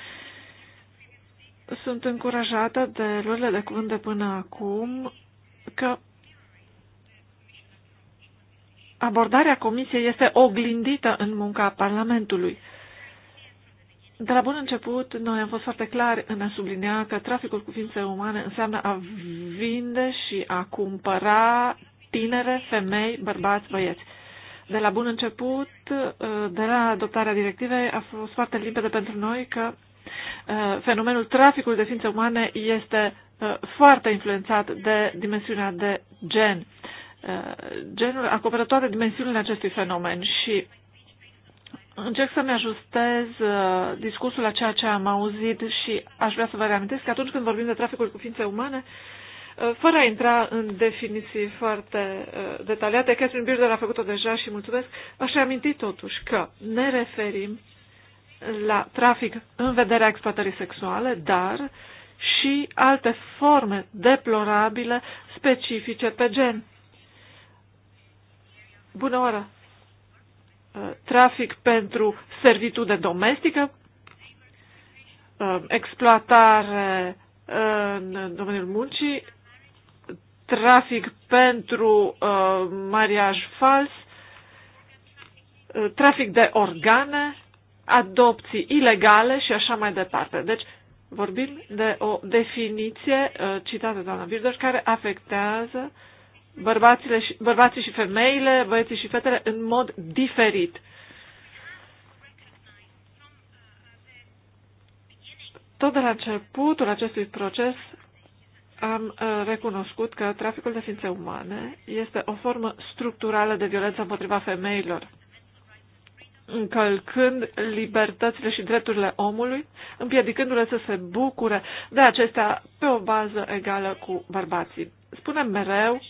Sunt încurajată de luările de cuvânt de până acum că abordarea Comisiei este oglindită în munca Parlamentului. De la bun început, noi am fost foarte clari în a sublinea că traficul cu ființe umane înseamnă a vinde și a cumpăra tinere, femei, bărbați, băieți. De la bun început, de la adoptarea directivei, a fost foarte limpede pentru noi că uh, fenomenul traficului de ființe umane este uh, foarte influențat de dimensiunea de gen Uh, genul acoperă toate dimensiunile acestui fenomen și încerc să-mi ajustez uh, discursul la ceea ce am auzit și aș vrea să vă reamintesc că atunci când vorbim de traficul cu ființe umane, uh, fără a intra în definiții foarte detaliate, Catherine Birder a făcut-o deja și mulțumesc, aș reaminti totuși că ne referim la trafic în vederea exploatării sexuale, dar și alte forme deplorabile specifice pe gen Bună oară! Uh, trafic pentru servitude domestică, uh, exploatare uh, în domeniul muncii, trafic pentru mariaj fals, trafic de organe, adopții ilegale și așa mai departe. Deci vorbim de o definiție citată de doamna Birder care afectează uh, bărbațile și, bărbații și femeile, băieții și fetele în mod diferit. Tot de la începutul acestui proces am uh, recunoscut că traficul de ființe umane este o formă structurală de violență împotriva femeilor, încălcând libertățile și drepturile omului, împiedicându-le să se bucure de acestea pe o bază egală cu bărbații. Spunem mereu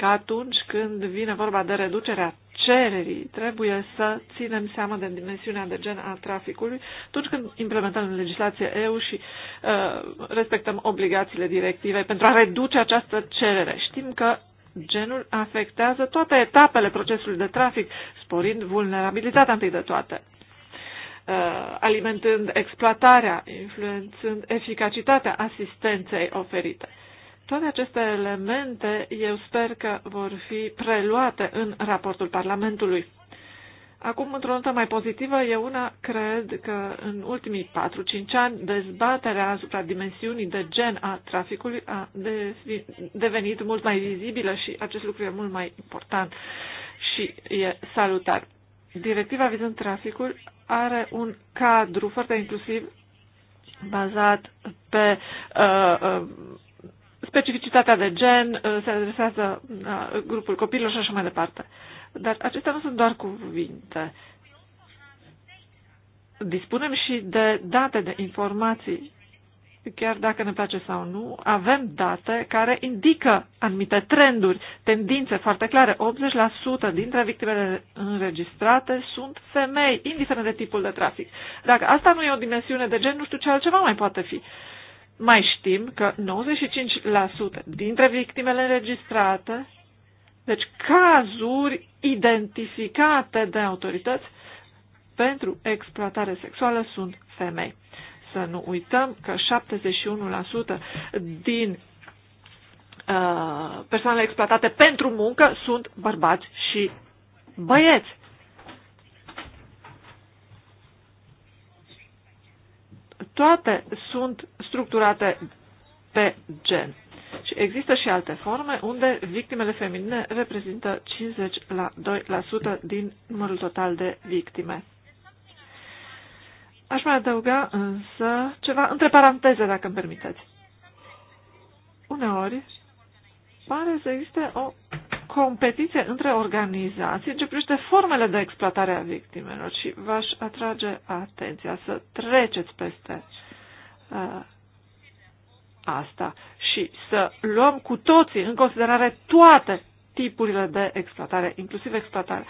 că atunci când vine vorba de reducerea cererii, trebuie să ținem seama de dimensiunea de gen a traficului atunci când implementăm legislație EU și uh, respectăm obligațiile directive pentru a reduce această cerere. Știm că genul afectează toate etapele procesului de trafic, sporind vulnerabilitatea întâi de toate uh, alimentând exploatarea, influențând eficacitatea asistenței oferite. Toate aceste elemente eu sper că vor fi preluate în raportul Parlamentului. Acum, într-o notă mai pozitivă, eu una cred că în ultimii 4-5 ani dezbaterea asupra dimensiunii de gen a traficului a devenit mult mai vizibilă și acest lucru e mult mai important și e salutar. Directiva vizând traficul are un cadru foarte inclusiv bazat pe uh, uh, specificitatea de gen uh, se adresează uh, grupul copiilor și așa mai departe. Dar acestea nu sunt doar cuvinte. Dispunem și de date, de informații, chiar dacă ne place sau nu, avem date care indică anumite trenduri, tendințe foarte clare. 80% dintre victimele înregistrate sunt femei, indiferent de tipul de trafic. Dacă asta nu e o dimensiune de gen, nu știu ce altceva mai poate fi. Uh, mai știm că 95% dintre victimele înregistrate, deci cazuri identificate de autorități pentru exploatare sexuală sunt femei. Să nu uităm că 71% din uh, persoanele exploatate pentru muncă sunt bărbați și băieți. toate sunt structurate pe gen. Și există și alte forme unde victimele feminine reprezintă 50 la 2% din numărul total de victime. Aș mai adăuga însă ceva între paranteze, dacă îmi permiteți. Uneori pare să existe o competiție între organizații ce privește formele de exploatare a victimelor și v-aș atrage atenția să treceți peste uh, asta și să luăm cu toții în considerare toate tipurile de exploatare, inclusiv exploatare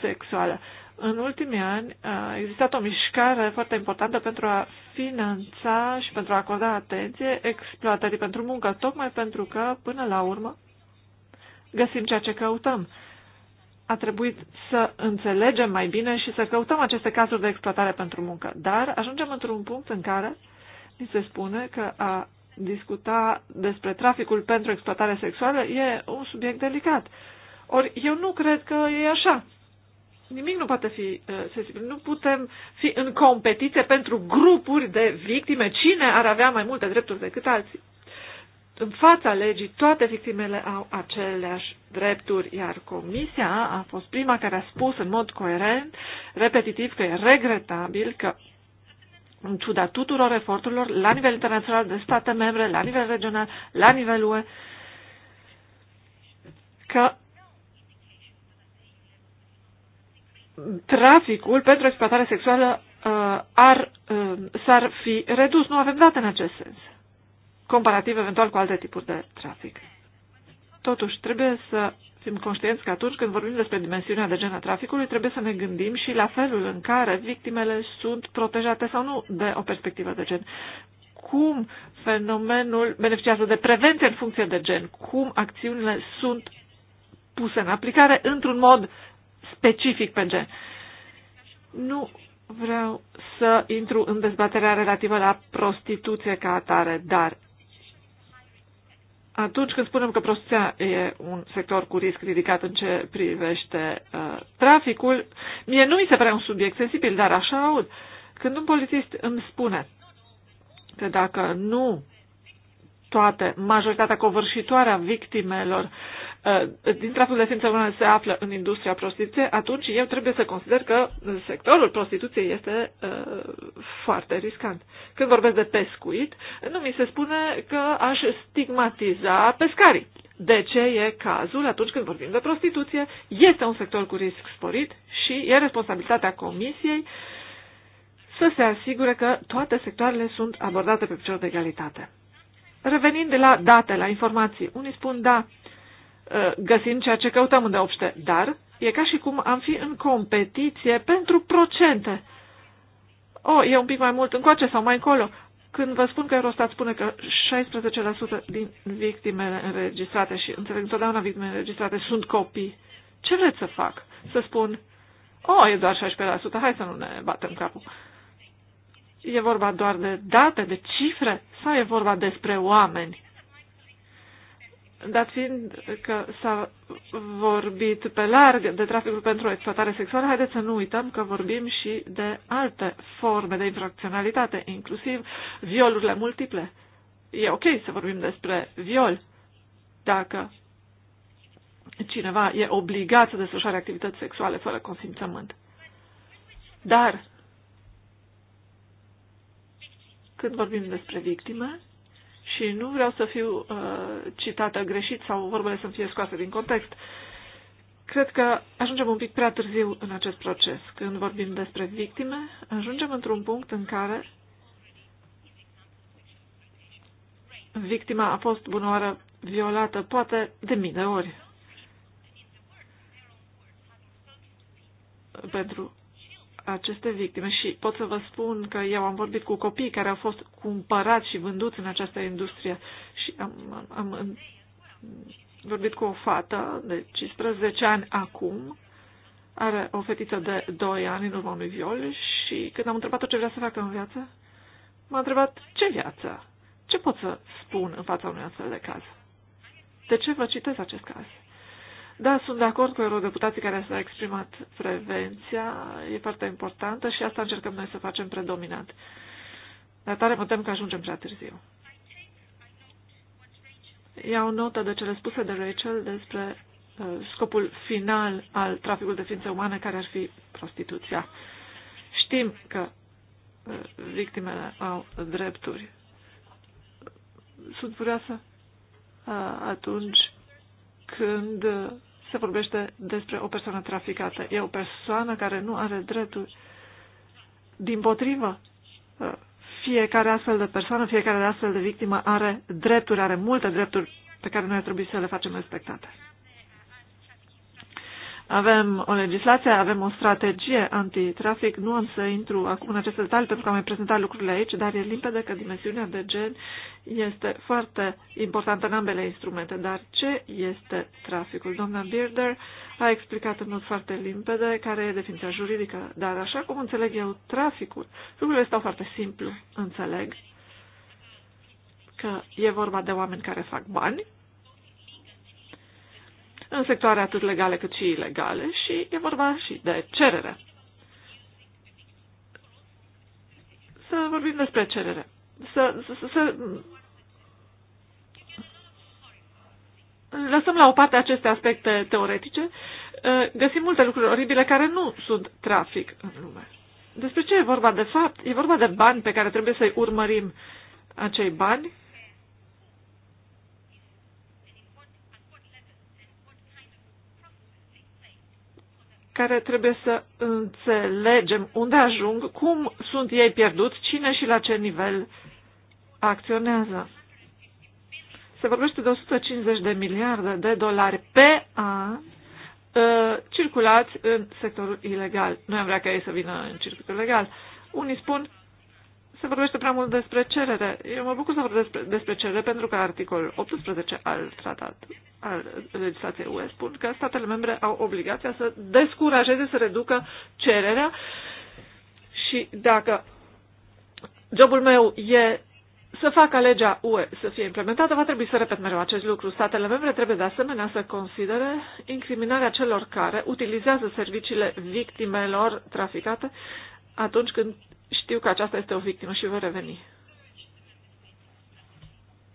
sexuală. În ultimii ani uh, a existat o mișcare foarte importantă pentru a finanța și pentru a acorda atenție exploatării pentru muncă, tocmai pentru că, până la urmă, găsim ceea ce căutăm. A trebuit să înțelegem mai bine și să căutăm aceste cazuri de exploatare pentru muncă. Dar ajungem într-un punct în care ni se spune că a discuta despre traficul pentru exploatare sexuală e un subiect delicat. Ori eu nu cred că e așa. Nimic nu poate fi uh, sensibil. Nu putem fi în competiție pentru grupuri de victime. Cine ar avea mai multe drepturi decât alții? în fața legii toate victimele au aceleași drepturi, iar Comisia a fost prima care a spus în mod coerent, repetitiv, că e regretabil că în ciuda tuturor eforturilor la nivel internațional de state membre, la nivel regional, la nivel UE, că traficul pentru exploatare sexuală uh, ar, uh, s-ar fi redus. Nu avem date în acest sens comparativ eventual cu alte tipuri de trafic. Totuși, trebuie să fim conștienți că atunci când vorbim despre dimensiunea de gen a traficului, trebuie să ne gândim și la felul în care victimele sunt protejate sau nu de o perspectivă de gen. Cum fenomenul beneficiază de prevenție în funcție de gen, cum acțiunile sunt puse în aplicare într-un mod specific pe gen. Nu vreau să intru în dezbaterea relativă la prostituție ca atare, dar atunci când spunem că prostia e un sector cu risc ridicat în ce privește uh, traficul, mie nu mi se pare un subiect sensibil, dar așa aud. Când un polițist îmi spune că dacă nu toate. Majoritatea covârșitoare a victimelor uh, din traful de ființă umană se află în industria prostituției, atunci eu trebuie să consider că sectorul prostituției este uh, foarte riscant. Când vorbesc de pescuit, nu mi se spune că aș stigmatiza pescarii. De ce e cazul atunci când vorbim de prostituție? Este un sector cu risc sporit și e responsabilitatea Comisiei să se asigure că toate sectoarele sunt abordate pe picior de egalitate. Revenind la date, la informații, unii spun da, ă, găsim ceea ce căutăm deopște, dar e ca și cum am fi în competiție pentru procente. O, oh, e un pic mai mult încoace sau mai încolo. Când vă spun că Eurostat spune că 16% din victimele înregistrate și înțeleg întotdeauna victimele înregistrate sunt copii, ce vreți să fac? Să spun, o, oh, e doar 16%, hai să nu ne batem capul. E vorba doar de date, de cifre sau e vorba despre oameni? Dat fiind că s-a vorbit pe larg de traficul pentru exploatare sexuală, haideți să nu uităm că vorbim și de alte forme de infracționalitate, inclusiv violurile multiple. E ok să vorbim despre viol dacă cineva e obligat să desfășoare activități sexuale fără consimțământ. Dar când vorbim despre victime și nu vreau să fiu uh, citată greșit sau vorbele să fie scoase din context. Cred că ajungem un pic prea târziu în acest proces. Când vorbim despre victime, ajungem într-un punct în care victima a fost bunoară violată poate de mii de ori. Pentru aceste victime și pot să vă spun că eu am vorbit cu copii care au fost cumpărați și vânduți în această industrie și am, am, am, vorbit cu o fată de 15 ani acum, are o fetiță de 2 ani în urma unui viol și când am întrebat-o ce vrea să facă în viață, m-a întrebat ce viață? Ce pot să spun în fața unui astfel de caz? De ce vă citesc acest caz? Da, sunt de acord cu eurodeputații care s-au exprimat prevenția, e foarte importantă și asta încercăm noi să facem predominant. Dar tare putem că ajungem prea târziu. Iau notă de cele spuse de Rachel despre uh, scopul final al traficului de ființe umane, care ar fi prostituția. Știm că uh, victimele au drepturi. Sunt furioasă uh, atunci când se vorbește despre o persoană traficată. E o persoană care nu are drepturi. Din potrivă, fiecare astfel de persoană, fiecare astfel de victimă are drepturi, are multe drepturi pe care noi ar trebui să le facem respectate. Avem o legislație, avem o strategie antitrafic. Nu am să intru acum în aceste detalii pentru că am mai prezentat lucrurile aici, dar e limpede că dimensiunea de gen este foarte importantă în ambele instrumente, dar ce este traficul? Doamna Bearder a explicat în mod foarte limpede care e definiția juridică, dar așa cum înțeleg eu traficul, lucrurile stau foarte simplu. Înțeleg că e vorba de oameni care fac bani în sectoare atât legale cât și ilegale și e vorba și de cerere. Să vorbim despre cerere să, să, să lăsăm la o parte aceste aspecte teoretice, uh, găsim multe lucruri oribile care nu sunt trafic în lume. Despre ce e vorba de fapt? E vorba de bani pe care trebuie să-i urmărim acei bani. care trebuie să înțelegem unde ajung, cum sunt ei pierduți, cine și la ce nivel acționează. Se vorbește de 150 de miliarde de dolari pe an uh, circulați în sectorul ilegal. Noi am vrea ca ei să vină în circuitul legal. Unii spun se vorbește prea mult despre cerere. Eu mă bucur să vorbesc despre, despre cerere pentru că articolul 18 al tratat al legislației UE spun că statele membre au obligația să descurajeze, să reducă cererea și dacă jobul meu e să facă legea UE să fie implementată, va trebui să repet mereu acest lucru. Statele membre trebuie de asemenea să considere incriminarea celor care utilizează serviciile victimelor traficate atunci când știu că aceasta este o victimă și voi reveni.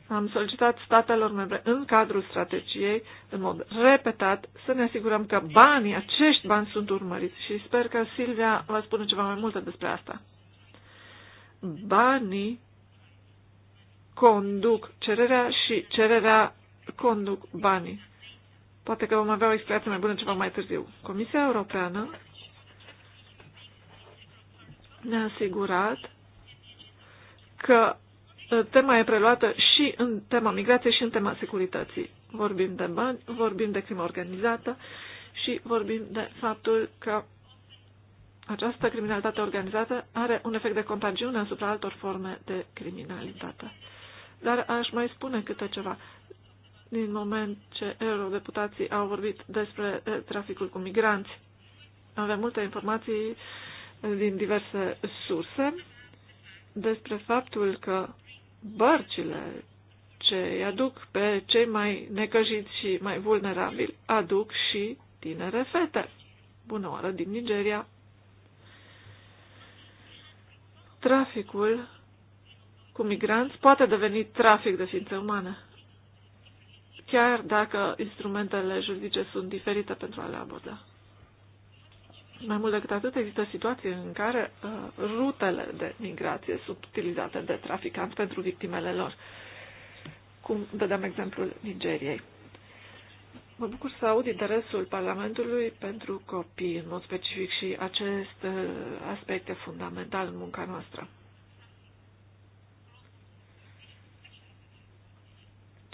Am solicitat statelor membre în cadrul strategiei, în mod repetat, să ne asigurăm că banii, acești bani sunt urmăriți și sper că Silvia va spune ceva mai multe despre asta. Banii conduc cererea și cererea conduc banii. Poate că vom avea o explicație mai bună ceva mai târziu. Comisia Europeană ne-a asigurat că uh, tema e preluată și în tema migrației și în tema securității. Vorbim de bani, vorbim de crimă organizată și vorbim de faptul că această criminalitate organizată are un efect de contagiune asupra altor forme de criminalitate. Dar aș mai spune câte ceva. Din moment ce eurodeputații au vorbit despre eh, traficul cu migranți, avem multe informații eh, din diverse surse despre faptul că bărcile ce îi aduc pe cei mai necăjiți și mai vulnerabili aduc și tinere fete. Bună oară din Nigeria! Traficul cu migranți poate deveni trafic de ființe umane, chiar dacă instrumentele juridice sunt diferite pentru a le aborda. Mai mult decât atât, există situații în care uh, rutele de migrație sunt utilizate de traficanți pentru victimele lor, cum dădeam exemplul Nigeriei. Mă bucur să aud interesul Parlamentului pentru copii, în mod specific și acest uh, aspect e fundamental în munca noastră.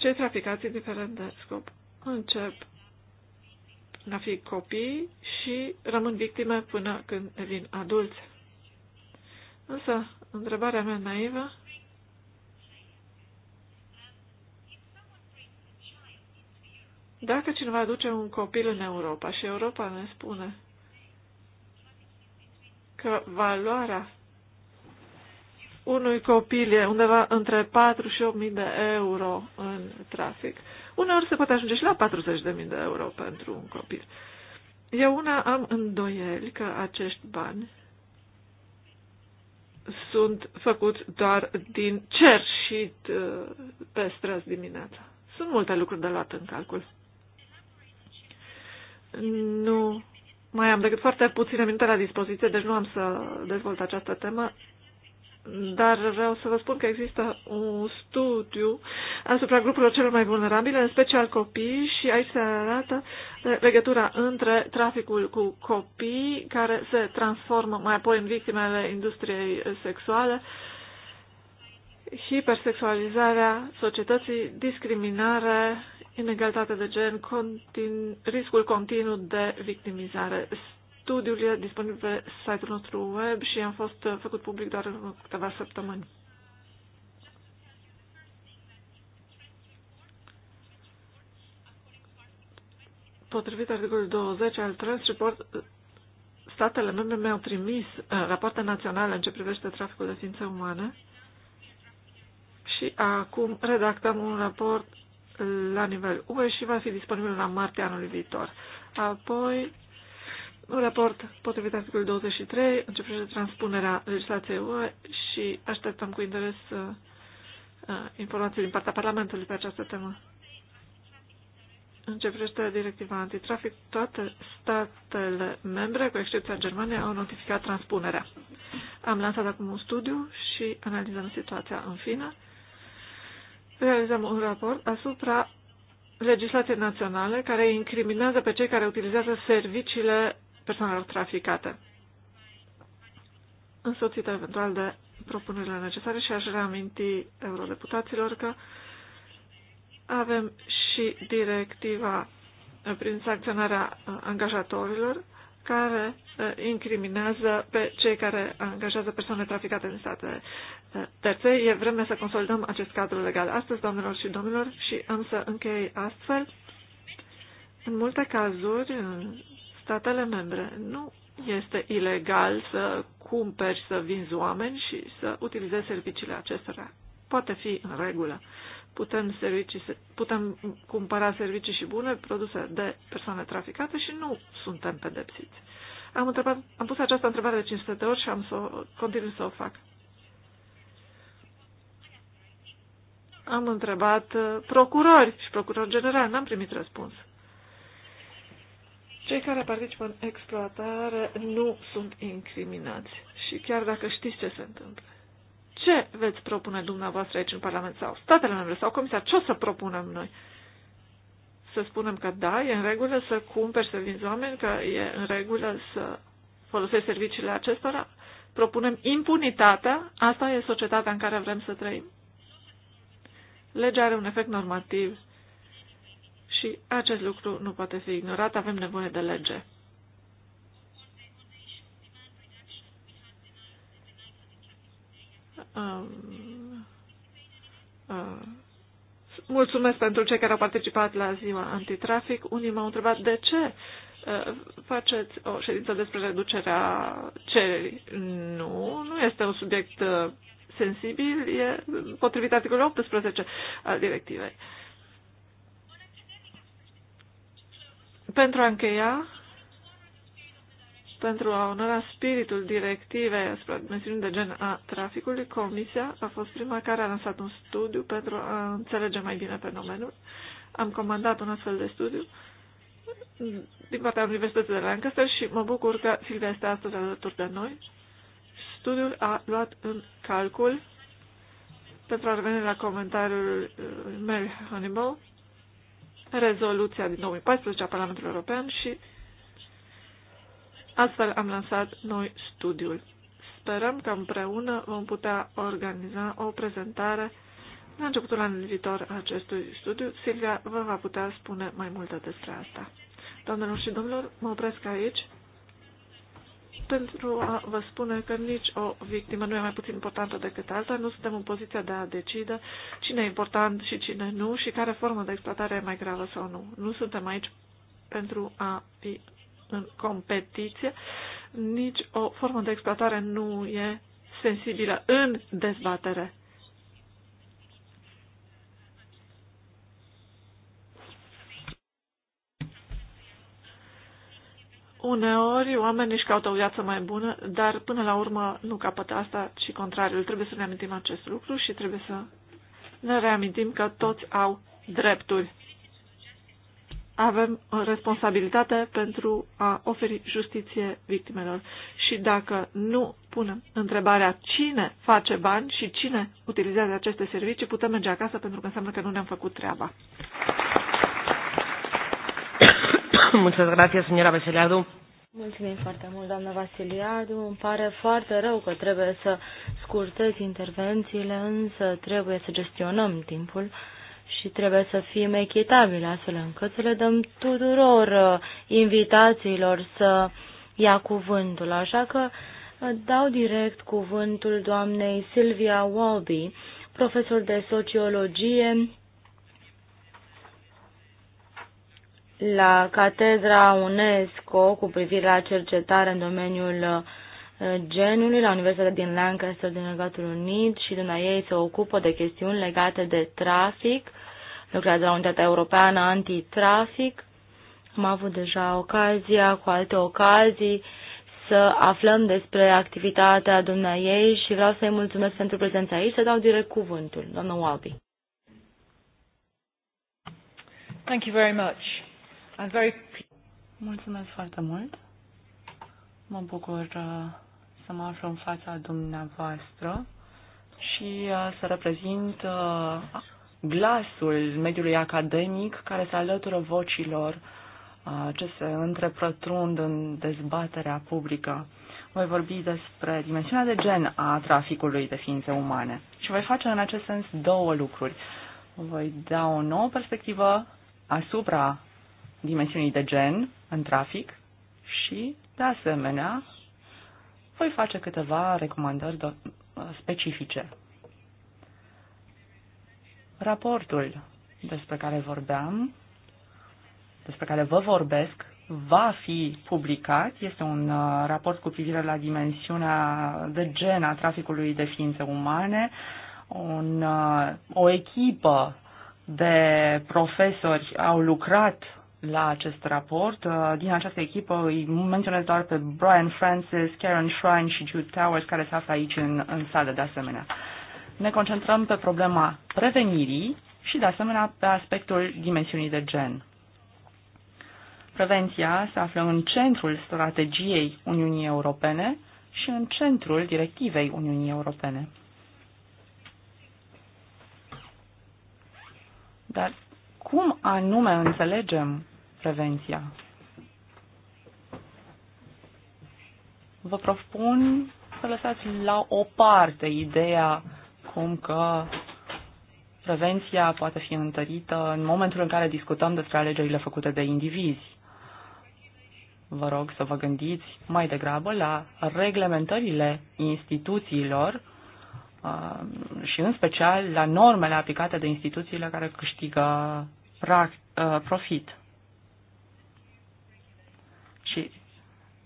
cei traficați indiferent de scop încep a fi copii și rămân victime până când devin adulți. Însă, întrebarea mea naivă Dacă cineva aduce un copil în Europa și Europa ne spune că valoarea unui copil e undeva între 4 și 8.000 de euro în trafic. Uneori se poate ajunge și la 40.000 de euro pentru un copil. Eu una am îndoieli că acești bani sunt făcuți doar din cer și uh, pe străzi dimineața. Sunt multe lucruri de luat în calcul. Nu mai am decât foarte puține minute la dispoziție, deci nu am să dezvolt această temă dar vreau să vă spun că există un studiu asupra grupurilor celor mai vulnerabile, în special copii, și aici se arată eh, legătura între traficul cu copii, care se transformă mai apoi în victimele industriei sexuale, hipersexualizarea societății, discriminare, inegalitate de gen, continu, riscul continuu de victimizare. Studiul e disponibil pe site-ul nostru web și am fost făcut public doar în câteva săptămâni. Potrivit articolului 20 al Trans Report, statele membre mi-au trimis uh, rapoarte naționale în ce privește traficul de ființe umane și acum redactăm un raport la nivel UE și va fi disponibil la martie anului viitor. Apoi un raport potrivit articolului 23 în de transpunerea legislației UE și așteptăm cu interes uh, uh informații din partea Parlamentului pe această temă. În ce privește directiva antitrafic, toate statele membre, cu excepția Germaniei, au notificat transpunerea. Am lansat acum un studiu și analizăm situația în fine. Realizăm un raport asupra legislației naționale care incriminează pe cei care utilizează serviciile persoanelor traficate, însoțită eventual de propunerile necesare și aș reaminti eurodeputaților că avem și directiva prin sancționarea angajatorilor care eh, incriminează pe cei care angajează persoane traficate în state eh, terțe. E vreme să consolidăm acest cadru legal astăzi, doamnelor și domnilor, și am să închei astfel. În multe cazuri, statele membre. Nu este ilegal să cumperi, să vinzi oameni și să utilizezi serviciile acestora. Poate fi în regulă. Putem, servicii, putem cumpăra servicii și bune produse de persoane traficate și nu suntem pedepsiți. Am, întrebat, am pus această întrebare de 500 de ori și am să continui să o fac. Am întrebat uh, procurori și procurori general, n-am primit răspuns. Cei care participă în exploatare nu sunt incriminați. Și chiar dacă știți ce se întâmplă, ce veți propune dumneavoastră aici în Parlament sau statele membre sau Comisia? Ce o să propunem noi? Să spunem că da, e în regulă să cumperi, să vinzi oameni, că e în regulă să folosești serviciile acestora? Propunem impunitatea? Asta e societatea în care vrem să trăim? Legea are un efect normativ și acest lucru nu poate fi ignorat, avem nevoie de lege. Um, uh, mulțumesc pentru cei care au participat la ziua antitrafic. Unii m-au întrebat de ce uh, faceți o ședință despre reducerea cererii. Nu, nu este un subiect uh, sensibil, e potrivit articolului 18 al directivei. Uh, Pentru a încheia, pentru a onora spiritul directivei asupra dimensiunii de gen a traficului, Comisia a fost prima care a lansat un studiu pentru a înțelege mai bine fenomenul. Am comandat un astfel de studiu din partea Universității de Lancaster și mă bucur că Silvia este astăzi alături de noi. Studiul a luat în calcul, pentru a reveni la comentariul Mary Hannibal, rezoluția din 2014 a Parlamentului European și astfel am lansat noi studiul. Sperăm că împreună vom putea organiza o prezentare la începutul anului viitor a acestui studiu. Silvia vă va putea spune mai multe despre asta. Doamnelor și domnilor, mă opresc aici pentru a vă spune că nici o victimă nu e mai puțin importantă decât alta, nu suntem în poziția de a decide cine e important și cine nu și care formă de exploatare e mai gravă sau nu. Nu suntem aici pentru a fi în competiție, nici o formă de exploatare nu e sensibilă în dezbatere. Uneori oamenii își caută o viață mai bună, dar până la urmă nu capătă asta, ci contrariul. Trebuie să ne amintim acest lucru și trebuie să ne reamintim că toți au drepturi. Avem responsabilitate pentru a oferi justiție victimelor. Și dacă nu punem întrebarea cine face bani și cine utilizează aceste servicii, putem merge acasă pentru că înseamnă că nu ne-am făcut treaba. Muchas gracias, señora Veseliadu. Mulțumim foarte mult, doamna Vasiliadu. Îmi pare foarte rău că trebuie să scurtez intervențiile, însă trebuie să gestionăm timpul și trebuie să fim echitabili astfel încât să le dăm tuturor uh, invitațiilor să ia cuvântul. Așa că uh, dau direct cuvântul doamnei Silvia Walby, profesor de sociologie la Catedra UNESCO cu privire la cercetare în domeniul uh, genului la Universitatea din Lancaster din Regatul Unit și din ei se ocupă de chestiuni legate de trafic, lucrează la Unitatea Europeană Antitrafic. Am avut deja ocazia, cu alte ocazii, să aflăm despre activitatea ei și vreau să-i mulțumesc pentru prezența aici, să dau direct cuvântul, doamnă Wabi. Thank you very much. I'm very... Mulțumesc foarte mult. Mă bucur uh, să mă aflu în fața dumneavoastră și uh, să reprezint uh, glasul mediului academic care se alătură vocilor ce se întreprătrund în dezbaterea publică. Voi vorbi despre dimensiunea de gen a traficului de ființe umane și voi face în acest sens două lucruri. Voi da o nouă perspectivă asupra dimensiunii de gen în trafic și, de asemenea, voi face câteva recomandări specifice. Raportul despre care vorbeam, despre care vă vorbesc, va fi publicat. Este un uh, raport cu privire la dimensiunea de gen a traficului de ființe umane. Un, uh, o echipă de profesori au lucrat la acest raport. Uh, din această echipă îi menționez doar pe Brian Francis, Karen Shrine și Jude Towers, care se află aici în, în sală de asemenea. Ne concentrăm pe problema prevenirii și, de asemenea, pe aspectul dimensiunii de gen. Prevenția se află în centrul strategiei Uniunii Europene și în centrul directivei Uniunii Europene. Dar cum anume înțelegem prevenția. Vă propun să lăsați la o parte ideea cum că prevenția poate fi întărită în momentul în care discutăm despre alegerile făcute de indivizi. Vă rog să vă gândiți mai degrabă la reglementările instituțiilor uh, și în special la normele aplicate de instituțiile care câștigă uh, profit.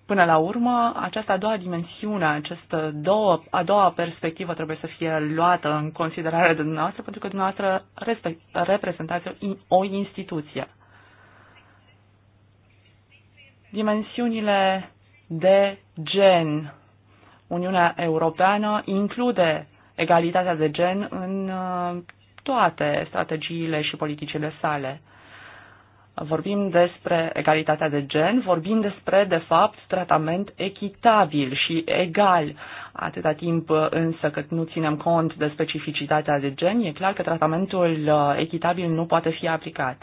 Până la urmă, această a doua dimensiune, această două, a doua perspectivă trebuie să fie luată în considerare de dumneavoastră, pentru că dumneavoastră respect, reprezentați o instituție. Dimensiunile de gen. Uniunea Europeană include egalitatea de gen în uh, toate strategiile și politicile sale vorbim despre egalitatea de gen, vorbim despre, de fapt, tratament echitabil și egal. Atâta timp uh, însă cât nu ținem cont de specificitatea de gen, e clar că tratamentul uh, echitabil nu poate fi aplicat.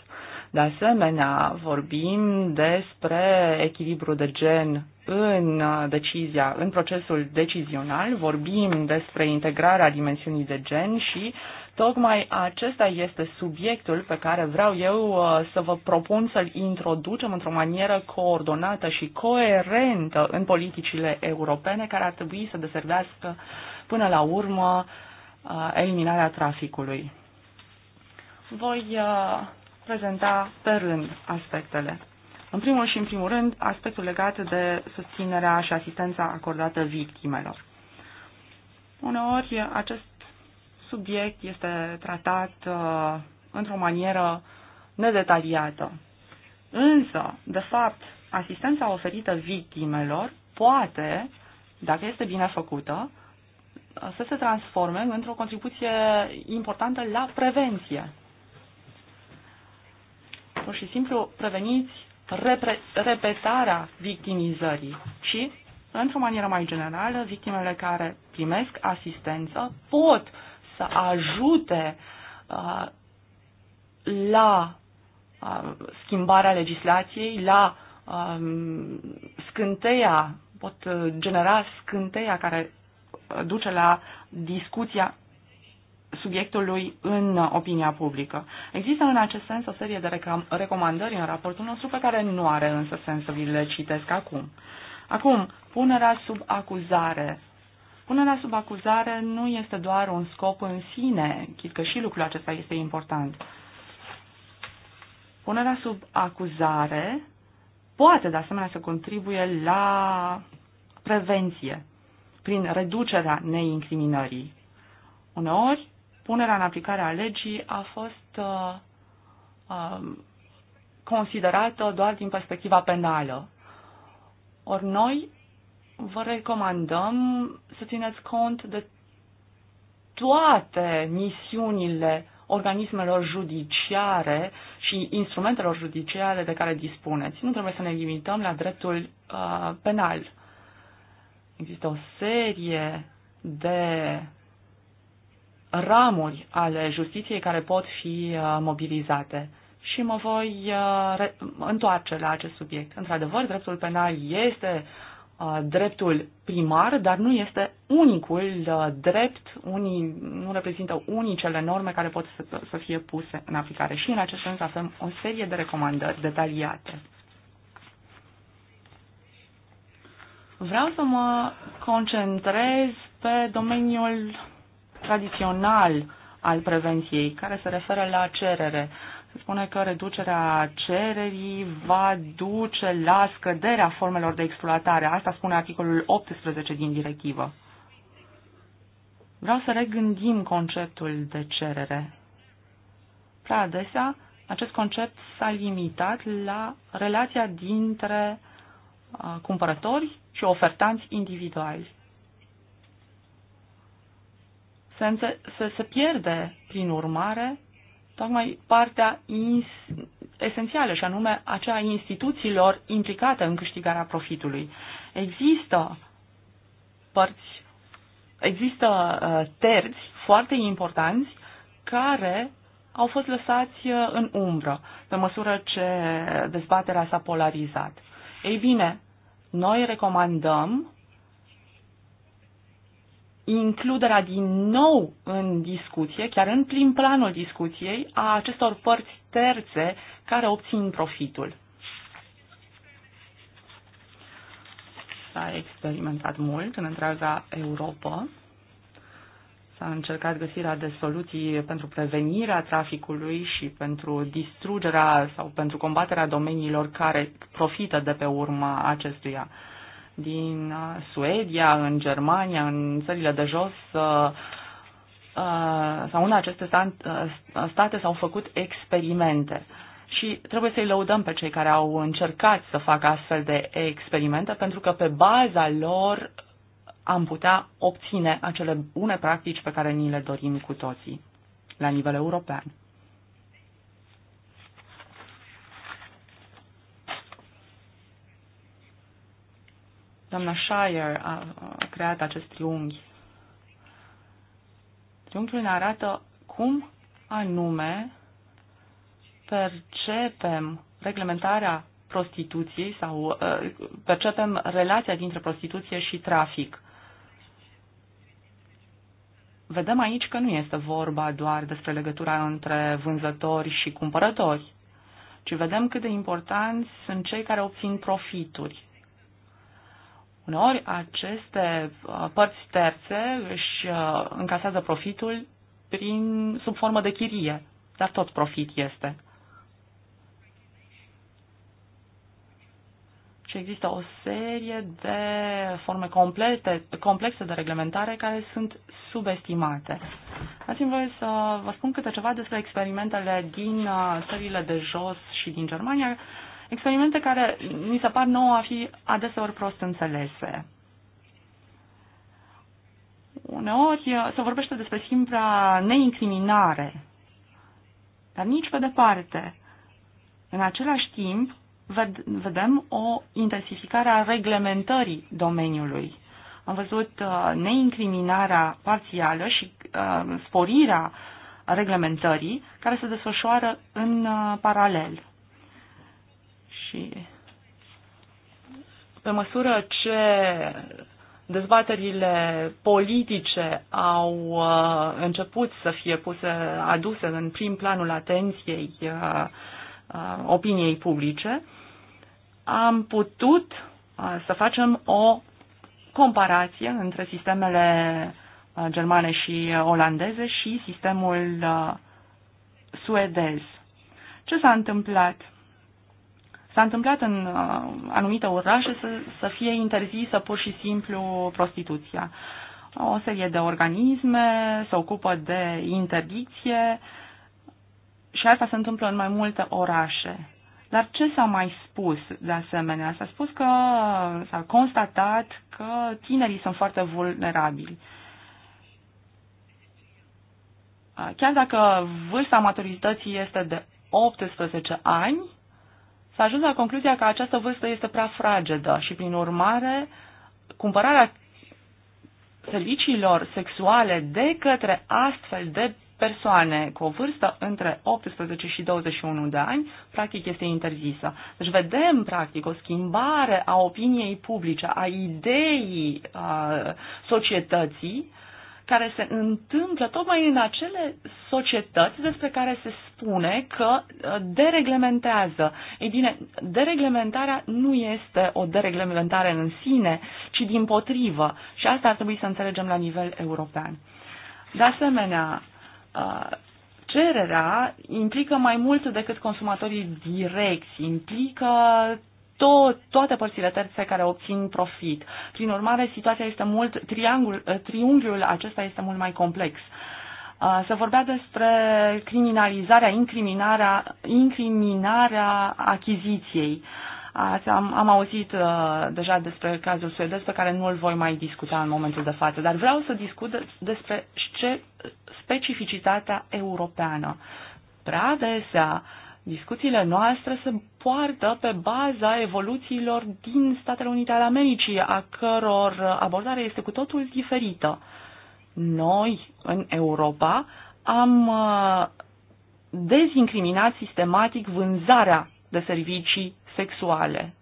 De asemenea, vorbim despre echilibru de gen în uh, decizia, în procesul decizional, vorbim despre integrarea dimensiunii de gen și Tocmai acesta este subiectul pe care vreau eu uh, să vă propun să-l introducem într-o manieră coordonată și coerentă în politicile europene care ar trebui să deservească până la urmă uh, eliminarea traficului. Voi uh, prezenta pe rând aspectele. În primul și în primul rând, aspectul legat de susținerea și asistența acordată victimelor. Uneori, acest subiect este tratat uh, într-o manieră nedetaliată. Însă, de fapt, asistența oferită victimelor poate, dacă este bine făcută, să se transforme într-o contribuție importantă la prevenție. Pur și simplu preveniți repre- repetarea victimizării și, într-o manieră mai generală, victimele care primesc asistență pot să ajute uh, la uh, schimbarea legislației, la um, scânteia, pot uh, genera scânteia care duce la discuția subiectului în opinia publică. Există în acest sens o serie de recomandări în raportul nostru pe care nu are însă sens să vi le citesc acum. Acum, punerea sub acuzare Punerea sub acuzare nu este doar un scop în sine, chiar că și lucrul acesta este important. Punerea sub acuzare poate, de asemenea, să contribuie la prevenție prin reducerea neincriminării. Uneori, punerea în aplicare a legii a fost uh, uh, considerată doar din perspectiva penală. Ori noi vă recomandăm să țineți cont de toate misiunile organismelor judiciare și instrumentelor judiciare de care dispuneți. Nu trebuie să ne limităm la dreptul uh, penal. Există o serie de ramuri ale justiției care pot fi uh, mobilizate. Și mă voi uh, întoarce la acest subiect. Într-adevăr, dreptul penal este Uh, dreptul primar, dar nu este unicul uh, drept, unii, nu reprezintă unicele norme care pot să, să fie puse în aplicare. Și în acest sens avem o serie de recomandări detaliate. Vreau să mă concentrez pe domeniul tradițional al prevenției, care se referă la cerere. Uh, se spune că reducerea cererii va duce la scăderea formelor de exploatare. Asta spune articolul 18 din directivă. Vreau să regândim conceptul de cerere. Prea adesea, acest concept s-a limitat la relația dintre uh, cumpărători și ofertanți individuali. Se, se, se pierde, prin urmare, tocmai partea esențială, și anume aceea instituțiilor implicate în câștigarea profitului. Există părți, există uh, terți foarte importanți care au fost lăsați uh, în umbră pe măsură ce dezbaterea s-a polarizat. Ei bine, noi recomandăm includerea din nou în discuție, chiar în prim planul discuției, a acestor părți terțe care obțin profitul. S-a experimentat mult în întreaga Europa. S-a încercat găsirea de soluții pentru prevenirea traficului și pentru distrugerea sau pentru combaterea domeniilor care profită de pe urma acestuia. Uh, din uh, Suedia, în Germania, în țările de jos, uh, uh, sau în aceste state s-au făcut experimente. Și trebuie să-i lăudăm pe cei care au încercat să facă astfel de experimente, pentru că pe baza lor am putea obține acele bune practici pe care ni le dorim cu toții la nivel european. Doamna Shire a, a creat acest triunghi. Triunghiul ne arată cum anume percepem reglementarea prostituției sau uh, percepem relația dintre prostituție și trafic. Vedem aici că nu este vorba doar despre legătura între vânzători și cumpărători, ci vedem cât de importanți sunt cei care obțin profituri. Uneori aceste uh, părți terțe își uh, încasează profitul prin, sub formă de chirie, dar tot profit este. Și există o serie de forme complete, complexe de reglementare care sunt subestimate. Dați-mi voie să vă spun câte ceva despre experimentele din uh, țările de jos și din Germania, Experimente care mi se par nouă a fi adeseori prost înțelese. Uneori uh, se vorbește despre simpla neincriminare, dar nici pe departe. În același timp, vedem o intensificare a reglementării domeniului. Am văzut uh, neincriminarea parțială și uh, sporirea reglementării care se desfășoară în paralel. Și pe măsură ce dezbaterile politice au uh, început să fie puse, aduse în prim planul atenției uh, uh, opiniei publice, am putut uh, să facem o comparație între sistemele uh, germane și olandeze și sistemul uh, suedez. Ce s-a întâmplat? S-a întâmplat în uh, anumite orașe să, să fie interzisă pur și simplu prostituția. O serie de organisme se ocupă de interdicție și asta se întâmplă în mai multe orașe. Dar ce s-a mai spus de asemenea? S-a spus că s-a constatat că tinerii sunt foarte vulnerabili. Chiar dacă vârsta maturității este de 18 ani, s-a ajuns la concluzia că această vârstă este prea fragedă și, prin urmare, cumpărarea serviciilor sexuale de către astfel de persoane cu o vârstă între 18 și 21 de ani, practic este interzisă. Deci vedem, practic, o schimbare a opiniei publice, a ideii a societății uh, care se întâmplă tocmai în acele societăți despre care se spune că uh, dereglementează. Ei bine, dereglementarea nu este o dereglementare în sine, ci din potrivă. Și asta ar trebui să înțelegem la nivel european. De asemenea, uh, cererea implică mai mult decât consumatorii direcți, implică to- toate părțile terțe care obțin profit. Prin urmare, situația este mult, triangul, eh, triunghiul acesta este mult mai complex. Ah, se vorbea despre criminalizarea, incriminarea, incriminarea achiziției. am, am auzit uh, deja despre cazul suedez pe care nu îl voi mai discuta în momentul de față, dar vreau să discut despre ce specificitatea europeană. Prea adesea uh, Discuțiile noastre se poartă pe baza evoluțiilor din Statele Unite ale Americii, a căror abordare este cu totul diferită. Noi, în Europa, am uh, dezincriminat sistematic vânzarea de servicii sexuale.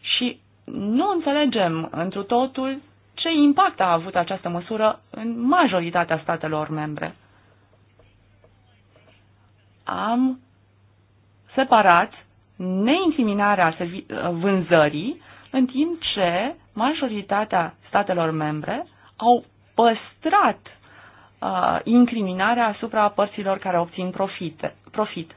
Și nu înțelegem întru totul ce impact a avut această măsură în majoritatea statelor membre am separat neincriminarea vânzării, în timp ce majoritatea statelor membre au păstrat uh, incriminarea asupra părților care obțin profite, profit.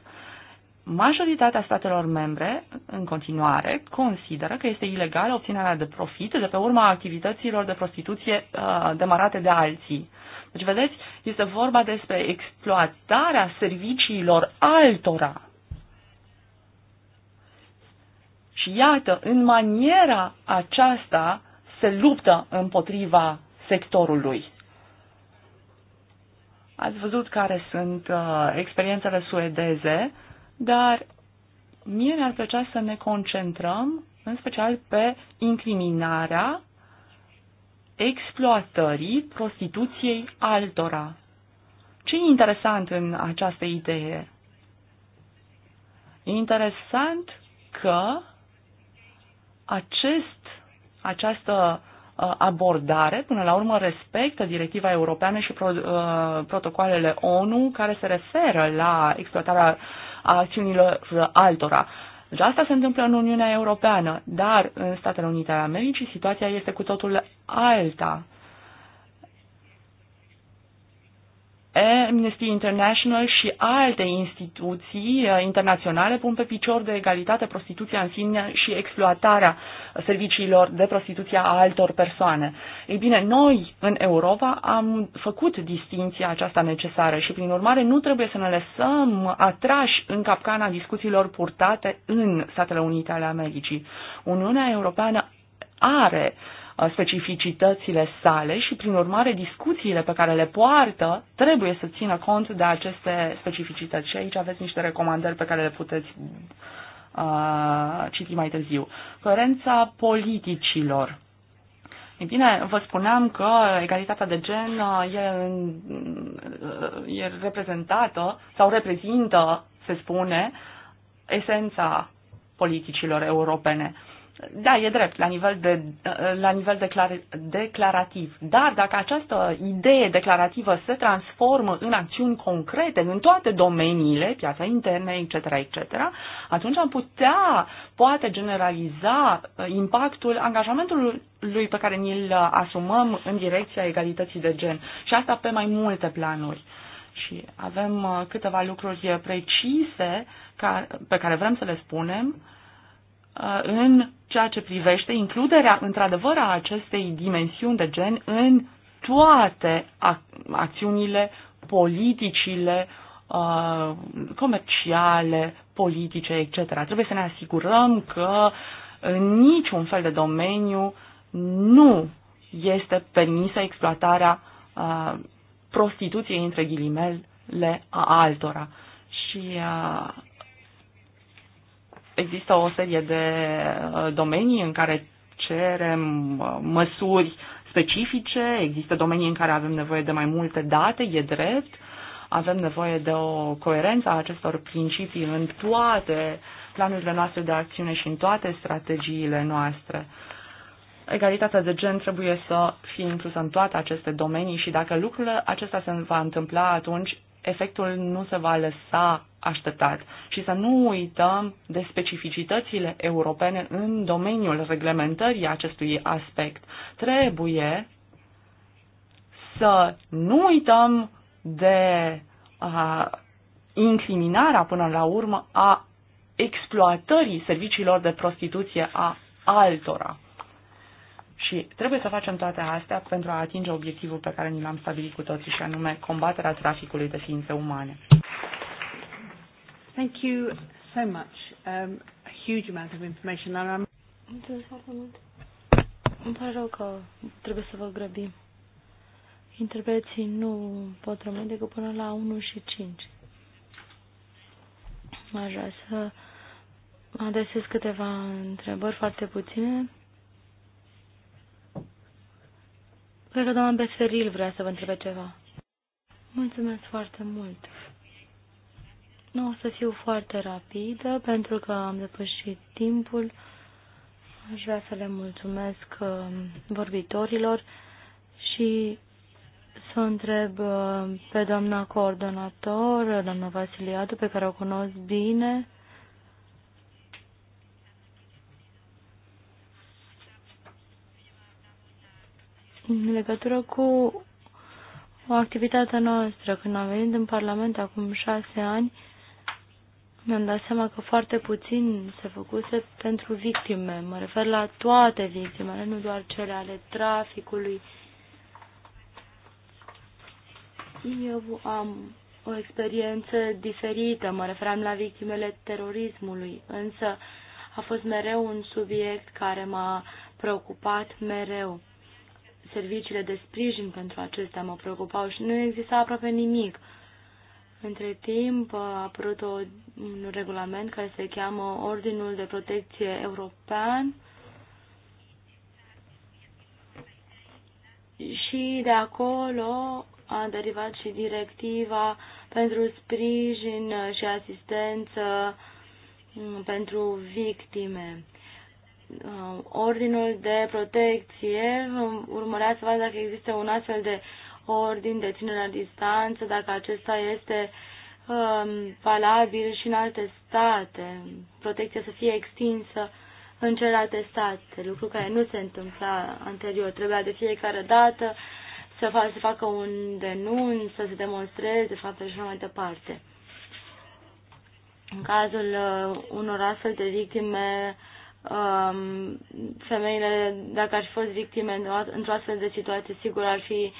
Majoritatea statelor membre, în continuare, consideră că este ilegală obținerea de profit de pe urma activităților de prostituție uh, demarate de alții. Deci, vedeți, este vorba despre exploatarea serviciilor altora. Și iată, în maniera aceasta se luptă împotriva sectorului. Ați văzut care sunt uh, experiențele suedeze, dar mie mi-ar plăcea să ne concentrăm în special pe incriminarea exploatării, prostituției altora. ce interesant în această idee? E interesant că acest, această uh, abordare, până la urmă, respectă directiva europeană și pro, uh, protocoalele ONU care se referă la exploatarea acțiunilor altora. Deci asta se întâmplă în Uniunea Europeană, dar în Statele Unite ale Americii situația este cu totul alta. Amnesty International și alte instituții uh, internaționale pun pe picior de egalitate prostituția în sine și exploatarea serviciilor de prostituție a altor persoane. Ei bine, noi în Europa am făcut distinția aceasta necesară și prin urmare nu trebuie să ne lăsăm atrași în capcana discuțiilor purtate în Statele Unite ale Americii. Uniunea Europeană are uh, Uh, specificitățile sale și, prin urmare, discuțiile pe care le poartă trebuie să țină cont de aceste specificități. Și aici aveți niște recomandări pe care le puteți uh, citi mai târziu. Coerența politicilor. E bine, vă spuneam că egalitatea de gen uh, e, uh, e reprezentată sau reprezintă, se spune, esența politicilor europene. Da, e drept, la nivel, de, la nivel declar, declarativ. Dar dacă această idee declarativă se transformă în acțiuni concrete în toate domeniile, piața interne, etc., etc., atunci am putea, poate, generaliza uh, impactul angajamentului pe care ni-l uh, asumăm în direcția egalității de gen. Și asta pe mai multe planuri. Și avem uh, câteva lucruri precise pe care vrem să le spunem Uh, în ceea ce privește includerea, într-adevăr, a acestei dimensiuni de gen în toate acțiunile, politicile, uh, comerciale, politice, etc. Trebuie să ne asigurăm că în niciun fel de domeniu nu este permisă exploatarea uh, prostituției între ghilimele a altora. Și există o serie de uh, domenii în care cerem uh, măsuri specifice, există domenii în care avem nevoie de mai multe date, e drept, avem nevoie de o coerență a acestor principii în toate planurile noastre de acțiune și în toate strategiile noastre. Egalitatea de gen trebuie să fie inclusă în toate aceste domenii și dacă lucrul acesta se va întâmpla, atunci efectul nu se va lăsa așteptat și să nu uităm de specificitățile europene în domeniul reglementării acestui aspect. Trebuie să nu uităm de a, incriminarea până la urmă a exploatării serviciilor de prostituție a altora. Și trebuie să facem toate astea pentru a atinge obiectivul pe care ni l-am stabilit cu toții și anume combaterea traficului de ființe umane. Thank you so much. Um, a huge amount of information and I'm Mulțumesc foarte mult. Îmi pare rău că trebuie să vă grăbim. Intervenții nu pot rămâne decât până la 1 și 5. Aș vrea să adresez câteva întrebări foarte puține Cred că doamna Beferil vrea să vă întrebe ceva. Mulțumesc foarte mult. Nu o să fiu foarte rapidă pentru că am depășit timpul. Aș vrea să le mulțumesc um, vorbitorilor și să întreb um, pe doamna coordonator, doamna Vasiliadu, pe care o cunosc bine, în legătură cu o activitate noastră. Când am venit în Parlament acum șase ani, mi-am dat seama că foarte puțin se făcuse pentru victime. Mă refer la toate victimele, nu doar cele ale traficului. Eu am o experiență diferită, mă referam la victimele terorismului, însă a fost mereu un subiect care m-a preocupat mereu serviciile de sprijin pentru acestea mă preocupau și nu exista aproape nimic. Între timp a apărut o, un regulament care se cheamă Ordinul de Protecție European și de acolo a derivat și directiva pentru sprijin și asistență mm, pentru victime. Um, ordinul de protecție, um, urmărea să vadă dacă există un astfel de ordin de ținere la distanță, dacă acesta este um, valabil și în alte state, protecția să fie extinsă în celelalte state, lucru care nu se întâmpla anterior. Trebuia de fiecare dată să, fac, să facă un denunț, să se demonstreze faptul și mai departe. În cazul uh, unor astfel de victime, uh, Um, femeile, dacă ar fi fost victime într-o astfel de situație, sigur ar fi,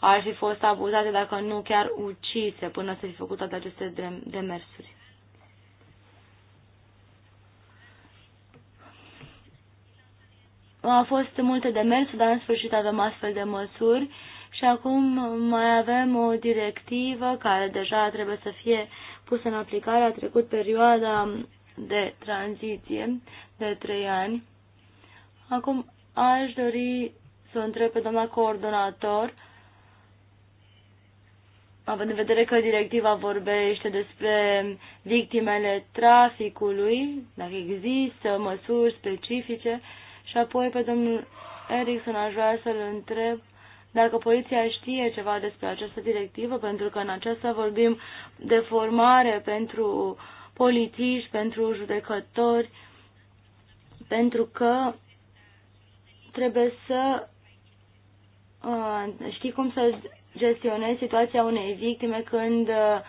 ar fi fost abuzate, dacă nu chiar ucise, până să fi făcut toate aceste demersuri. Au fost multe demersuri, dar în sfârșit avem astfel de măsuri și acum mai avem o directivă care deja trebuie să fie pusă în aplicare. A trecut perioada de tranziție de trei ani. Acum aș dori să întreb pe doamna coordonator, având în vedere că directiva vorbește despre victimele traficului, dacă există măsuri specifice, și apoi pe domnul Erickson aș vrea să-l întreb dacă poliția știe ceva despre această directivă, pentru că în aceasta vorbim de formare pentru uh, polițiști, pentru judecători, pentru că trebuie să uh, știi cum să gestionezi situația unei victime când uh,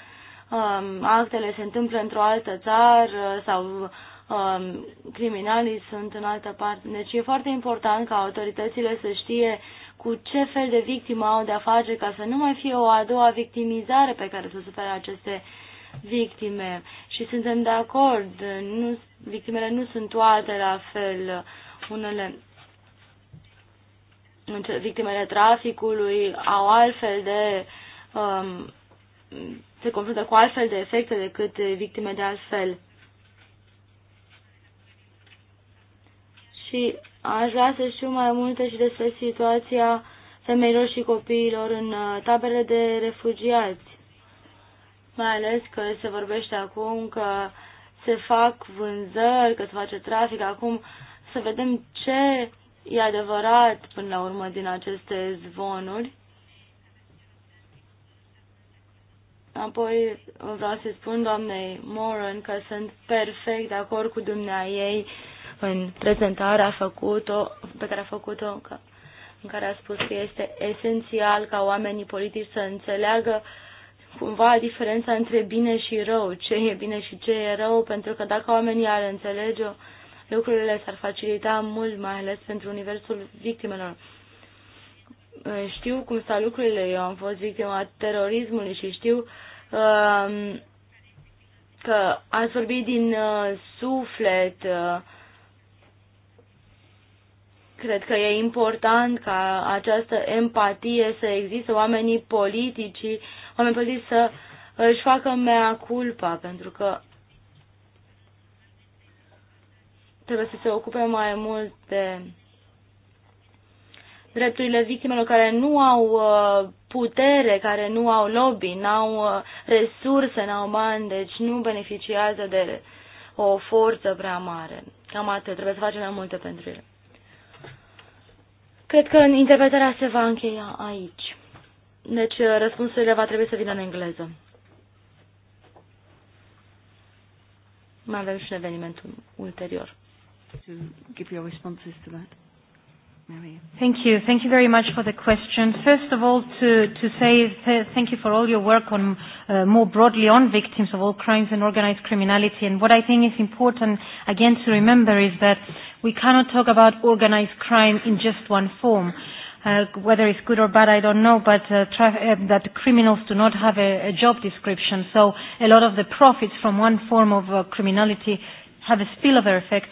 actele se întâmplă într-o altă țară sau uh, criminalii sunt în altă parte. Deci e foarte important ca autoritățile să știe cu ce fel de victimă au de-a face ca să nu mai fie o a doua victimizare pe care să sufere aceste victime și suntem de acord, nu, victimele nu sunt toate la fel, unele victimele traficului au altfel de um, se confruntă cu altfel de efecte decât victime de altfel. Și aș vrea să știu mai multe și despre situația femeilor și copiilor în uh, taberele de refugiați mai ales că se vorbește acum că se fac vânzări, că se face trafic. Acum să vedem ce e adevărat până la urmă din aceste zvonuri. Apoi vreau să spun doamnei Moran că sunt perfect de acord cu dumnea ei în prezentarea făcut-o, pe care a făcut-o, în care a spus că este esențial ca oamenii politici să înțeleagă uh, cumva diferența între bine și rău, ce e bine și ce e rău, pentru că dacă oamenii ar înțelege lucrurile s-ar facilita mult, mai ales pentru universul victimelor. Eh, știu cum stau lucrurile, eu am fost victima terorismului și știu uh, că ați vorbit din uh, suflet, uh, Cred că e important ca această empatie să existe, oamenii politici, oamenii politici să își facă mea culpa, pentru că trebuie să se ocupe mai mult de drepturile victimelor care nu au uh, putere, care nu au lobby, nu au uh, resurse, nu au bani, deci nu beneficiază de o forță prea mare. Cam atât, trebuie să facem mai multe pentru ele. Cred că interpretarea se va încheia aici. Deci uh, răspunsurile va trebui să vină în engleză. Mai avem și un eveniment ulterior. To give your responses to that. Maria. Thank you. Thank you very much for the question. First of all, to, to say th thank you for all your work on uh, more broadly on victims of all crimes and organized criminality. And what I think is important, again, to remember is that we cannot talk about organized crime in just one form. Uh, whether it's good or bad, I don't know, but uh, tra- uh, that criminals do not have a, a job description. So a lot of the profits from one form of uh, criminality have a spillover effect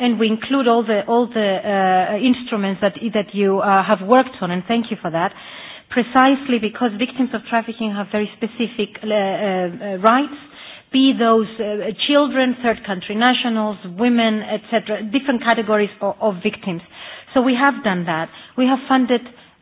and we include all the all the uh, instruments that that you uh, have worked on, and thank you for that. Precisely because victims of trafficking have very specific uh, uh, uh rights, be those uh, children, third country nationals, women, etc., different categories of, of victims. So we have done that. We have funded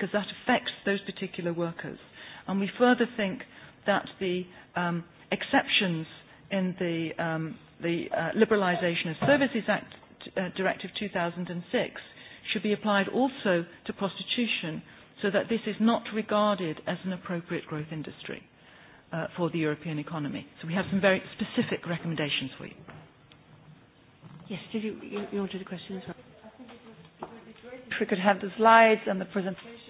because that affects those particular workers. And we further think that the um, exceptions in the, um, the uh, Liberalisation of Services Act uh, Directive 2006 should be applied also to prostitution so that this is not regarded as an appropriate growth industry uh, for the European economy. So we have some very specific recommendations for you. Yes, did you, you, you wanted a question as well? I think it would, it would be great if we could have the slides and the presentation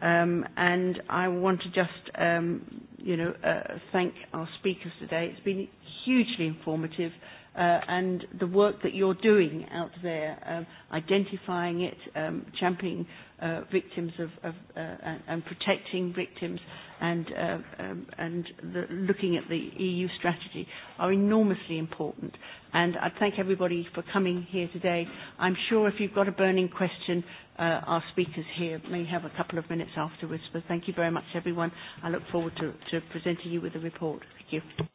Um, and I want to just, um, you know, uh, thank our speakers today. It's been hugely informative uh, and the work that you're doing out there, um, identifying it, um, championing uh, victims of, of, uh, and, and protecting victims, and, uh, um, and the, looking at the EU strategy are enormously important. And I thank everybody for coming here today. I'm sure if you've got a burning question, uh, our speakers here may have a couple of minutes afterwards. But thank you very much, everyone. I look forward to, to presenting you with the report. Thank you.